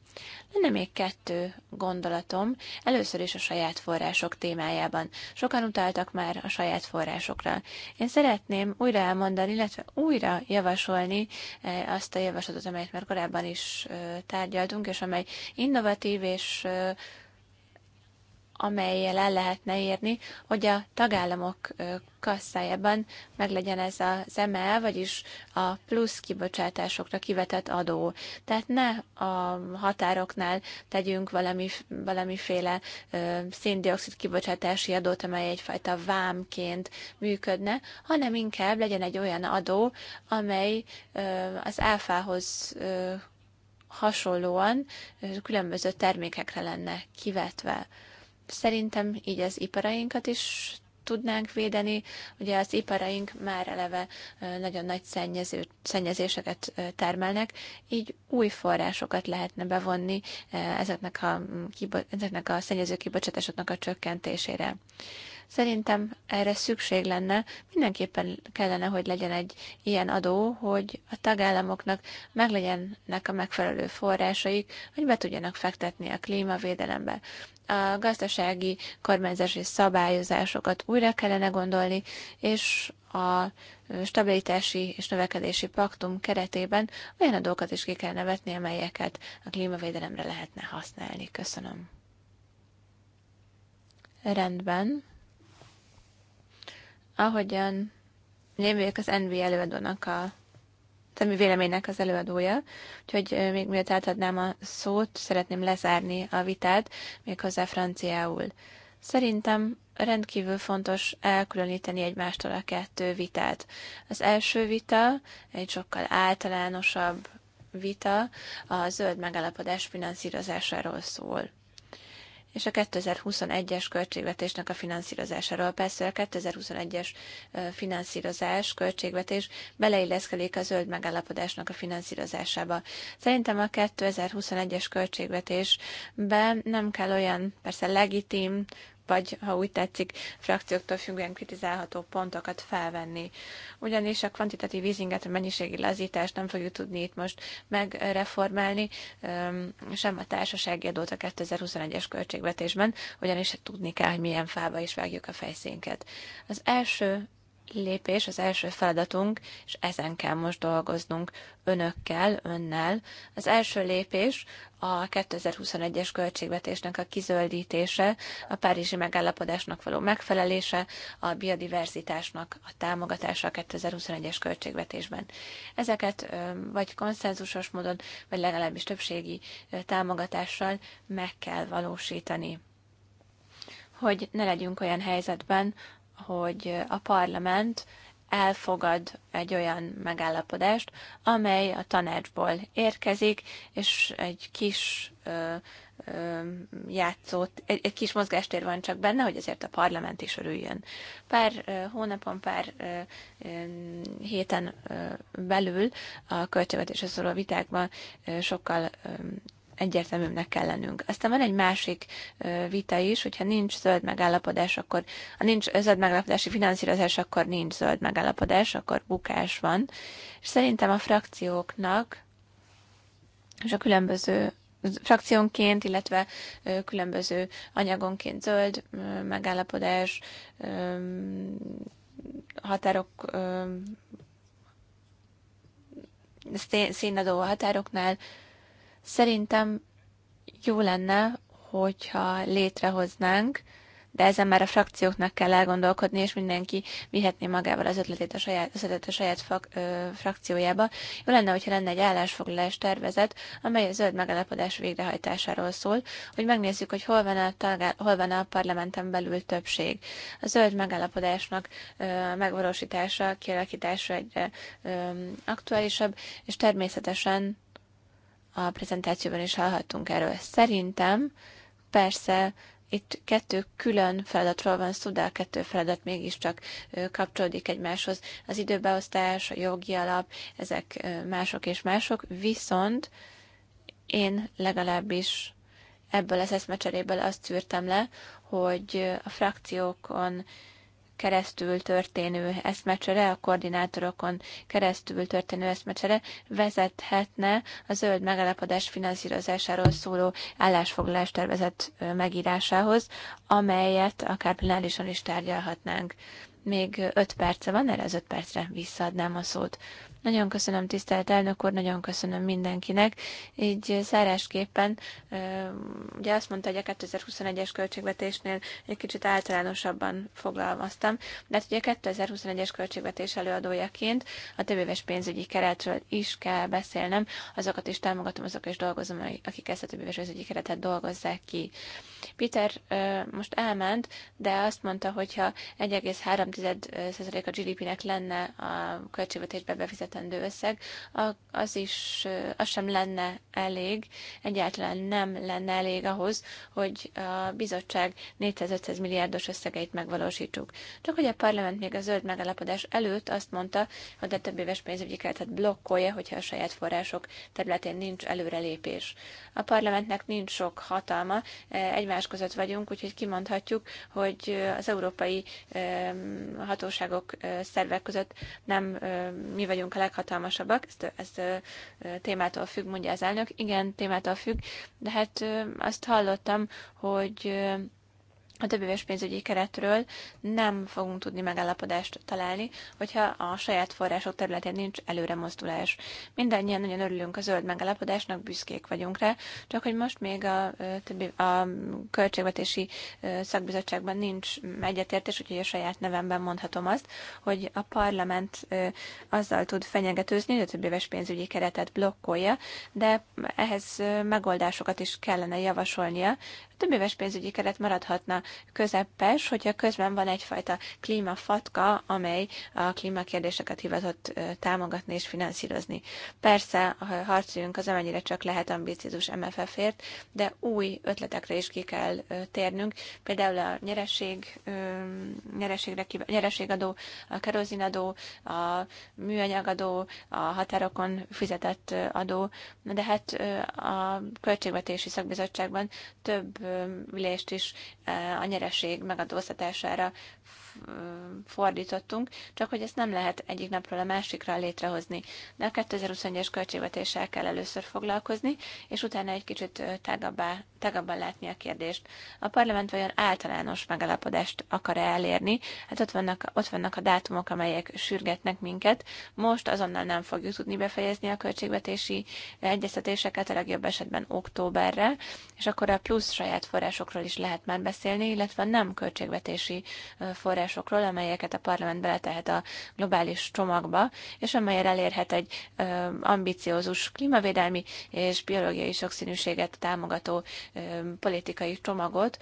Lenne még kettő gondolatom, először is a saját források témájában. Sokan utaltak már a saját forrásokra. Én szeretném újra elmondani, illetve újra javasolni e, azt a javaslatot, amelyet már korábban is e, tárgyaltunk, és amely innovatív és e, amelyel el lehetne érni, hogy a tagállamok kasszájában meglegyen ez az ML, vagyis a plusz kibocsátásokra kivetett adó. Tehát ne a határoknál tegyünk valami, valamiféle széndiokszid kibocsátási adót, amely egyfajta vámként működne, hanem inkább legyen egy olyan adó, amely ö, az áfához hasonlóan ö, különböző termékekre lenne kivetve. Szerintem így az iparainkat is tudnánk védeni. Ugye az iparaink már eleve nagyon nagy szennyező, szennyezéseket termelnek, így új forrásokat lehetne bevonni ezeknek a, ezeknek a szennyező kibocsátásoknak a csökkentésére. Szerintem erre szükség lenne, mindenképpen kellene, hogy legyen egy ilyen adó, hogy a tagállamoknak meglegyenek a megfelelő forrásaik, hogy be tudjanak fektetni a klímavédelembe. A gazdasági kormányzási szabályozásokat újra kellene gondolni, és a stabilitási és növekedési paktum keretében olyan adókat is ki kell nevetni, amelyeket a klímavédelemre lehetne használni. Köszönöm. Rendben ahogyan én vagyok az NV előadónak a tehát mi véleménynek az előadója, úgyhogy még mielőtt átadnám a szót, szeretném lezárni a vitát, méghozzá franciául. Szerintem rendkívül fontos elkülöníteni egymástól a kettő vitát. Az első vita egy sokkal általánosabb vita a zöld megállapodás finanszírozásáról szól és a 2021-es költségvetésnek a finanszírozásáról. Persze a 2021-es finanszírozás, költségvetés beleilleszkedik a zöld megállapodásnak a finanszírozásába. Szerintem a 2021-es költségvetésben nem kell olyan, persze legitim vagy, ha úgy tetszik, frakcióktól függően kritizálható pontokat felvenni. Ugyanis a kvantitatív easinget, a mennyiségi lazítást nem fogjuk tudni itt most megreformálni, sem a társasági adót a 2021-es költségvetésben, ugyanis tudni kell, hogy milyen fába is vágjuk a fejszénket. Az első lépés, az első feladatunk, és ezen kell most dolgoznunk önökkel, önnel. Az első lépés a 2021-es költségvetésnek a kizöldítése, a Párizsi megállapodásnak való megfelelése, a biodiverzitásnak a támogatása a 2021-es költségvetésben. Ezeket vagy konszenzusos módon, vagy legalábbis többségi támogatással meg kell valósítani hogy ne legyünk olyan helyzetben, hogy a parlament elfogad egy olyan megállapodást, amely a tanácsból érkezik, és egy kis ö, ö, játszót, egy, egy kis mozgástér van csak benne, hogy ezért a parlament is örüljön. Pár ö, hónapon, pár ö, héten ö, belül a költségvetésre szóló vitákban ö, sokkal ö, egyértelműnek kell lennünk. Aztán van egy másik vita is, hogyha nincs zöld megállapodás, akkor ha nincs zöld megállapodási finanszírozás, akkor nincs zöld megállapodás, akkor bukás van. És szerintem a frakcióknak és a különböző frakciónként, illetve különböző anyagonként zöld megállapodás, határok szénadó határoknál Szerintem jó lenne, hogyha létrehoznánk, de ezen már a frakcióknak kell elgondolkodni, és mindenki vihetné magával az ötletét a saját, az ötletet a saját fak, ö, frakciójába. Jó lenne, hogyha lenne egy állásfoglalás tervezet, amely a zöld megalapodás végrehajtásáról szól, hogy megnézzük, hogy hol van a, tagá, hol van a parlamenten belül többség. A zöld megalapodásnak ö, megvalósítása, kialakítása egyre ö, aktuálisabb, és természetesen a prezentációban is hallhattunk erről. Szerintem persze itt kettő külön feladatról van szó, de a kettő feladat mégiscsak kapcsolódik egymáshoz. Az időbeosztás, a jogi alap, ezek mások és mások, viszont én legalábbis ebből az eszmecseréből azt szűrtem le, hogy a frakciókon keresztül történő eszmecsere, a koordinátorokon keresztül történő eszmecsere vezethetne a zöld megállapodás finanszírozásáról szóló állásfoglalás tervezet megírásához, amelyet akár plenárisan is tárgyalhatnánk. Még öt perce van, erre az öt percre visszaadnám a szót. Nagyon köszönöm, tisztelt elnök úr, nagyon köszönöm mindenkinek. Így zárásképpen, ugye azt mondta, hogy a 2021-es költségvetésnél egy kicsit általánosabban foglalmaztam, de hát ugye a 2021-es költségvetés előadójaként a többéves pénzügyi keretről is kell beszélnem, azokat is támogatom, azok is dolgozom, akik ezt a többéves pénzügyi keretet dolgozzák ki. Peter most elment, de azt mondta, hogyha 1,3% a GDP-nek lenne a költségvetésbe befizetett költendő összeg, az is, az sem lenne elég, egyáltalán nem lenne elég ahhoz, hogy a bizottság 400-500 milliárdos összegeit megvalósítsuk. Csak hogy a parlament még a zöld megállapodás előtt azt mondta, hogy a több éves pénzügyi keretet blokkolja, hogyha a saját források területén nincs előrelépés. A parlamentnek nincs sok hatalma, egymás között vagyunk, úgyhogy kimondhatjuk, hogy az európai hatóságok, szervek között nem mi vagyunk a leghatalmasabbak, ez, ez témától függ, mondja az elnök. Igen, témától függ, de hát azt hallottam, hogy a éves pénzügyi keretről nem fogunk tudni megállapodást találni, hogyha a saját források területén nincs előre mozdulás. Mindannyian nagyon örülünk a zöld megállapodásnak, büszkék vagyunk rá, csak hogy most még a, többi, a költségvetési szakbizottságban nincs egyetértés, úgyhogy a saját nevemben mondhatom azt, hogy a parlament azzal tud fenyegetőzni, hogy a éves pénzügyi keretet blokkolja, de ehhez megoldásokat is kellene javasolnia. A éves pénzügyi keret maradhatna közepes, hogyha közben van egyfajta klímafatka, amely a klímakérdéseket hivatott támogatni és finanszírozni. Persze, harcoljunk az amennyire csak lehet ambíciózus MFF-ért, de új ötletekre is ki kell térnünk. Például a nyereség, nyereségre, nyereségadó, a kerozinadó, a műanyagadó, a határokon fizetett adó, de hát a költségvetési szakbizottságban több ülést is a nyereség megadóztatására fordítottunk, csak hogy ezt nem lehet egyik napról a másikra létrehozni. De a 2021-es költségvetéssel kell először foglalkozni, és utána egy kicsit tágabbá, tágabban látni a kérdést. A parlament vajon általános megalapodást akar-e elérni? Hát ott vannak, ott vannak a dátumok, amelyek sürgetnek minket. Most azonnal nem fogjuk tudni befejezni a költségvetési egyeztetéseket, a legjobb esetben októberre, és akkor a plusz saját forrásokról is lehet már beszélni, illetve nem költségvetési forrás forrásokról, amelyeket a parlament beletehet a globális csomagba, és amelyel elérhet egy ambiciózus klímavédelmi és biológiai sokszínűséget támogató politikai csomagot,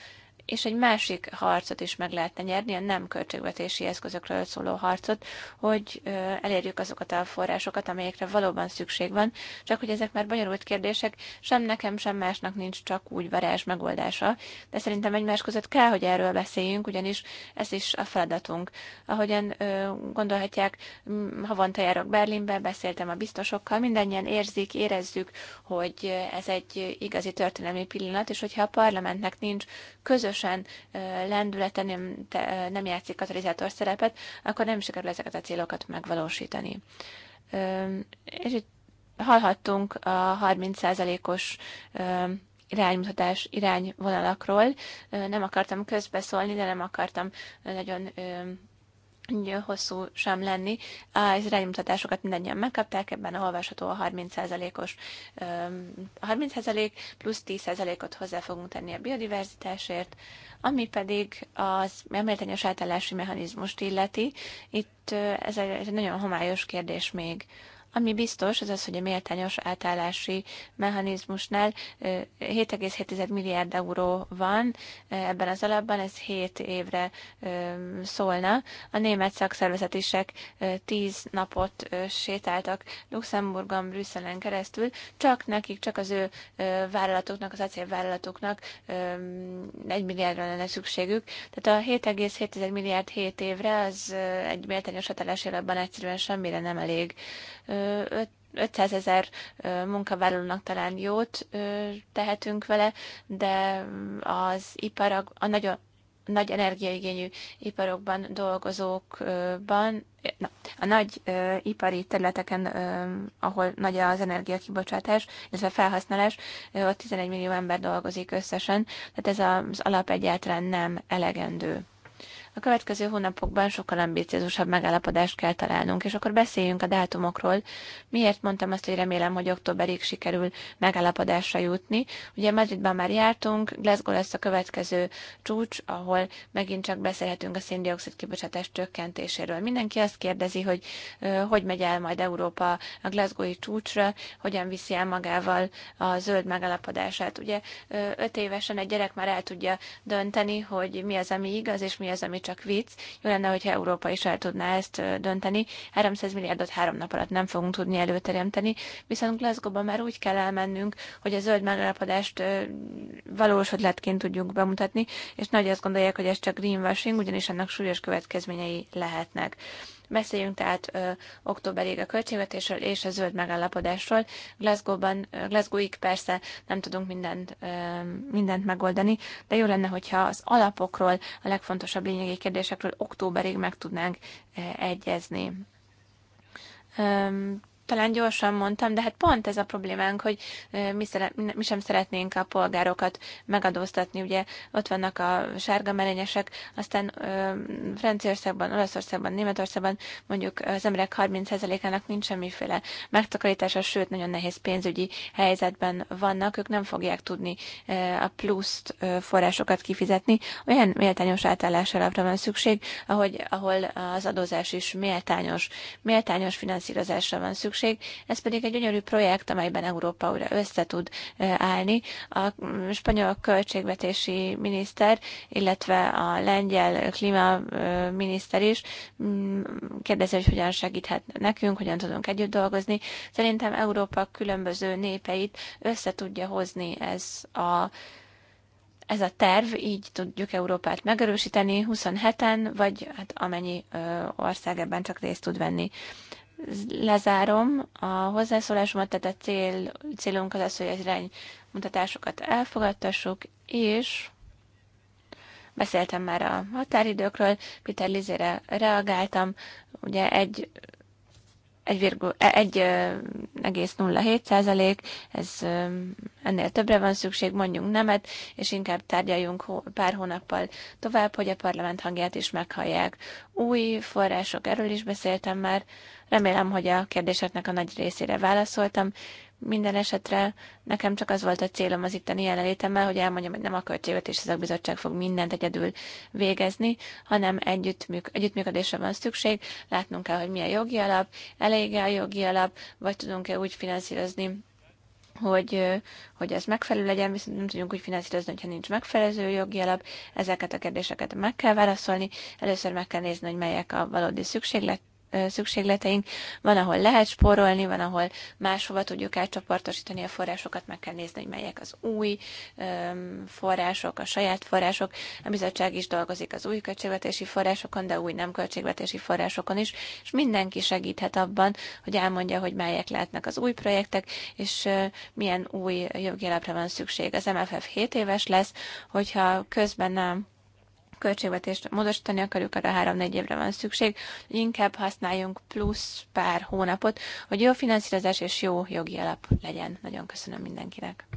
és egy másik harcot is meg lehetne nyerni, a nem költségvetési eszközökről szóló harcot, hogy elérjük azokat a forrásokat, amelyekre valóban szükség van, csak hogy ezek már bonyolult kérdések, sem nekem, sem másnak nincs csak úgy varázs megoldása, de szerintem egymás között kell, hogy erről beszéljünk, ugyanis ez is a feladatunk. Ahogyan gondolhatják, havonta járok Berlinbe, beszéltem a biztosokkal, mindannyian érzik, érezzük, hogy ez egy igazi történelmi pillanat, és hogyha a parlamentnek nincs közös folyamatosan lendületen nem, nem játszik katalizátor szerepet, akkor nem sikerül ezeket a célokat megvalósítani. És itt hallhattunk a 30%-os iránymutatás irányvonalakról. Nem akartam közbeszólni, de nem akartam nagyon hosszú sem lenni. Az iránymutatásokat mindannyian megkapták, ebben a olvasható a 30%-os 30% plusz 10%-ot hozzá fogunk tenni a biodiverzitásért, ami pedig az a átállási mechanizmust illeti. Itt ez egy nagyon homályos kérdés még. Ami biztos, az az, hogy a méltányos átállási mechanizmusnál 7,7 milliárd euró van ebben az alapban, ez 7 évre szólna. A német is 10 napot sétáltak Luxemburgon, Brüsszelen keresztül, csak nekik, csak az ő vállalatoknak, az acélvállalatoknak 1 milliárdra lenne szükségük. Tehát a 7,7 milliárd 7 évre az egy méltányos átállási alapban egyszerűen semmire nem elég. 500 ezer munkavállalónak talán jót tehetünk vele, de az ipar, a nagyon nagy energiaigényű iparokban dolgozókban, na, a nagy ö, ipari területeken, ö, ahol nagy az energiakibocsátás, illetve felhasználás, ö, ott 11 millió ember dolgozik összesen, tehát ez az alap egyáltalán nem elegendő. A következő hónapokban sokkal ambíciózusabb megállapodást kell találnunk, és akkor beszéljünk a dátumokról. Miért mondtam azt, hogy remélem, hogy októberig sikerül megállapodásra jutni? Ugye Madridban már jártunk, Glasgow lesz a következő csúcs, ahol megint csak beszélhetünk a széndiokszid kibocsátás csökkentéséről. Mindenki azt kérdezi, hogy hogy megy el majd Európa a Glasgowi csúcsra, hogyan viszi el magával a zöld megállapodását. Ugye öt évesen egy gyerek már el tudja dönteni, hogy mi az, ami igaz, és mi az, ami csak vicc. Jó lenne, hogyha Európa is el tudná ezt dönteni. 300 milliárdot három nap alatt nem fogunk tudni előteremteni, viszont Glasgow-ban már úgy kell elmennünk, hogy a zöld megállapodást valós ötletként tudjuk bemutatni, és nagy azt gondolják, hogy ez csak greenwashing, ugyanis annak súlyos következményei lehetnek. Beszéljünk tehát ö, októberig a költségvetésről és a zöld megállapodásról. Glasgow-ban, Glasgow-ig persze nem tudunk mindent, ö, mindent megoldani, de jó lenne, hogyha az alapokról, a legfontosabb lényegi kérdésekről októberig meg tudnánk ö, egyezni talán gyorsan mondtam, de hát pont ez a problémánk, hogy mi, szere, mi sem szeretnénk a polgárokat megadóztatni. Ugye ott vannak a sárga merényesek, aztán Franciaországban, Olaszországban, Németországban mondjuk az emberek 30%-ának nincs semmiféle megtakarítása, sőt, nagyon nehéz pénzügyi helyzetben vannak, ők nem fogják tudni a pluszt forrásokat kifizetni. Olyan méltányos átállás alapra van szükség, ahogy, ahol az adózás is méltányos, méltányos finanszírozásra van szükség, szükség, ez pedig egy gyönyörű projekt, amelyben Európa újra összetud állni. A mm, spanyol költségvetési miniszter, illetve a lengyel klímaminiszter is mm, kérdezi, hogy hogyan segíthet nekünk, hogyan tudunk együtt dolgozni. Szerintem Európa különböző népeit tudja hozni ez a ez a terv, így tudjuk Európát megerősíteni 27-en, vagy hát amennyi ország ebben csak részt tud venni lezárom a hozzászólásomat, tehát a cél, célunk az az, hogy az iránymutatásokat elfogadtassuk, és beszéltem már a határidőkről, Peter Lizére reagáltam, ugye egy 1,07%, e- ez ennél többre van szükség, mondjunk nemet, és inkább tárgyaljunk pár hónappal tovább, hogy a parlament hangját is meghallják. Új források, erről is beszéltem már, remélem, hogy a kérdéseknek a nagy részére válaszoltam, minden esetre nekem csak az volt a célom az itteni jelenlétemmel, hogy elmondjam, hogy nem a Költségvetés bizottság fog mindent egyedül végezni, hanem együttműk, együttműködésre van szükség, látnunk kell, hogy milyen jogi alap, elég a jogi alap, vagy tudunk-e úgy finanszírozni, hogy, hogy ez megfelelő legyen, viszont nem tudjunk úgy finanszírozni, hogyha nincs megfelelő jogi alap. Ezeket a kérdéseket meg kell válaszolni. Először meg kell nézni, hogy melyek a valódi szükséglet, szükségleteink, van, ahol lehet spórolni, van, ahol máshova tudjuk átcsoportosítani a forrásokat, meg kell nézni, hogy melyek az új források, a saját források. A bizottság is dolgozik az új költségvetési forrásokon, de új nem költségvetési forrásokon is, és mindenki segíthet abban, hogy elmondja, hogy melyek lehetnek az új projektek, és milyen új jogi van szükség. Az MFF 7 éves lesz, hogyha közben nem költségvetést módosítani akarjuk, arra három-négy évre van szükség, hogy inkább használjunk plusz pár hónapot, hogy jó finanszírozás és jó jogi alap legyen. Nagyon köszönöm mindenkinek.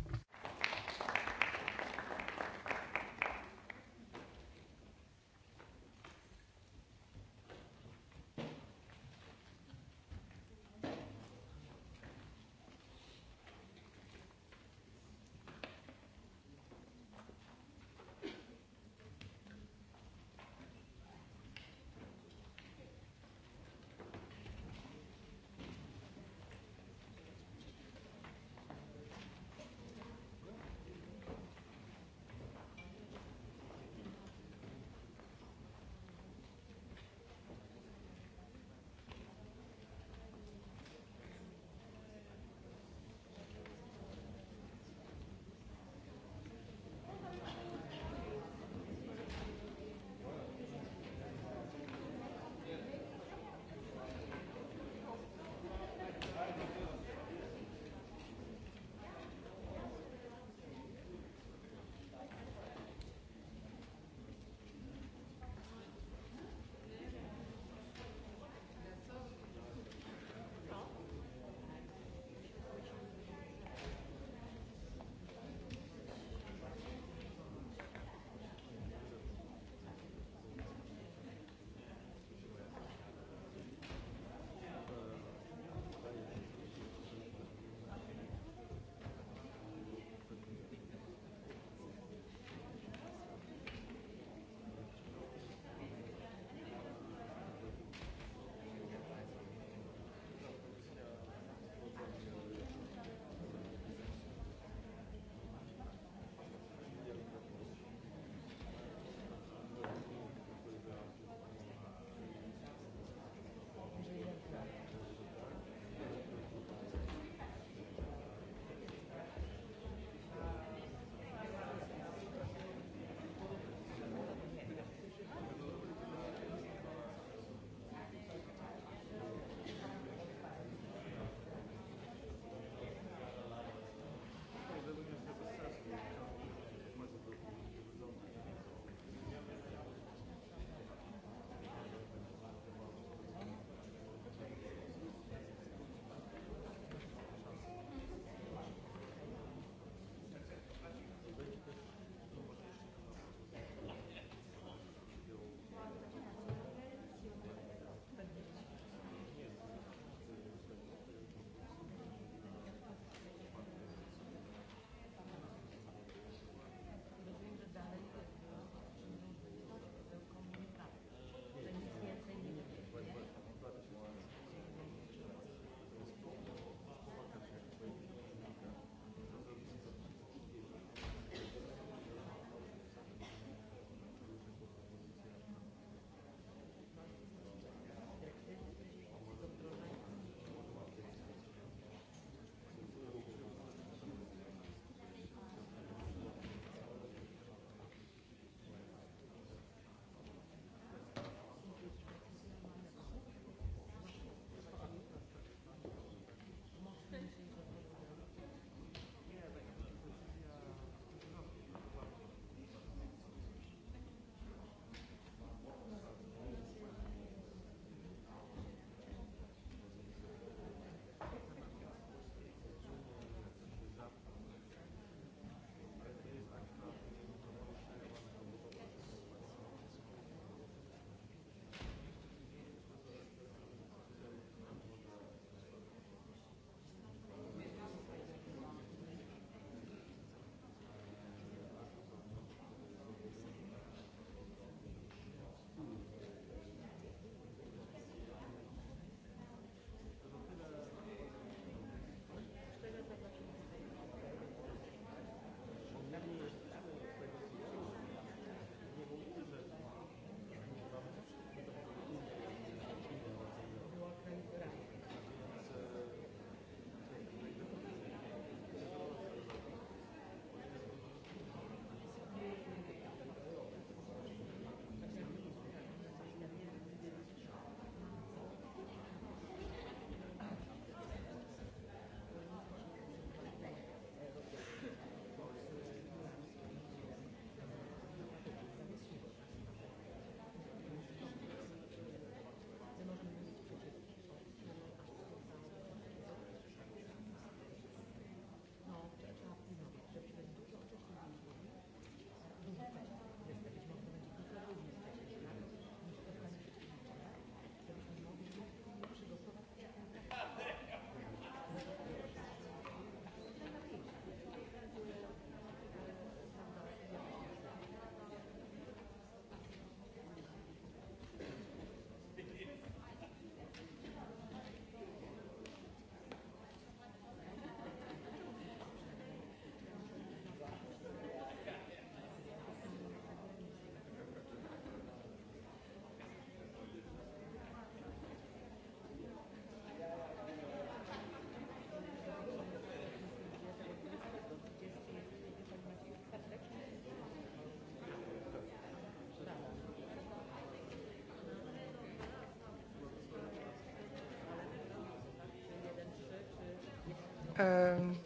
Um,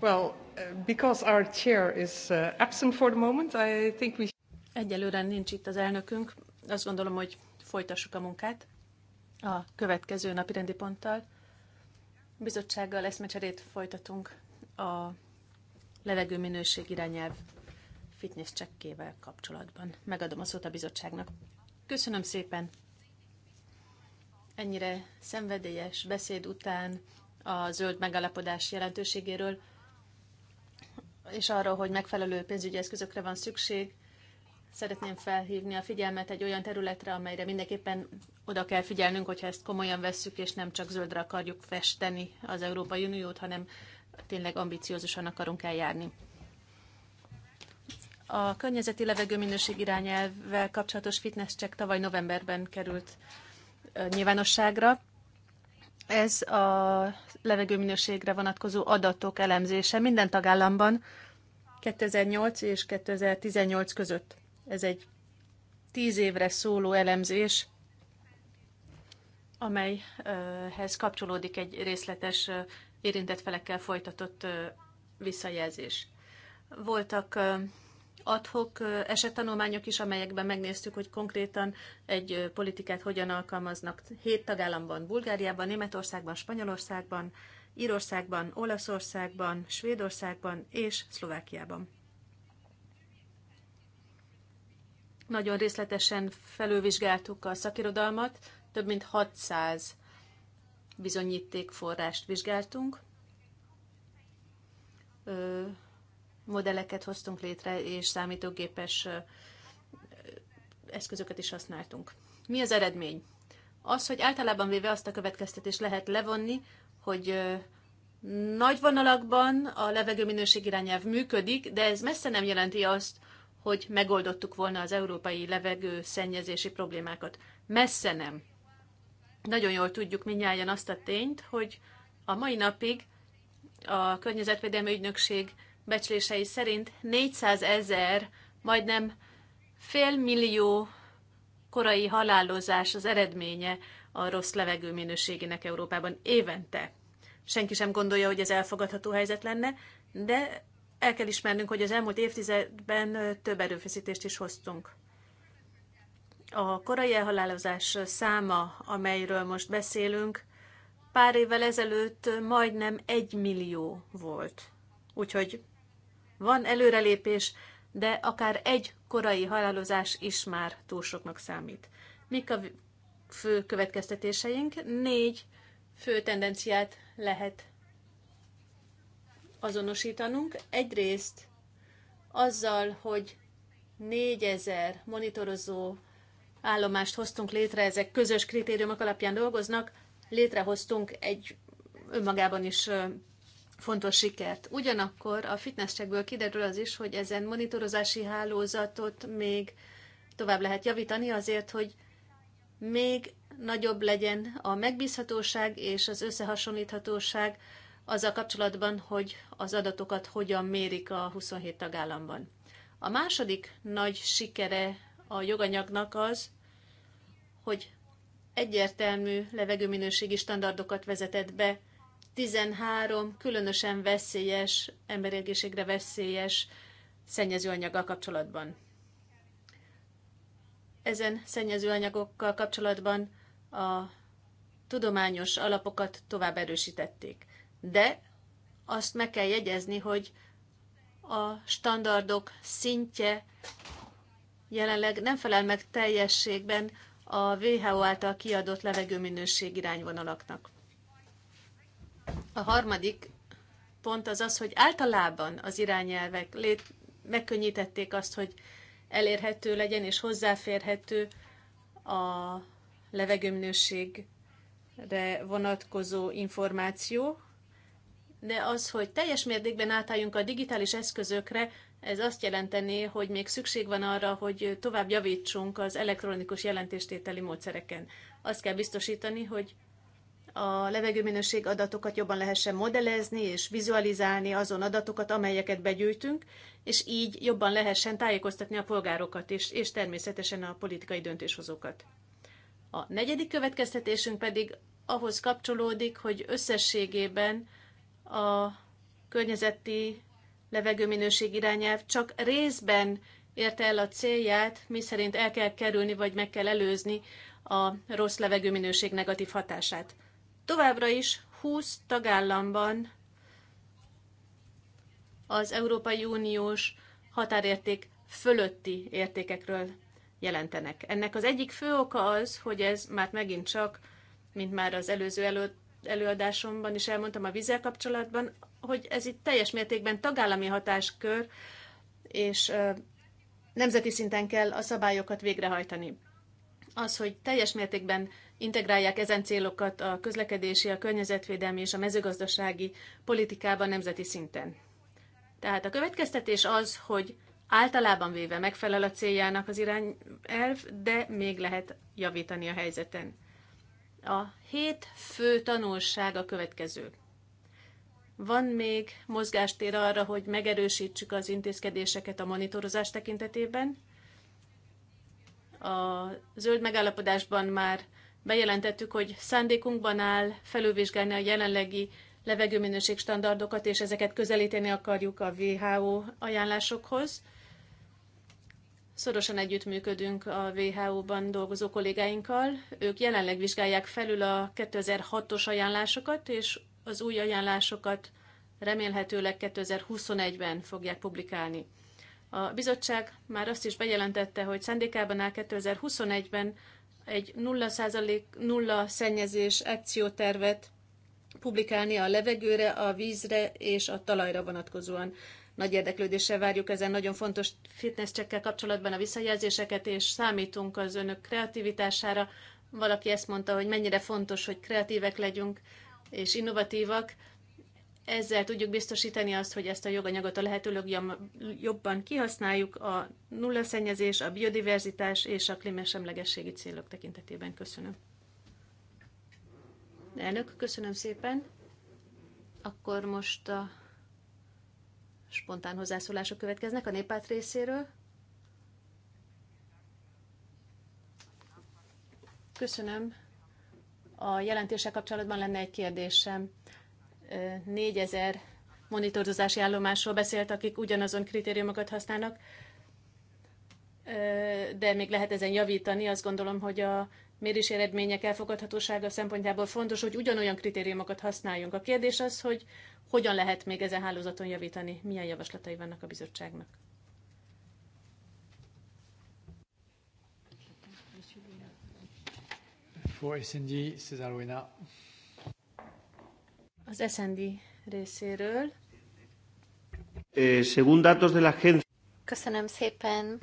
well, uh, because our chair is uh, absent for the moment, I think we... Egyelőre nincs itt az elnökünk. Azt gondolom, hogy folytassuk a munkát a következő napi rendi ponttal. Bizottsággal eszmecserét folytatunk a levegőminőség irányelv fitness csekkével kapcsolatban. Megadom a szót a bizottságnak. Köszönöm szépen! Ennyire szenvedélyes beszéd után a zöld megalapodás jelentőségéről, és arról, hogy megfelelő pénzügyi eszközökre van szükség. Szeretném felhívni a figyelmet egy olyan területre, amelyre mindenképpen oda kell figyelnünk, hogyha ezt komolyan vesszük, és nem csak zöldre akarjuk festeni az Európai Uniót, hanem tényleg ambiciózusan akarunk eljárni. A környezeti levegőminőség irányelvvel kapcsolatos fitness check tavaly novemberben került nyilvánosságra. Ez a levegőminőségre vonatkozó adatok elemzése minden tagállamban 2008 és 2018 között. Ez egy tíz évre szóló elemzés, amelyhez kapcsolódik egy részletes érintett felekkel folytatott visszajelzés. Voltak adhok esettanulmányok is, amelyekben megnéztük, hogy konkrétan egy politikát hogyan alkalmaznak. Hét tagállamban, Bulgáriában, Németországban, Spanyolországban, Írországban, Olaszországban, Svédországban és Szlovákiában. Nagyon részletesen felülvizsgáltuk a szakirodalmat, több mint 600 bizonyítékforrást vizsgáltunk modelleket hoztunk létre, és számítógépes eszközöket is használtunk. Mi az eredmény? Az, hogy általában véve azt a következtetést lehet levonni, hogy nagy vonalakban a minőség irányelv működik, de ez messze nem jelenti azt, hogy megoldottuk volna az európai levegő szennyezési problémákat. Messze nem. Nagyon jól tudjuk minnyáján azt a tényt, hogy a mai napig a Környezetvédelmi Ügynökség becslései szerint 400 ezer, majdnem fél millió korai halálozás az eredménye a rossz levegő minőségének Európában évente. Senki sem gondolja, hogy ez elfogadható helyzet lenne, de el kell ismernünk, hogy az elmúlt évtizedben több erőfeszítést is hoztunk. A korai elhalálozás száma, amelyről most beszélünk, pár évvel ezelőtt majdnem egy millió volt. Úgyhogy van előrelépés, de akár egy korai halálozás is már túl soknak számít. Mik a fő következtetéseink? Négy fő tendenciát lehet azonosítanunk. Egyrészt azzal, hogy 4000 monitorozó állomást hoztunk létre, ezek közös kritériumok alapján dolgoznak, létrehoztunk egy önmagában is fontos sikert. Ugyanakkor a fitnesscheckből kiderül az is, hogy ezen monitorozási hálózatot még tovább lehet javítani azért, hogy még nagyobb legyen a megbízhatóság és az összehasonlíthatóság azzal kapcsolatban, hogy az adatokat hogyan mérik a 27 tagállamban. A második nagy sikere a joganyagnak az, hogy egyértelmű levegőminőségi standardokat vezetett be 13 különösen veszélyes, emberi egészségre veszélyes szennyezőanyaggal kapcsolatban. Ezen szennyezőanyagokkal kapcsolatban a tudományos alapokat tovább erősítették. De azt meg kell jegyezni, hogy a standardok szintje jelenleg nem felel meg teljességben a WHO által kiadott levegőminőség irányvonalaknak. A harmadik pont az az, hogy általában az irányelvek lét, megkönnyítették azt, hogy elérhető legyen és hozzáférhető a levegőmnőségre vonatkozó információ, de az, hogy teljes mértékben átálljunk a digitális eszközökre, ez azt jelenteni, hogy még szükség van arra, hogy tovább javítsunk az elektronikus jelentéstételi módszereken. Azt kell biztosítani, hogy a levegőminőség adatokat jobban lehessen modellezni és vizualizálni azon adatokat, amelyeket begyűjtünk, és így jobban lehessen tájékoztatni a polgárokat is, és természetesen a politikai döntéshozókat. A negyedik következtetésünk pedig ahhoz kapcsolódik, hogy összességében a környezeti levegőminőség irányelv csak részben érte el a célját, miszerint el kell kerülni vagy meg kell előzni a rossz levegőminőség negatív hatását. Továbbra is 20 tagállamban az Európai Uniós határérték fölötti értékekről jelentenek. Ennek az egyik fő oka az, hogy ez már megint csak, mint már az előző elő, előadásomban is elmondtam a vízzel kapcsolatban, hogy ez itt teljes mértékben tagállami hatáskör, és nemzeti szinten kell a szabályokat végrehajtani. Az, hogy teljes mértékben integrálják ezen célokat a közlekedési, a környezetvédelmi és a mezőgazdasági politikában nemzeti szinten. Tehát a következtetés az, hogy általában véve megfelel a céljának az irányelv, de még lehet javítani a helyzeten. A hét fő tanulság a következő. Van még mozgástér arra, hogy megerősítsük az intézkedéseket a monitorozás tekintetében. A zöld megállapodásban már bejelentettük, hogy szándékunkban áll felülvizsgálni a jelenlegi levegőminőség standardokat, és ezeket közelíteni akarjuk a WHO ajánlásokhoz. Szorosan együttműködünk a WHO-ban dolgozó kollégáinkkal. Ők jelenleg vizsgálják felül a 2006-os ajánlásokat, és az új ajánlásokat remélhetőleg 2021-ben fogják publikálni. A bizottság már azt is bejelentette, hogy szándékában áll 2021-ben egy 0%, nulla szennyezés akciótervet publikálni a levegőre, a vízre és a talajra vonatkozóan. Nagy érdeklődéssel várjuk ezen nagyon fontos fitness csekkel kapcsolatban a visszajelzéseket, és számítunk az önök kreativitására. Valaki ezt mondta, hogy mennyire fontos, hogy kreatívek legyünk és innovatívak ezzel tudjuk biztosítani azt, hogy ezt a joganyagot a lehető jobban kihasználjuk a nullaszennyezés, a biodiverzitás és a klímasemlegességi célok tekintetében. Köszönöm. Elnök, köszönöm szépen. Akkor most a spontán hozzászólások következnek a néppárt részéről. Köszönöm. A jelentése kapcsolatban lenne egy kérdésem 4000 monitorozási állomásról beszélt, akik ugyanazon kritériumokat használnak, de még lehet ezen javítani. Azt gondolom, hogy a mérés eredmények elfogadhatósága szempontjából fontos, hogy ugyanolyan kritériumokat használjunk. A kérdés az, hogy hogyan lehet még ezen hálózaton javítani, milyen javaslatai vannak a bizottságnak.
For SND, César Luena az
SND részéről.
Eh, según datos de la agencia.
Köszönöm szépen.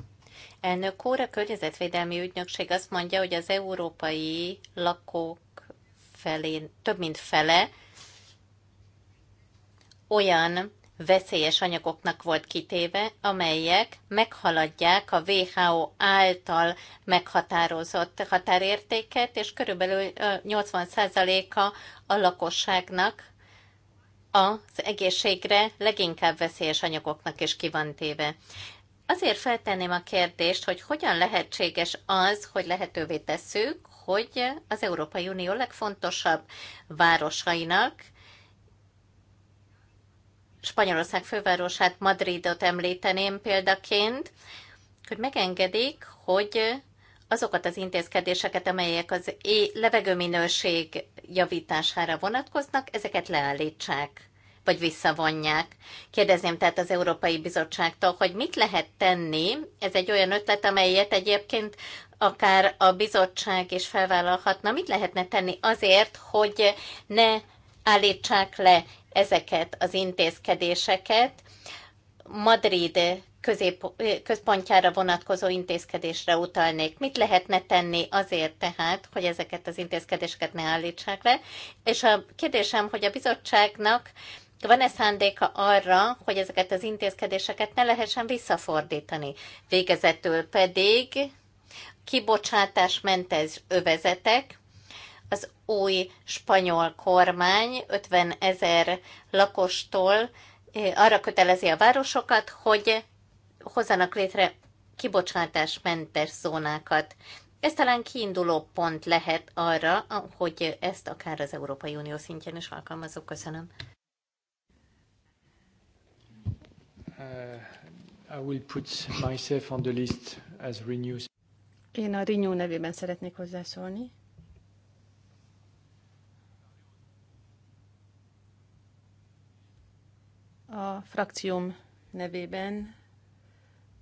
Elnök úr, a Környezetvédelmi Ügynökség azt mondja, hogy az európai lakók felé, több mint fele olyan veszélyes anyagoknak volt kitéve, amelyek meghaladják a WHO által meghatározott határértéket, és körülbelül 80%-a a lakosságnak az egészségre leginkább veszélyes anyagoknak is téve. Azért feltenném a kérdést, hogy hogyan lehetséges az, hogy lehetővé tesszük, hogy az Európai Unió legfontosabb városainak, Spanyolország fővárosát, Madridot említeném példaként, hogy megengedik, hogy azokat az intézkedéseket, amelyek az é levegőminőség javítására vonatkoznak, ezeket leállítsák vagy visszavonják. Kérdezném tehát az Európai Bizottságtól, hogy mit lehet tenni. Ez egy olyan ötlet, amelyet egyébként akár a bizottság is felvállalhatna. Mit lehetne tenni azért, hogy ne állítsák le ezeket az intézkedéseket? Madrid közép, központjára vonatkozó intézkedésre utalnék. Mit lehetne tenni azért tehát, hogy ezeket az intézkedéseket ne állítsák le? És a kérdésem, hogy a bizottságnak van-e szándéka arra, hogy ezeket az intézkedéseket ne lehessen visszafordítani? Végezetül pedig kibocsátásmentes övezetek, az új spanyol kormány 50 ezer lakostól arra kötelezi a városokat, hogy hozzanak létre kibocsátásmentes zónákat. Ez talán kiinduló pont lehet arra, hogy ezt akár az Európai Unió szintjén is alkalmazok. Köszönöm.
Uh, I will put myself on the list as Renew.
Én a Renew nevében szeretnék hozzászólni. A frakcióm nevében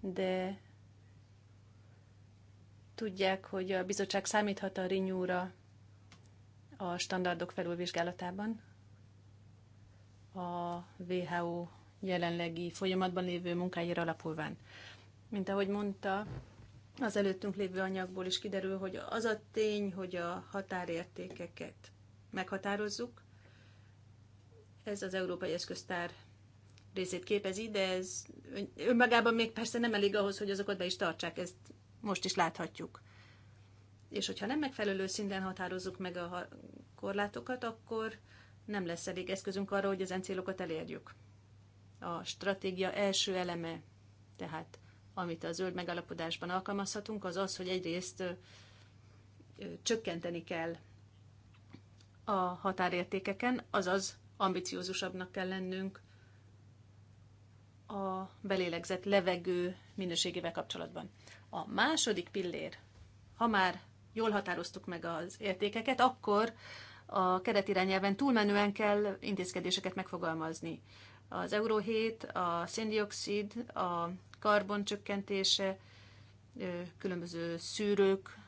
de tudják, hogy a bizottság számíthat a rinyúra a standardok felülvizsgálatában. A WHO jelenlegi folyamatban lévő munkáira alapulván. Mint ahogy mondta, az előttünk lévő anyagból is kiderül, hogy az a tény, hogy a határértékeket meghatározzuk, ez az Európai Eszköztár részét képezi, de ez önmagában még persze nem elég ahhoz, hogy azokat be is tartsák, ezt most is láthatjuk. És hogyha nem megfelelő szinten határozzuk meg a korlátokat, akkor nem lesz elég eszközünk arra, hogy ezen célokat elérjük. A stratégia első eleme, tehát amit a zöld megalapodásban alkalmazhatunk, az az, hogy egyrészt csökkenteni kell a határértékeken, azaz ambiciózusabbnak kell lennünk a belélegzett levegő minőségével kapcsolatban. A második pillér, ha már jól határoztuk meg az értékeket, akkor a keretirányelven túlmenően kell intézkedéseket megfogalmazni. Az euróhét, 7, a széndiokszid, a karbon csökkentése, különböző szűrők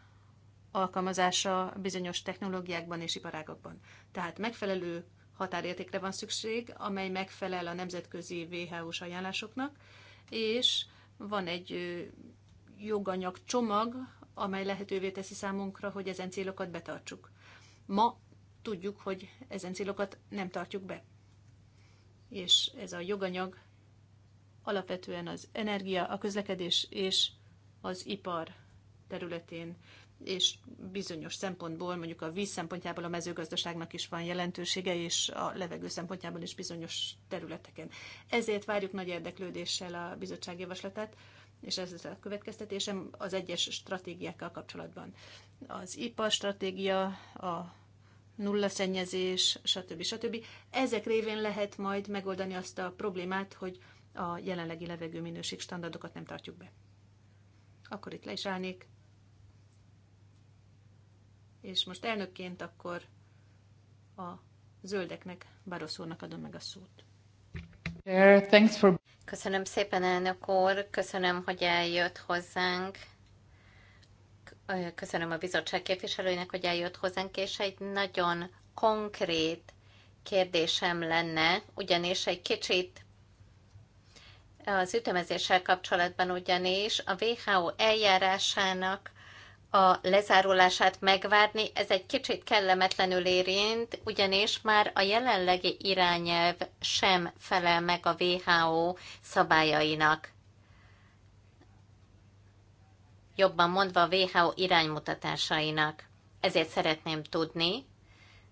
alkalmazása bizonyos technológiákban és iparágakban. Tehát megfelelő határértékre van szükség, amely megfelel a nemzetközi WHO-s ajánlásoknak, és van egy joganyag csomag, amely lehetővé teszi számunkra, hogy ezen célokat betartsuk. Ma tudjuk, hogy ezen célokat nem tartjuk be. És ez a joganyag alapvetően az energia, a közlekedés és az ipar területén és bizonyos szempontból, mondjuk a víz szempontjából a mezőgazdaságnak is van jelentősége, és a levegő szempontjából is bizonyos területeken. Ezért várjuk nagy érdeklődéssel a bizottság javaslatát, és ez a következtetésem az egyes stratégiákkal kapcsolatban. Az ipa stratégia, a nulla szennyezés, stb. stb. Ezek révén lehet majd megoldani azt a problémát, hogy a jelenlegi levegőminőség standardokat nem tartjuk be. Akkor itt le is állnék és most elnökként akkor a zöldeknek, Baroszónak adom meg a szót.
Köszönöm szépen, elnök úr, köszönöm, hogy eljött hozzánk. Köszönöm a bizottság képviselőinek, hogy eljött hozzánk, és egy nagyon konkrét kérdésem lenne, ugyanis egy kicsit az ütemezéssel kapcsolatban ugyanis a WHO eljárásának a lezárulását megvárni, ez egy kicsit kellemetlenül érint, ugyanis már a jelenlegi irányelv sem felel meg a WHO szabályainak. Jobban mondva a WHO iránymutatásainak. Ezért szeretném tudni,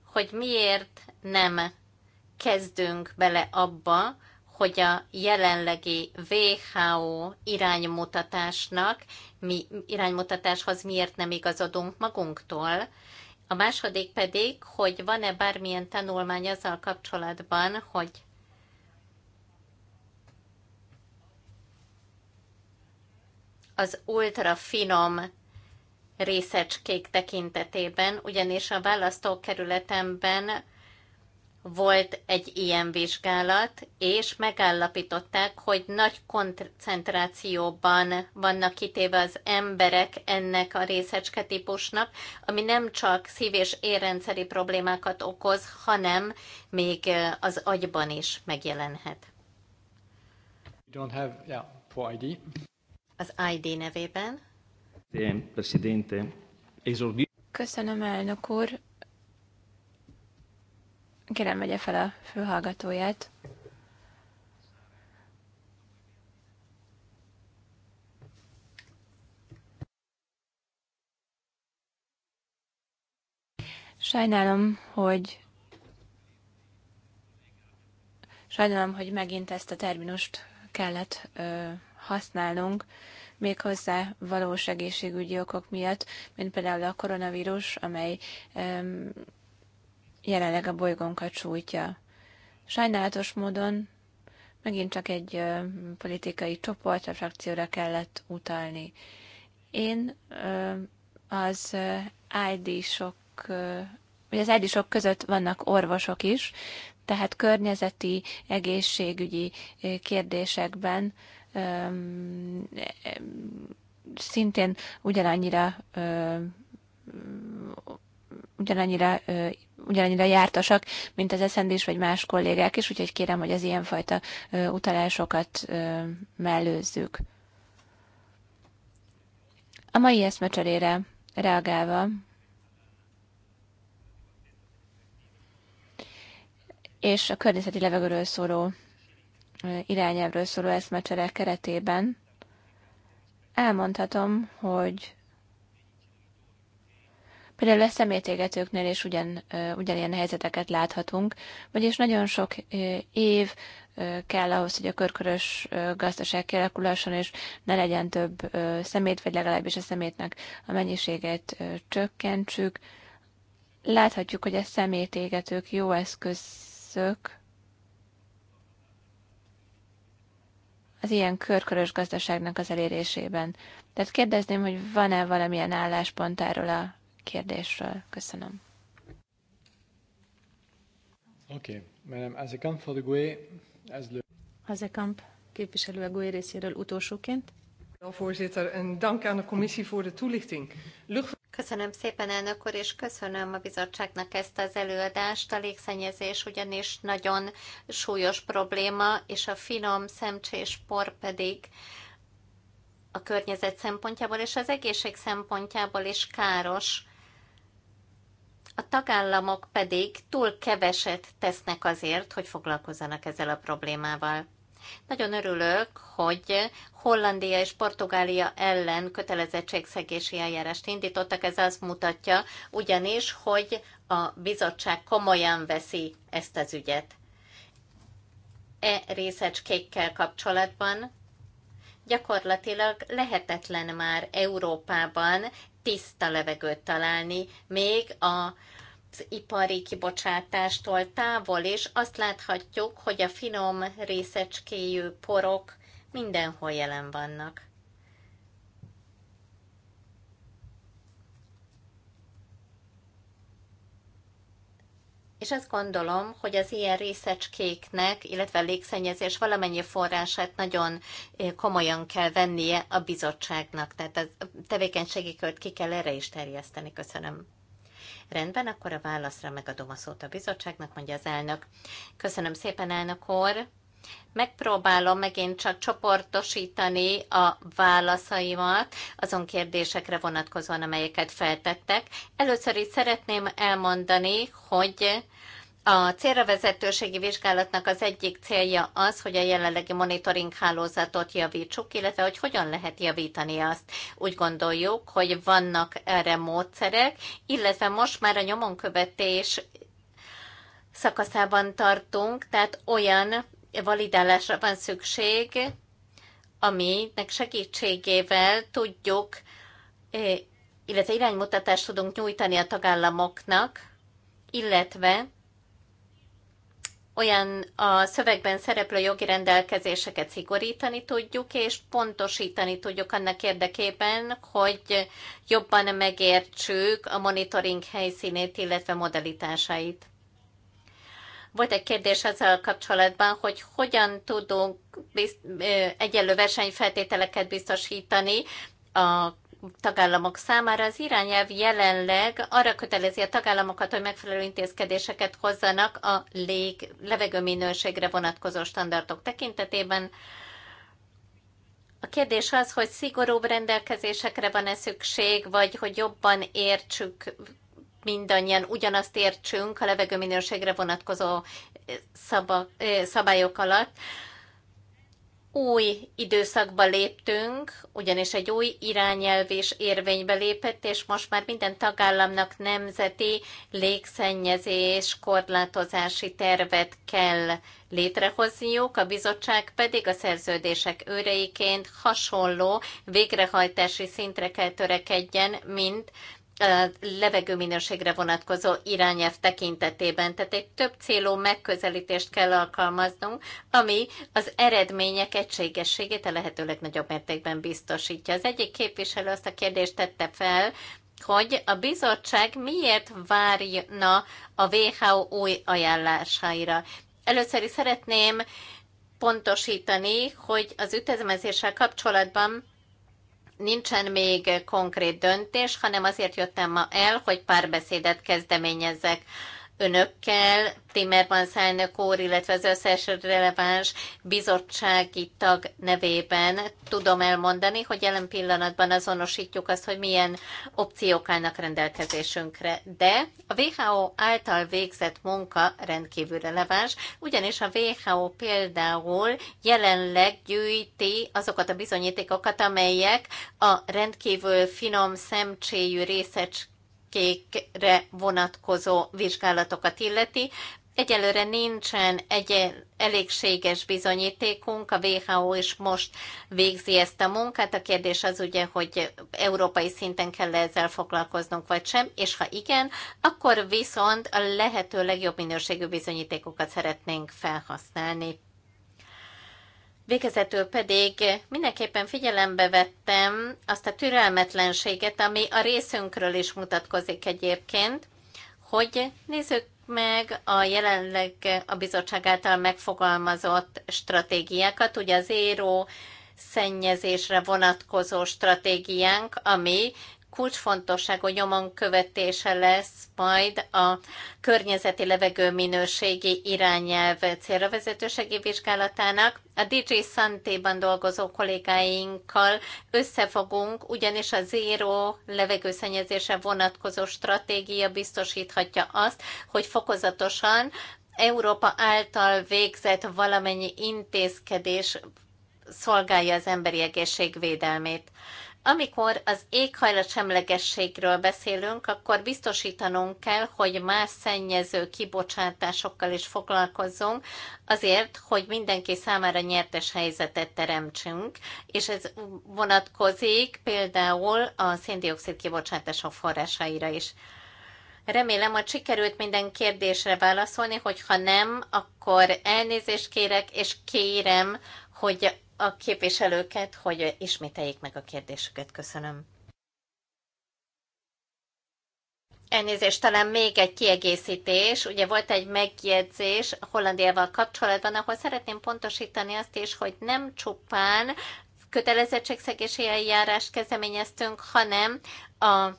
hogy miért nem kezdünk bele abba, hogy a jelenlegi WHO iránymutatásnak, mi iránymutatáshoz miért nem igazodunk magunktól, a második pedig, hogy van-e bármilyen tanulmány azzal kapcsolatban, hogy az ultrafinom részecskék tekintetében, ugyanis a választókerületemben volt egy ilyen vizsgálat, és megállapították, hogy nagy koncentrációban vannak kitéve az emberek ennek a részecske típusnak, ami nem csak szív- és érrendszeri problémákat okoz, hanem még az agyban is megjelenhet.
don't have, yeah, for ID.
Az ID nevében.
Köszönöm, elnök úr. Kérem, vegye fel a fülhallgatóját. Sajnálom, hogy sajnálom, hogy megint ezt a terminust kellett ö, használnunk, méghozzá valós egészségügyi okok miatt, mint például a koronavírus, amely ö, jelenleg a bolygónkat sújtja. Sajnálatos módon megint csak egy politikai csoport a frakcióra kellett utalni. Én az ID-sok, vagy az ID-sok között vannak orvosok is, tehát környezeti, egészségügyi kérdésekben szintén ugyanannyira ugyanannyira, ugyanannyira jártasak, mint az eszendés vagy más kollégák is, úgyhogy kérem, hogy az ilyenfajta utalásokat mellőzzük. A mai eszmecserére reagálva, és a környezeti levegőről szóló irányelvről szóló eszmecsere keretében elmondhatom, hogy Például a szemétégetőknél is ugyan, ugyanilyen helyzeteket láthatunk, vagyis nagyon sok év kell ahhoz, hogy a körkörös gazdaság kialakulhasson, és ne legyen több szemét, vagy legalábbis a szemétnek a mennyiségét csökkentsük. Láthatjuk, hogy a szemétégetők jó eszközök, az ilyen körkörös gazdaságnak az elérésében. Tehát kérdezném, hogy van-e valamilyen álláspont erről a kérdésről. Köszönöm.
Oké, a Azekamp for the Gué, ez le... Azekamp
képviselő a Gué e részéről utolsóként.
Voorzitter, en dank aan de commissie voor de toelichting. Köszönöm szépen, elnök úr, és köszönöm a bizottságnak ezt az előadást. A légszennyezés ugyanis nagyon súlyos probléma, és a finom szemcsés por pedig a környezet szempontjából és az egészség szempontjából is káros a tagállamok pedig túl keveset tesznek azért, hogy foglalkozzanak ezzel a problémával. Nagyon örülök, hogy Hollandia és Portugália ellen kötelezettségszegési eljárást indítottak. Ez azt mutatja ugyanis, hogy a bizottság komolyan veszi ezt az ügyet. E részecskékkel kapcsolatban gyakorlatilag lehetetlen már Európában tiszta levegőt találni, még a az ipari kibocsátástól távol, és azt láthatjuk, hogy a finom részecskéjű porok mindenhol jelen vannak. és azt gondolom, hogy az ilyen részecskéknek, illetve a légszennyezés valamennyi forrását nagyon komolyan kell vennie a bizottságnak. Tehát a tevékenységi kört ki kell erre is terjeszteni. Köszönöm. Rendben, akkor a válaszra megadom a szót a bizottságnak, mondja az elnök. Köszönöm szépen, elnök úr. Megpróbálom megint csak csoportosítani a válaszaimat azon kérdésekre vonatkozóan, amelyeket feltettek. Először is szeretném elmondani, hogy a célra vezetőségi vizsgálatnak az egyik célja az, hogy a jelenlegi monitoring hálózatot javítsuk, illetve hogy hogyan lehet javítani azt. Úgy gondoljuk, hogy vannak erre módszerek, illetve most már a nyomonkövetés szakaszában tartunk, tehát olyan validálásra van szükség, aminek segítségével tudjuk, eh, illetve iránymutatást tudunk nyújtani a tagállamoknak, illetve olyan a szövegben szereplő jogi rendelkezéseket szigorítani tudjuk, és pontosítani tudjuk annak érdekében, hogy jobban megértsük a monitoring helyszínét, illetve modalitásait. Volt egy kérdés azzal kapcsolatban, hogy hogyan tudunk bizt, egyenlő versenyfeltételeket biztosítani a tagállamok számára. Az irányelv jelenleg arra kötelezi a tagállamokat, hogy megfelelő intézkedéseket hozzanak a lég, levegő minőségre vonatkozó standardok tekintetében. A kérdés az, hogy szigorúbb rendelkezésekre van-e szükség, vagy hogy jobban értsük, mindannyian ugyanazt értsünk a levegőminőségre vonatkozó eh, szaba, eh, szabályok alatt. Új időszakba léptünk, ugyanis egy új irányelv is érvénybe lépett, és most már minden tagállamnak nemzeti légszennyezés korlátozási tervet kell létrehozniuk, a bizottság pedig a szerződések őreiként hasonló végrehajtási szintre kell törekedjen, mint levegőminőségre vonatkozó irányelv tekintetében. Tehát egy több célú megközelítést kell alkalmaznunk, ami az eredmények egységességét a lehető legnagyobb mértékben biztosítja. Az egyik képviselő azt a kérdést tette fel, hogy a bizottság miért várna a WHO új ajánlásaira. Először is szeretném pontosítani, hogy az ütemezéssel kapcsolatban nincsen még konkrét döntés, hanem azért jöttem ma el, hogy párbeszédet kezdeményezzek önökkel, Timmerman elnök úr, illetve az összes releváns bizottsági tag nevében tudom elmondani, hogy jelen pillanatban azonosítjuk azt, hogy milyen opciók állnak rendelkezésünkre. De a WHO által végzett munka rendkívül releváns, ugyanis a WHO például jelenleg gyűjti azokat a bizonyítékokat, amelyek a rendkívül finom szemcséjű részecske kékre vonatkozó vizsgálatokat illeti. Egyelőre nincsen egy elégséges bizonyítékunk, a WHO is most végzi ezt a munkát. A kérdés az ugye, hogy európai szinten kell -e ezzel foglalkoznunk, vagy sem, és ha igen, akkor viszont a lehető legjobb minőségű bizonyítékokat szeretnénk felhasználni. Végezetül pedig mindenképpen figyelembe vettem azt a türelmetlenséget, ami a részünkről is mutatkozik egyébként, hogy nézzük meg a jelenleg a bizottság által megfogalmazott stratégiákat, ugye az éró szennyezésre vonatkozó stratégiánk, ami kulcsfontosságú nyomon követése lesz majd a környezeti levegő minőségi irányelv célra vezetőségi vizsgálatának. A DJ Santéban dolgozó kollégáinkkal összefogunk, ugyanis a zéró levegőszennyezése vonatkozó stratégia biztosíthatja azt, hogy fokozatosan Európa által végzett valamennyi intézkedés szolgálja az emberi egészség védelmét. Amikor az éghajlatsemlegességről beszélünk, akkor biztosítanunk kell, hogy más szennyező kibocsátásokkal is foglalkozzunk, azért, hogy mindenki számára nyertes helyzetet teremtsünk, és ez vonatkozik például a széndiokszid kibocsátások forrásaira is. Remélem, hogy sikerült minden kérdésre válaszolni, hogyha nem, akkor elnézést kérek, és kérem, hogy a képviselőket, hogy ismételjék meg a kérdésüket. Köszönöm. Elnézést, talán még egy kiegészítés. Ugye volt egy megjegyzés Hollandiával kapcsolatban, ahol szeretném pontosítani azt is, hogy nem csupán kötelezettségszegési eljárást kezdeményeztünk, hanem a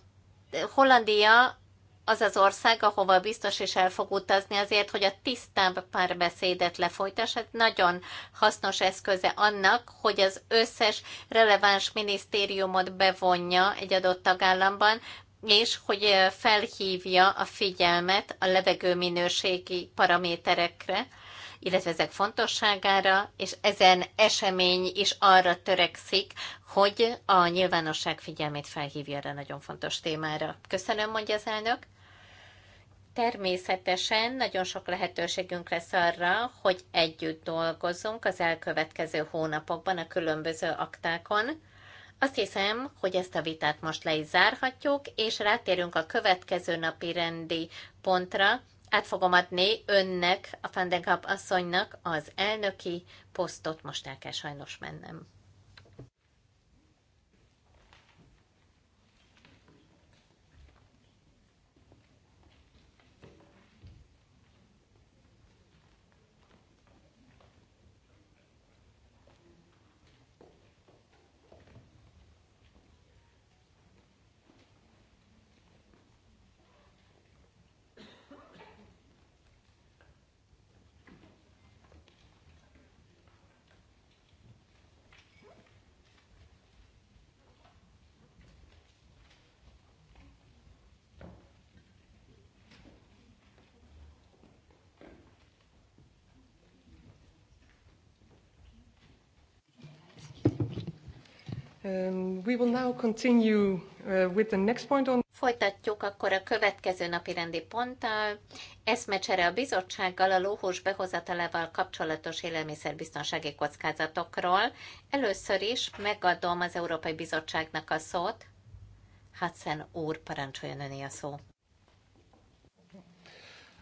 Hollandia az az ország, ahova biztos is el fog utazni azért, hogy a tisztább párbeszédet lefolytas. Ez nagyon hasznos eszköze annak, hogy az összes releváns minisztériumot bevonja egy adott tagállamban, és hogy felhívja a figyelmet a levegőminőségi paraméterekre, illetve ezek fontosságára, és ezen esemény is arra törekszik, hogy a nyilvánosság figyelmét felhívja erre nagyon fontos témára. Köszönöm, mondja az elnök. Természetesen nagyon sok lehetőségünk lesz arra, hogy együtt dolgozzunk az elkövetkező hónapokban a különböző aktákon. Azt hiszem, hogy ezt a vitát most le is zárhatjuk, és rátérünk a következő napi rendi pontra. Át fogom adni önnek, a Fandengap asszonynak az elnöki posztot, most el kell sajnos mennem. Um, we will now continue uh, with the next point on... Folytatjuk akkor a következő napi rendi ponttal. Eszmecsere a bizottsággal a lóhús behozatalával kapcsolatos élelmiszerbiztonsági kockázatokról. Először is megadom az Európai Bizottságnak a szót. Hudson úr, parancsoljon öné a szó.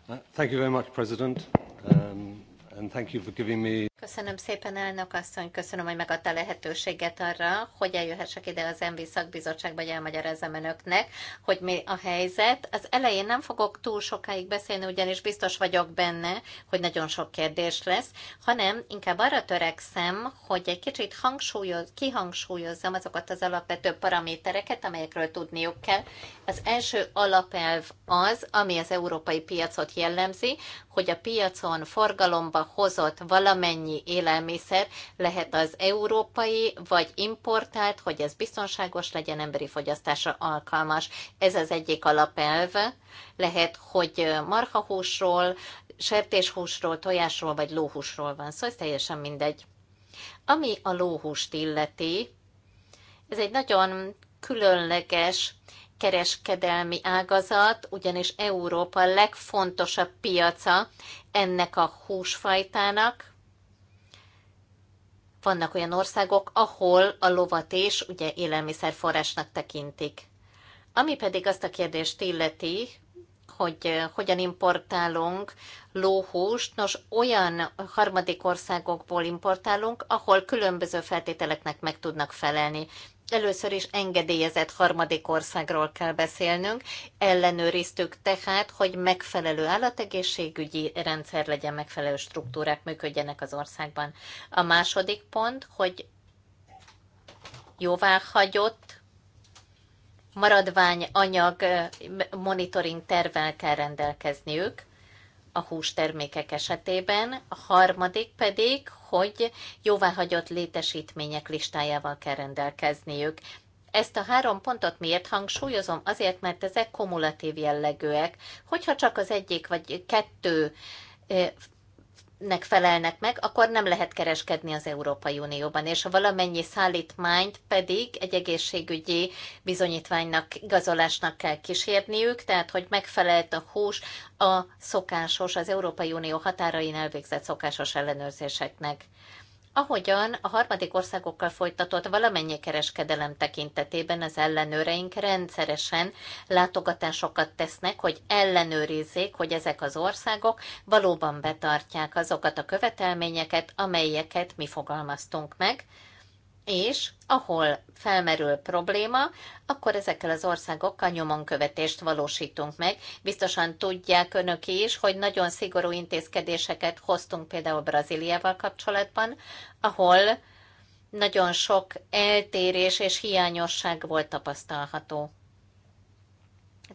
Uh, thank you very much, President. Um, and thank
you for giving me Köszönöm szépen, elnök asszony, köszönöm, hogy megadta a lehetőséget arra, hogy eljöhessek ide az MV szakbizottságba, hogy elmagyarázzam önöknek, hogy mi a helyzet. Az elején nem fogok túl sokáig beszélni, ugyanis biztos vagyok benne, hogy nagyon sok kérdés lesz, hanem inkább arra törekszem, hogy egy kicsit hangsúlyoz, kihangsúlyozzam azokat az alapvető paramétereket, amelyekről tudniuk kell. Az első alapelv az, ami az európai piacot jellemzi, hogy a piacon forgalomba hozott valamennyi annyi élelmiszer lehet az európai vagy importált, hogy ez biztonságos legyen, emberi fogyasztásra alkalmas. Ez az egyik alapelv. Lehet, hogy marhahúsról, sertéshúsról, tojásról vagy lóhúsról van szó, szóval ez teljesen mindegy. Ami a lóhúst illeti, ez egy nagyon különleges kereskedelmi ágazat, ugyanis Európa legfontosabb piaca ennek a húsfajtának, vannak olyan országok, ahol a lovat is ugye élelmiszerforrásnak tekintik. Ami pedig azt a kérdést illeti, hogy eh, hogyan importálunk lóhúst. Nos, olyan harmadik országokból importálunk, ahol különböző feltételeknek meg tudnak felelni. Először is engedélyezett harmadik országról kell beszélnünk. Ellenőriztük tehát, hogy megfelelő állategészségügyi rendszer legyen, megfelelő struktúrák működjenek az országban. A második pont, hogy jóváhagyott maradvány anyag eh, monitoring tervel kell rendelkezniük, a hústermékek esetében, a harmadik pedig, hogy jóváhagyott létesítmények listájával kell rendelkezniük. Ezt a három pontot miért hangsúlyozom? Azért, mert ezek kumulatív jellegűek. Hogyha csak az egyik vagy kettő nek felelnek meg, akkor nem lehet kereskedni az Európai Unióban, és valamennyi szállítmányt pedig egy egészségügyi bizonyítványnak, igazolásnak kell kísérniük, tehát hogy megfelelt a hús a szokásos, az Európai Unió határain elvégzett szokásos ellenőrzéseknek ahogyan a harmadik országokkal folytatott valamennyi kereskedelem tekintetében az ellenőreink rendszeresen látogatásokat tesznek, hogy ellenőrizzék, hogy ezek az országok valóban betartják azokat a követelményeket, amelyeket mi fogalmaztunk meg, és ahol felmerül probléma, akkor ezekkel az országokkal követést valósítunk meg. Biztosan tudják önök is, hogy nagyon szigorú intézkedéseket hoztunk például Brazíliával kapcsolatban, ahol nagyon sok eltérés és hiányosság volt tapasztalható.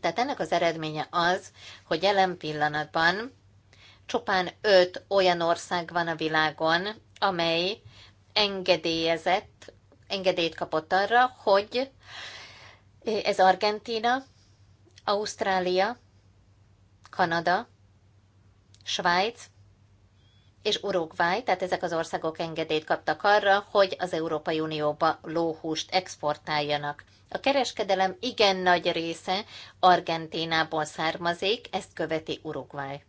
Tehát ennek az eredménye az, hogy jelen pillanatban csupán öt olyan ország van a világon, amely engedélyezett, engedélyt kapott arra, hogy ez Argentína, Ausztrália, Kanada, Svájc és Uruguay, tehát ezek az országok engedélyt kaptak arra, hogy az Európai Unióba lóhúst exportáljanak. A kereskedelem igen nagy része Argentinából származik, ezt követi Uruguay.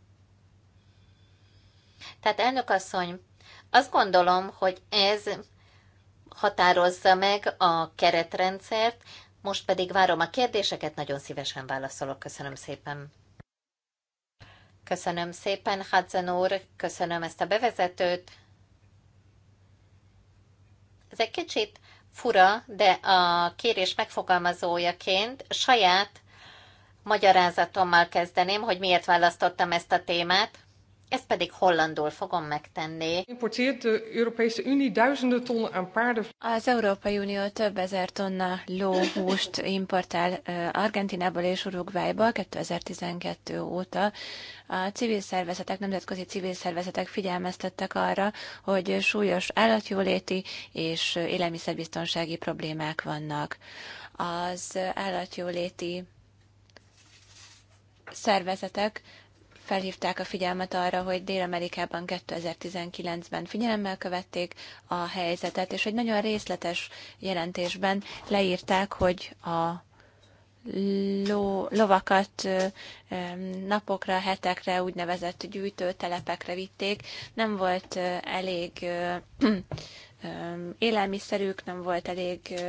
Tehát elnök asszony, azt gondolom, hogy ez határozza meg a keretrendszert, most pedig várom a kérdéseket, nagyon szívesen válaszolok. Köszönöm szépen. Köszönöm szépen, Hudson úr, köszönöm ezt a bevezetőt. Ez egy kicsit fura, de a kérés megfogalmazójaként saját magyarázatommal kezdeném, hogy miért választottam ezt a témát. Ezt pedig hollandul fogom megtenni.
Az Európai Unió több ezer tonna lóhúst importál Argentinából és Uruguayba 2012 óta. A civil szervezetek, nemzetközi civil szervezetek figyelmeztettek arra, hogy súlyos állatjóléti és élelmiszerbiztonsági problémák vannak. Az állatjóléti szervezetek felhívták a figyelmet arra, hogy Dél-Amerikában 2019-ben figyelemmel követték a helyzetet, és egy nagyon részletes jelentésben leírták, hogy a ló, lovakat napokra, hetekre, úgynevezett gyűjtőtelepekre vitték. Nem volt elég élelmiszerük, nem volt elég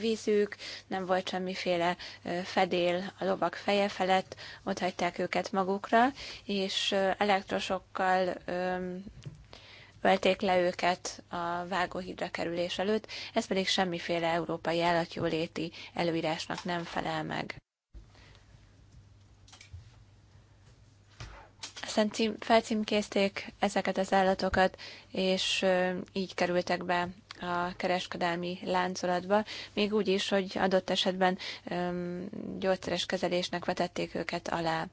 vízük, nem volt semmiféle fedél a lovak feje felett, ott hagyták őket magukra, és elektrosokkal ölték le őket a vágóhídra kerülés előtt, ez pedig semmiféle európai állatjóléti előírásnak nem felel meg. felcímkézték ezeket az állatokat, és így kerültek be a kereskedelmi láncolatba, még úgy is, hogy adott esetben gyógyszeres kezelésnek vetették őket alá.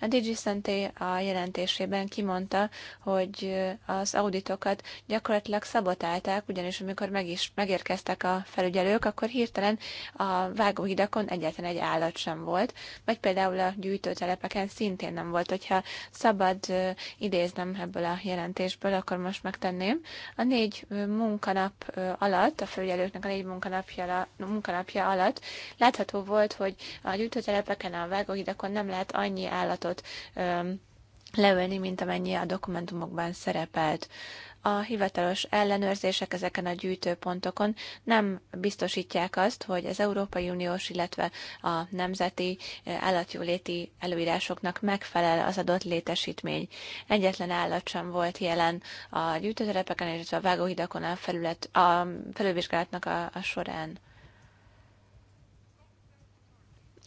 A DigiSanté a jelentésében kimondta, hogy az auditokat gyakorlatilag szabotálták, ugyanis amikor meg is megérkeztek a felügyelők, akkor hirtelen a vágóhidakon egyetlen egy állat sem volt, vagy például a gyűjtőtelepeken szintén nem volt. Hogyha szabad idéznem ebből a jelentésből, akkor most megtenném. A négy munkanap alatt, a felügyelőknek a négy munkanapja, munkanapja alatt látható volt, hogy a gyűjtőtelepeken, a vágóhidakon nem lehet annyi állatot leölni, mint amennyi a dokumentumokban szerepelt. A hivatalos ellenőrzések ezeken a gyűjtőpontokon nem biztosítják azt, hogy az Európai Uniós, illetve a nemzeti eh, állatjóléti előírásoknak megfelel az adott létesítmény. Egyetlen állat sem volt jelen a gyűjtőterepeken, illetve a vágóhidakon a, felület, a felülvizsgálatnak a, a során.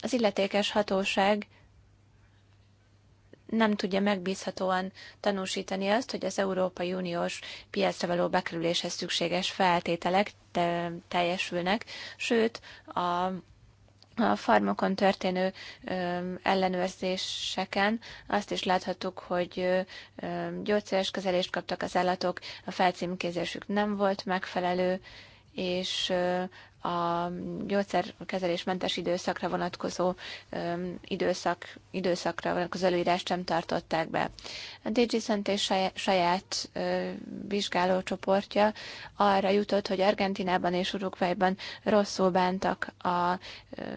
Az illetékes hatóság nem tudja megbízhatóan tanúsítani azt, hogy az Európai Uniós piacra való bekerüléshez szükséges feltételek teljesülnek, sőt a a farmokon történő ö, ellenőrzéseken azt is láthattuk, hogy ö, gyógyszeres kezelést kaptak az állatok, a felcímkézésük nem volt megfelelő, és a gyógyszerkezelésmentes időszakra vonatkozó időszak, időszakra vonatkozó előírást sem tartották be. A DG Santé saját vizsgálócsoportja arra jutott, hogy Argentinában és Uruguayban rosszul bántak a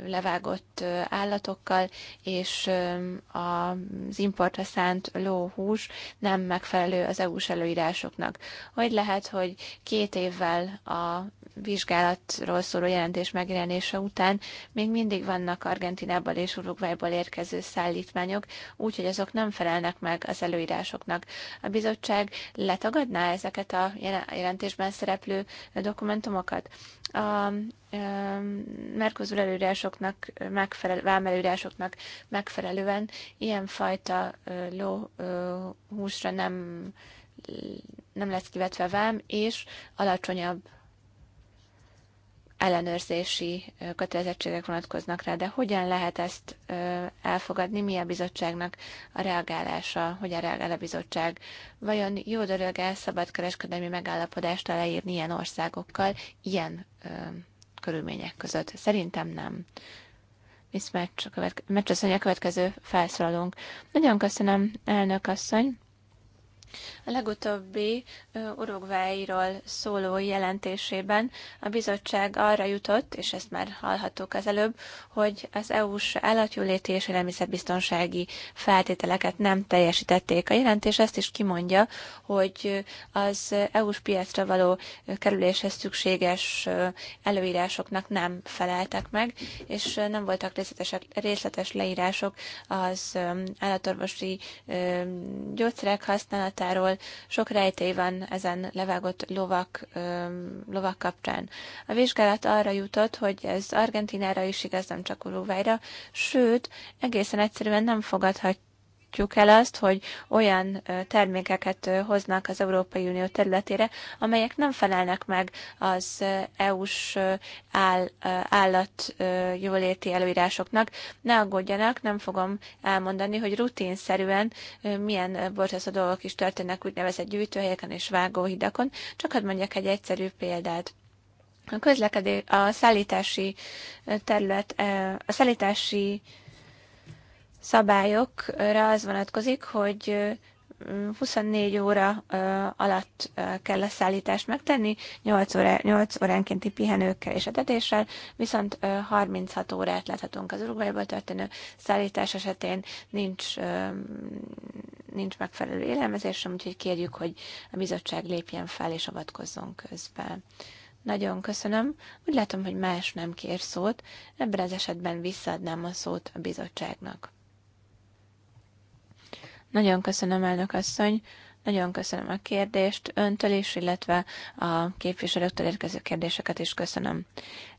levágott állatokkal, és az importra szánt lóhús nem megfelelő az EU-s előírásoknak. Hogy lehet, hogy két évvel a vizsgálatról szó szóló jelentés megjelenése után még mindig vannak Argentinából és Uruguayból érkező szállítmányok, úgyhogy azok nem felelnek meg az előírásoknak. A bizottság letagadná ezeket a jelentésben szereplő dokumentumokat? A Merkozul előírásoknak, megfelel, vámelőírásoknak megfelelően ilyenfajta ló húsra nem nem lesz kivetve vám, és alacsonyabb ellenőrzési kötelezettségek vonatkoznak rá, de hogyan lehet ezt elfogadni, mi a bizottságnak a reagálása, hogyan reagál a bizottság. Vajon jó dolog-e szabadkereskedelmi megállapodást aláírni ilyen országokkal, ilyen ö, körülmények között? Szerintem nem. mert csak a követke- a következő felszólalunk. Nagyon köszönöm, elnök asszony. A legutóbbi Uruguayról szóló jelentésében a bizottság arra jutott, és ezt már hallhattuk az előbb, hogy az EU-s állatjóléti és élelmiszerbiztonsági feltételeket nem teljesítették. A jelentés ezt is kimondja, hogy az EU-s piacra való kerüléshez szükséges előírásoknak nem feleltek meg, és nem voltak részletes leírások az állatorvosi gyógyszerek használat határól. Sok rejtély van ezen levágott lovak, lovak kapcsán. A vizsgálat arra jutott, hogy ez Argentinára is igaz, nem csak Uruguayra, sőt, egészen egyszerűen nem fogadhat látjuk el azt, hogy olyan termékeket hoznak az Európai Unió területére, amelyek nem felelnek meg az EU-s áll, állatjóléti előírásoknak. Ne aggódjanak, nem fogom elmondani, hogy rutinszerűen milyen borzasztó dolgok is történnek úgynevezett gyűjtőhelyeken és vágóhidakon, csak hadd mondjak egy egyszerű példát. A közlekedés, a szállítási terület, a szállítási szabályokra az vonatkozik, hogy 24 óra alatt kell a szállítást megtenni, 8, óra, 8 óránkénti pihenőkkel és etetéssel, viszont 36 órát láthatunk az Uruguayból történő szállítás esetén, nincs, nincs megfelelő élelmezés úgyhogy kérjük, hogy a bizottság lépjen fel és avatkozzon közben. Nagyon köszönöm. Úgy látom, hogy más nem kér szót. Ebben az esetben visszaadnám a szót a bizottságnak. Nagyon köszönöm, elnök asszony, nagyon köszönöm a kérdést öntől is, illetve a képviselőktől érkező kérdéseket is köszönöm.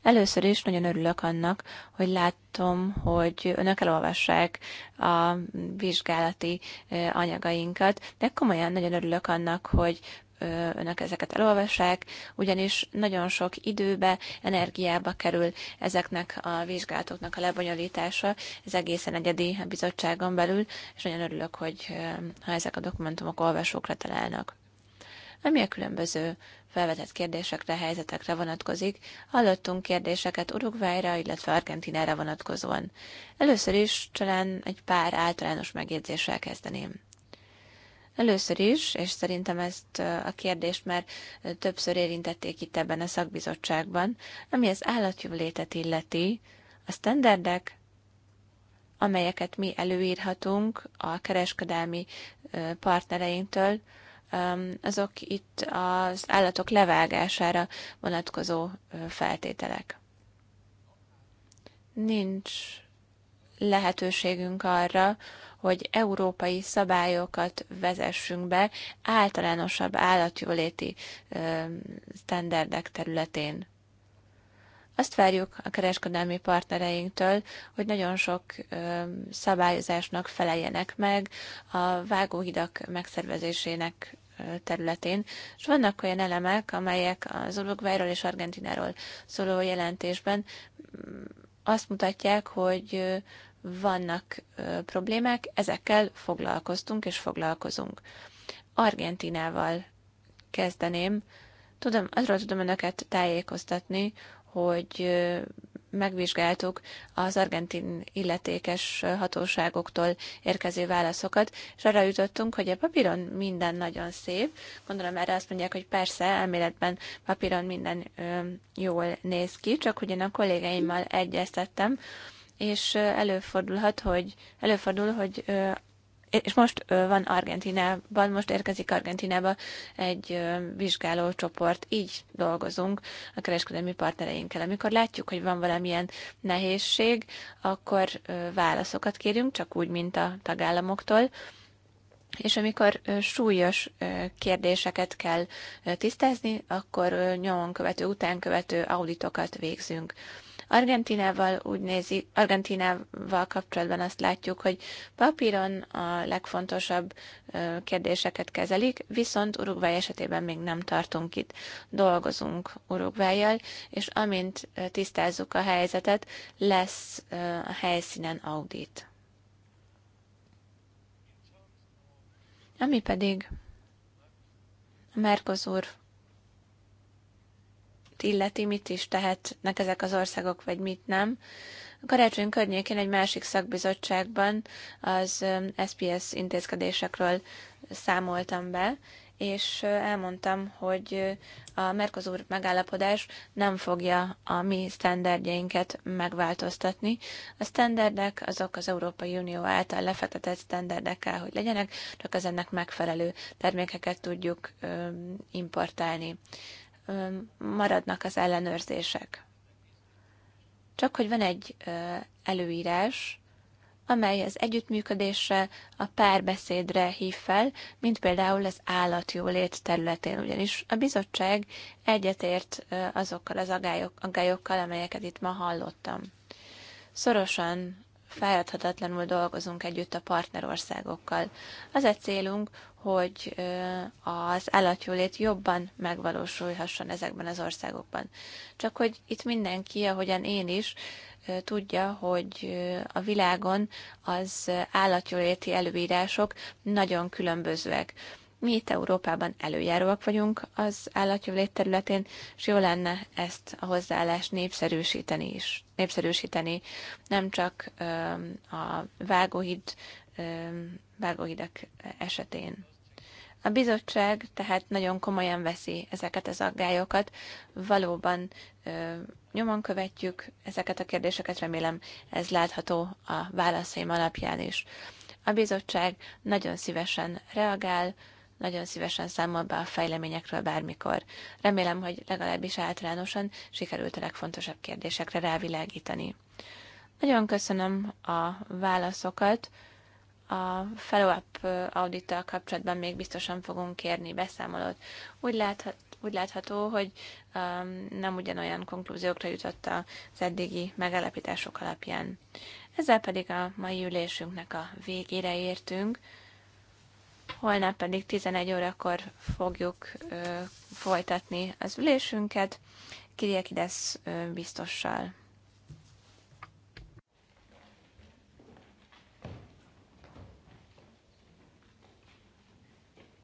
Először is nagyon örülök annak, hogy látom, hogy önök elolvassák a vizsgálati eh, anyagainkat, de komolyan nagyon örülök annak, hogy önök ezeket elolvassák, ugyanis nagyon sok időbe, energiába kerül ezeknek a vizsgálatoknak a lebonyolítása. Ez egészen egyedi a bizottságon belül, és nagyon örülök, hogy ha ezek a dokumentumok olvasókra találnak ami a különböző felvetett kérdésekre, helyzetekre vonatkozik. Hallottunk kérdéseket Uruguayra, illetve Argentinára vonatkozóan. Először is talán egy pár általános megjegyzéssel kezdeném. Először is, és szerintem ezt a kérdést már többször érintették itt ebben a szakbizottságban, ami az állatjólétet illeti, a standardek, amelyeket mi előírhatunk a kereskedelmi partnereinktől, azok itt az állatok levágására vonatkozó feltételek. Nincs lehetőségünk arra, hogy európai szabályokat vezessünk be általánosabb állatjóléti ö, standardek területén. Azt várjuk a kereskedelmi partnereinktől, hogy nagyon sok ö, szabályozásnak feleljenek meg a vágóhidak megszervezésének területén, és vannak olyan elemek, amelyek az Uruguayról és Argentináról szóló jelentésben mm, azt mutatják, hogy vannak ö, problémák, ezekkel foglalkoztunk és foglalkozunk. Argentinával kezdeném. Tudom, arról tudom önöket tájékoztatni, hogy ö, megvizsgáltuk az argentin illetékes hatóságoktól érkező válaszokat, és arra jutottunk, hogy a papíron minden nagyon szép. Gondolom erre azt mondják, hogy persze, elméletben papíron minden ö, jól néz ki, csak ugyan a kollégáimmal egyeztettem, és előfordulhat, hogy előfordul, hogy és most van Argentinában, most érkezik Argentinába egy vizsgáló csoport. így dolgozunk a kereskedelmi partnereinkkel. Amikor látjuk, hogy van valamilyen nehézség, akkor válaszokat kérünk, csak úgy, mint a tagállamoktól, és amikor súlyos kérdéseket kell tisztázni, akkor nyomon követő, utánkövető auditokat végzünk. Argentinával úgy nézi, Argentinával kapcsolatban azt látjuk, hogy papíron a legfontosabb kérdéseket kezelik, viszont Uruguay esetében még nem tartunk itt. Dolgozunk Uruguayjal, és amint tisztázzuk a helyzetet, lesz a helyszínen audit. Ami pedig a Mercosur illeti, mit is tehetnek ezek az országok, vagy mit nem. A karácsony környékén egy másik szakbizottságban az SPS um, intézkedésekről számoltam be, és uh, elmondtam, hogy uh, a Mercosur megállapodás nem fogja a mi sztenderdjeinket megváltoztatni. A sztenderdek azok az Európai Unió által lefektetett sztenderdek kell, hogy legyenek, csak az ennek megfelelő termékeket tudjuk um, importálni maradnak az ellenőrzések. Csak hogy van egy előírás, amely az együttműködésre, a párbeszédre hív fel, mint például az állatjólét területén, ugyanis a bizottság egyetért azokkal az aggályokkal, amelyeket itt ma hallottam. Szorosan feladhatatlanul dolgozunk együtt a partnerországokkal. Az a célunk, hogy az állatjólét jobban megvalósulhasson ezekben az országokban. Csak hogy itt mindenki, ahogyan én is, tudja, hogy a világon az állatjóléti előírások nagyon különbözőek. Mi itt Európában előjáróak vagyunk az állatjövlét területén, és jó lenne ezt a hozzáállást népszerűsíteni is. Népszerűsíteni nem csak a vágóhid, vágóhidek esetén. A bizottság tehát nagyon komolyan veszi ezeket az aggályokat, valóban nyomon követjük ezeket a kérdéseket, remélem ez látható a válaszaim alapján is. A bizottság nagyon szívesen reagál, nagyon szívesen számol be a fejleményekről bármikor. Remélem, hogy legalábbis általánosan sikerült a legfontosabb kérdésekre rávilágítani. Nagyon köszönöm a válaszokat. A follow-up audittal kapcsolatban még biztosan fogunk kérni beszámolót. Úgy, láthat, úgy látható, hogy um, nem ugyanolyan konklúziókra jutott az eddigi megállapítások alapján. Ezzel pedig a mai ülésünknek a végére értünk holnap pedig 11 órakor fogjuk ö, folytatni az ülésünket Kiriakides biztossal.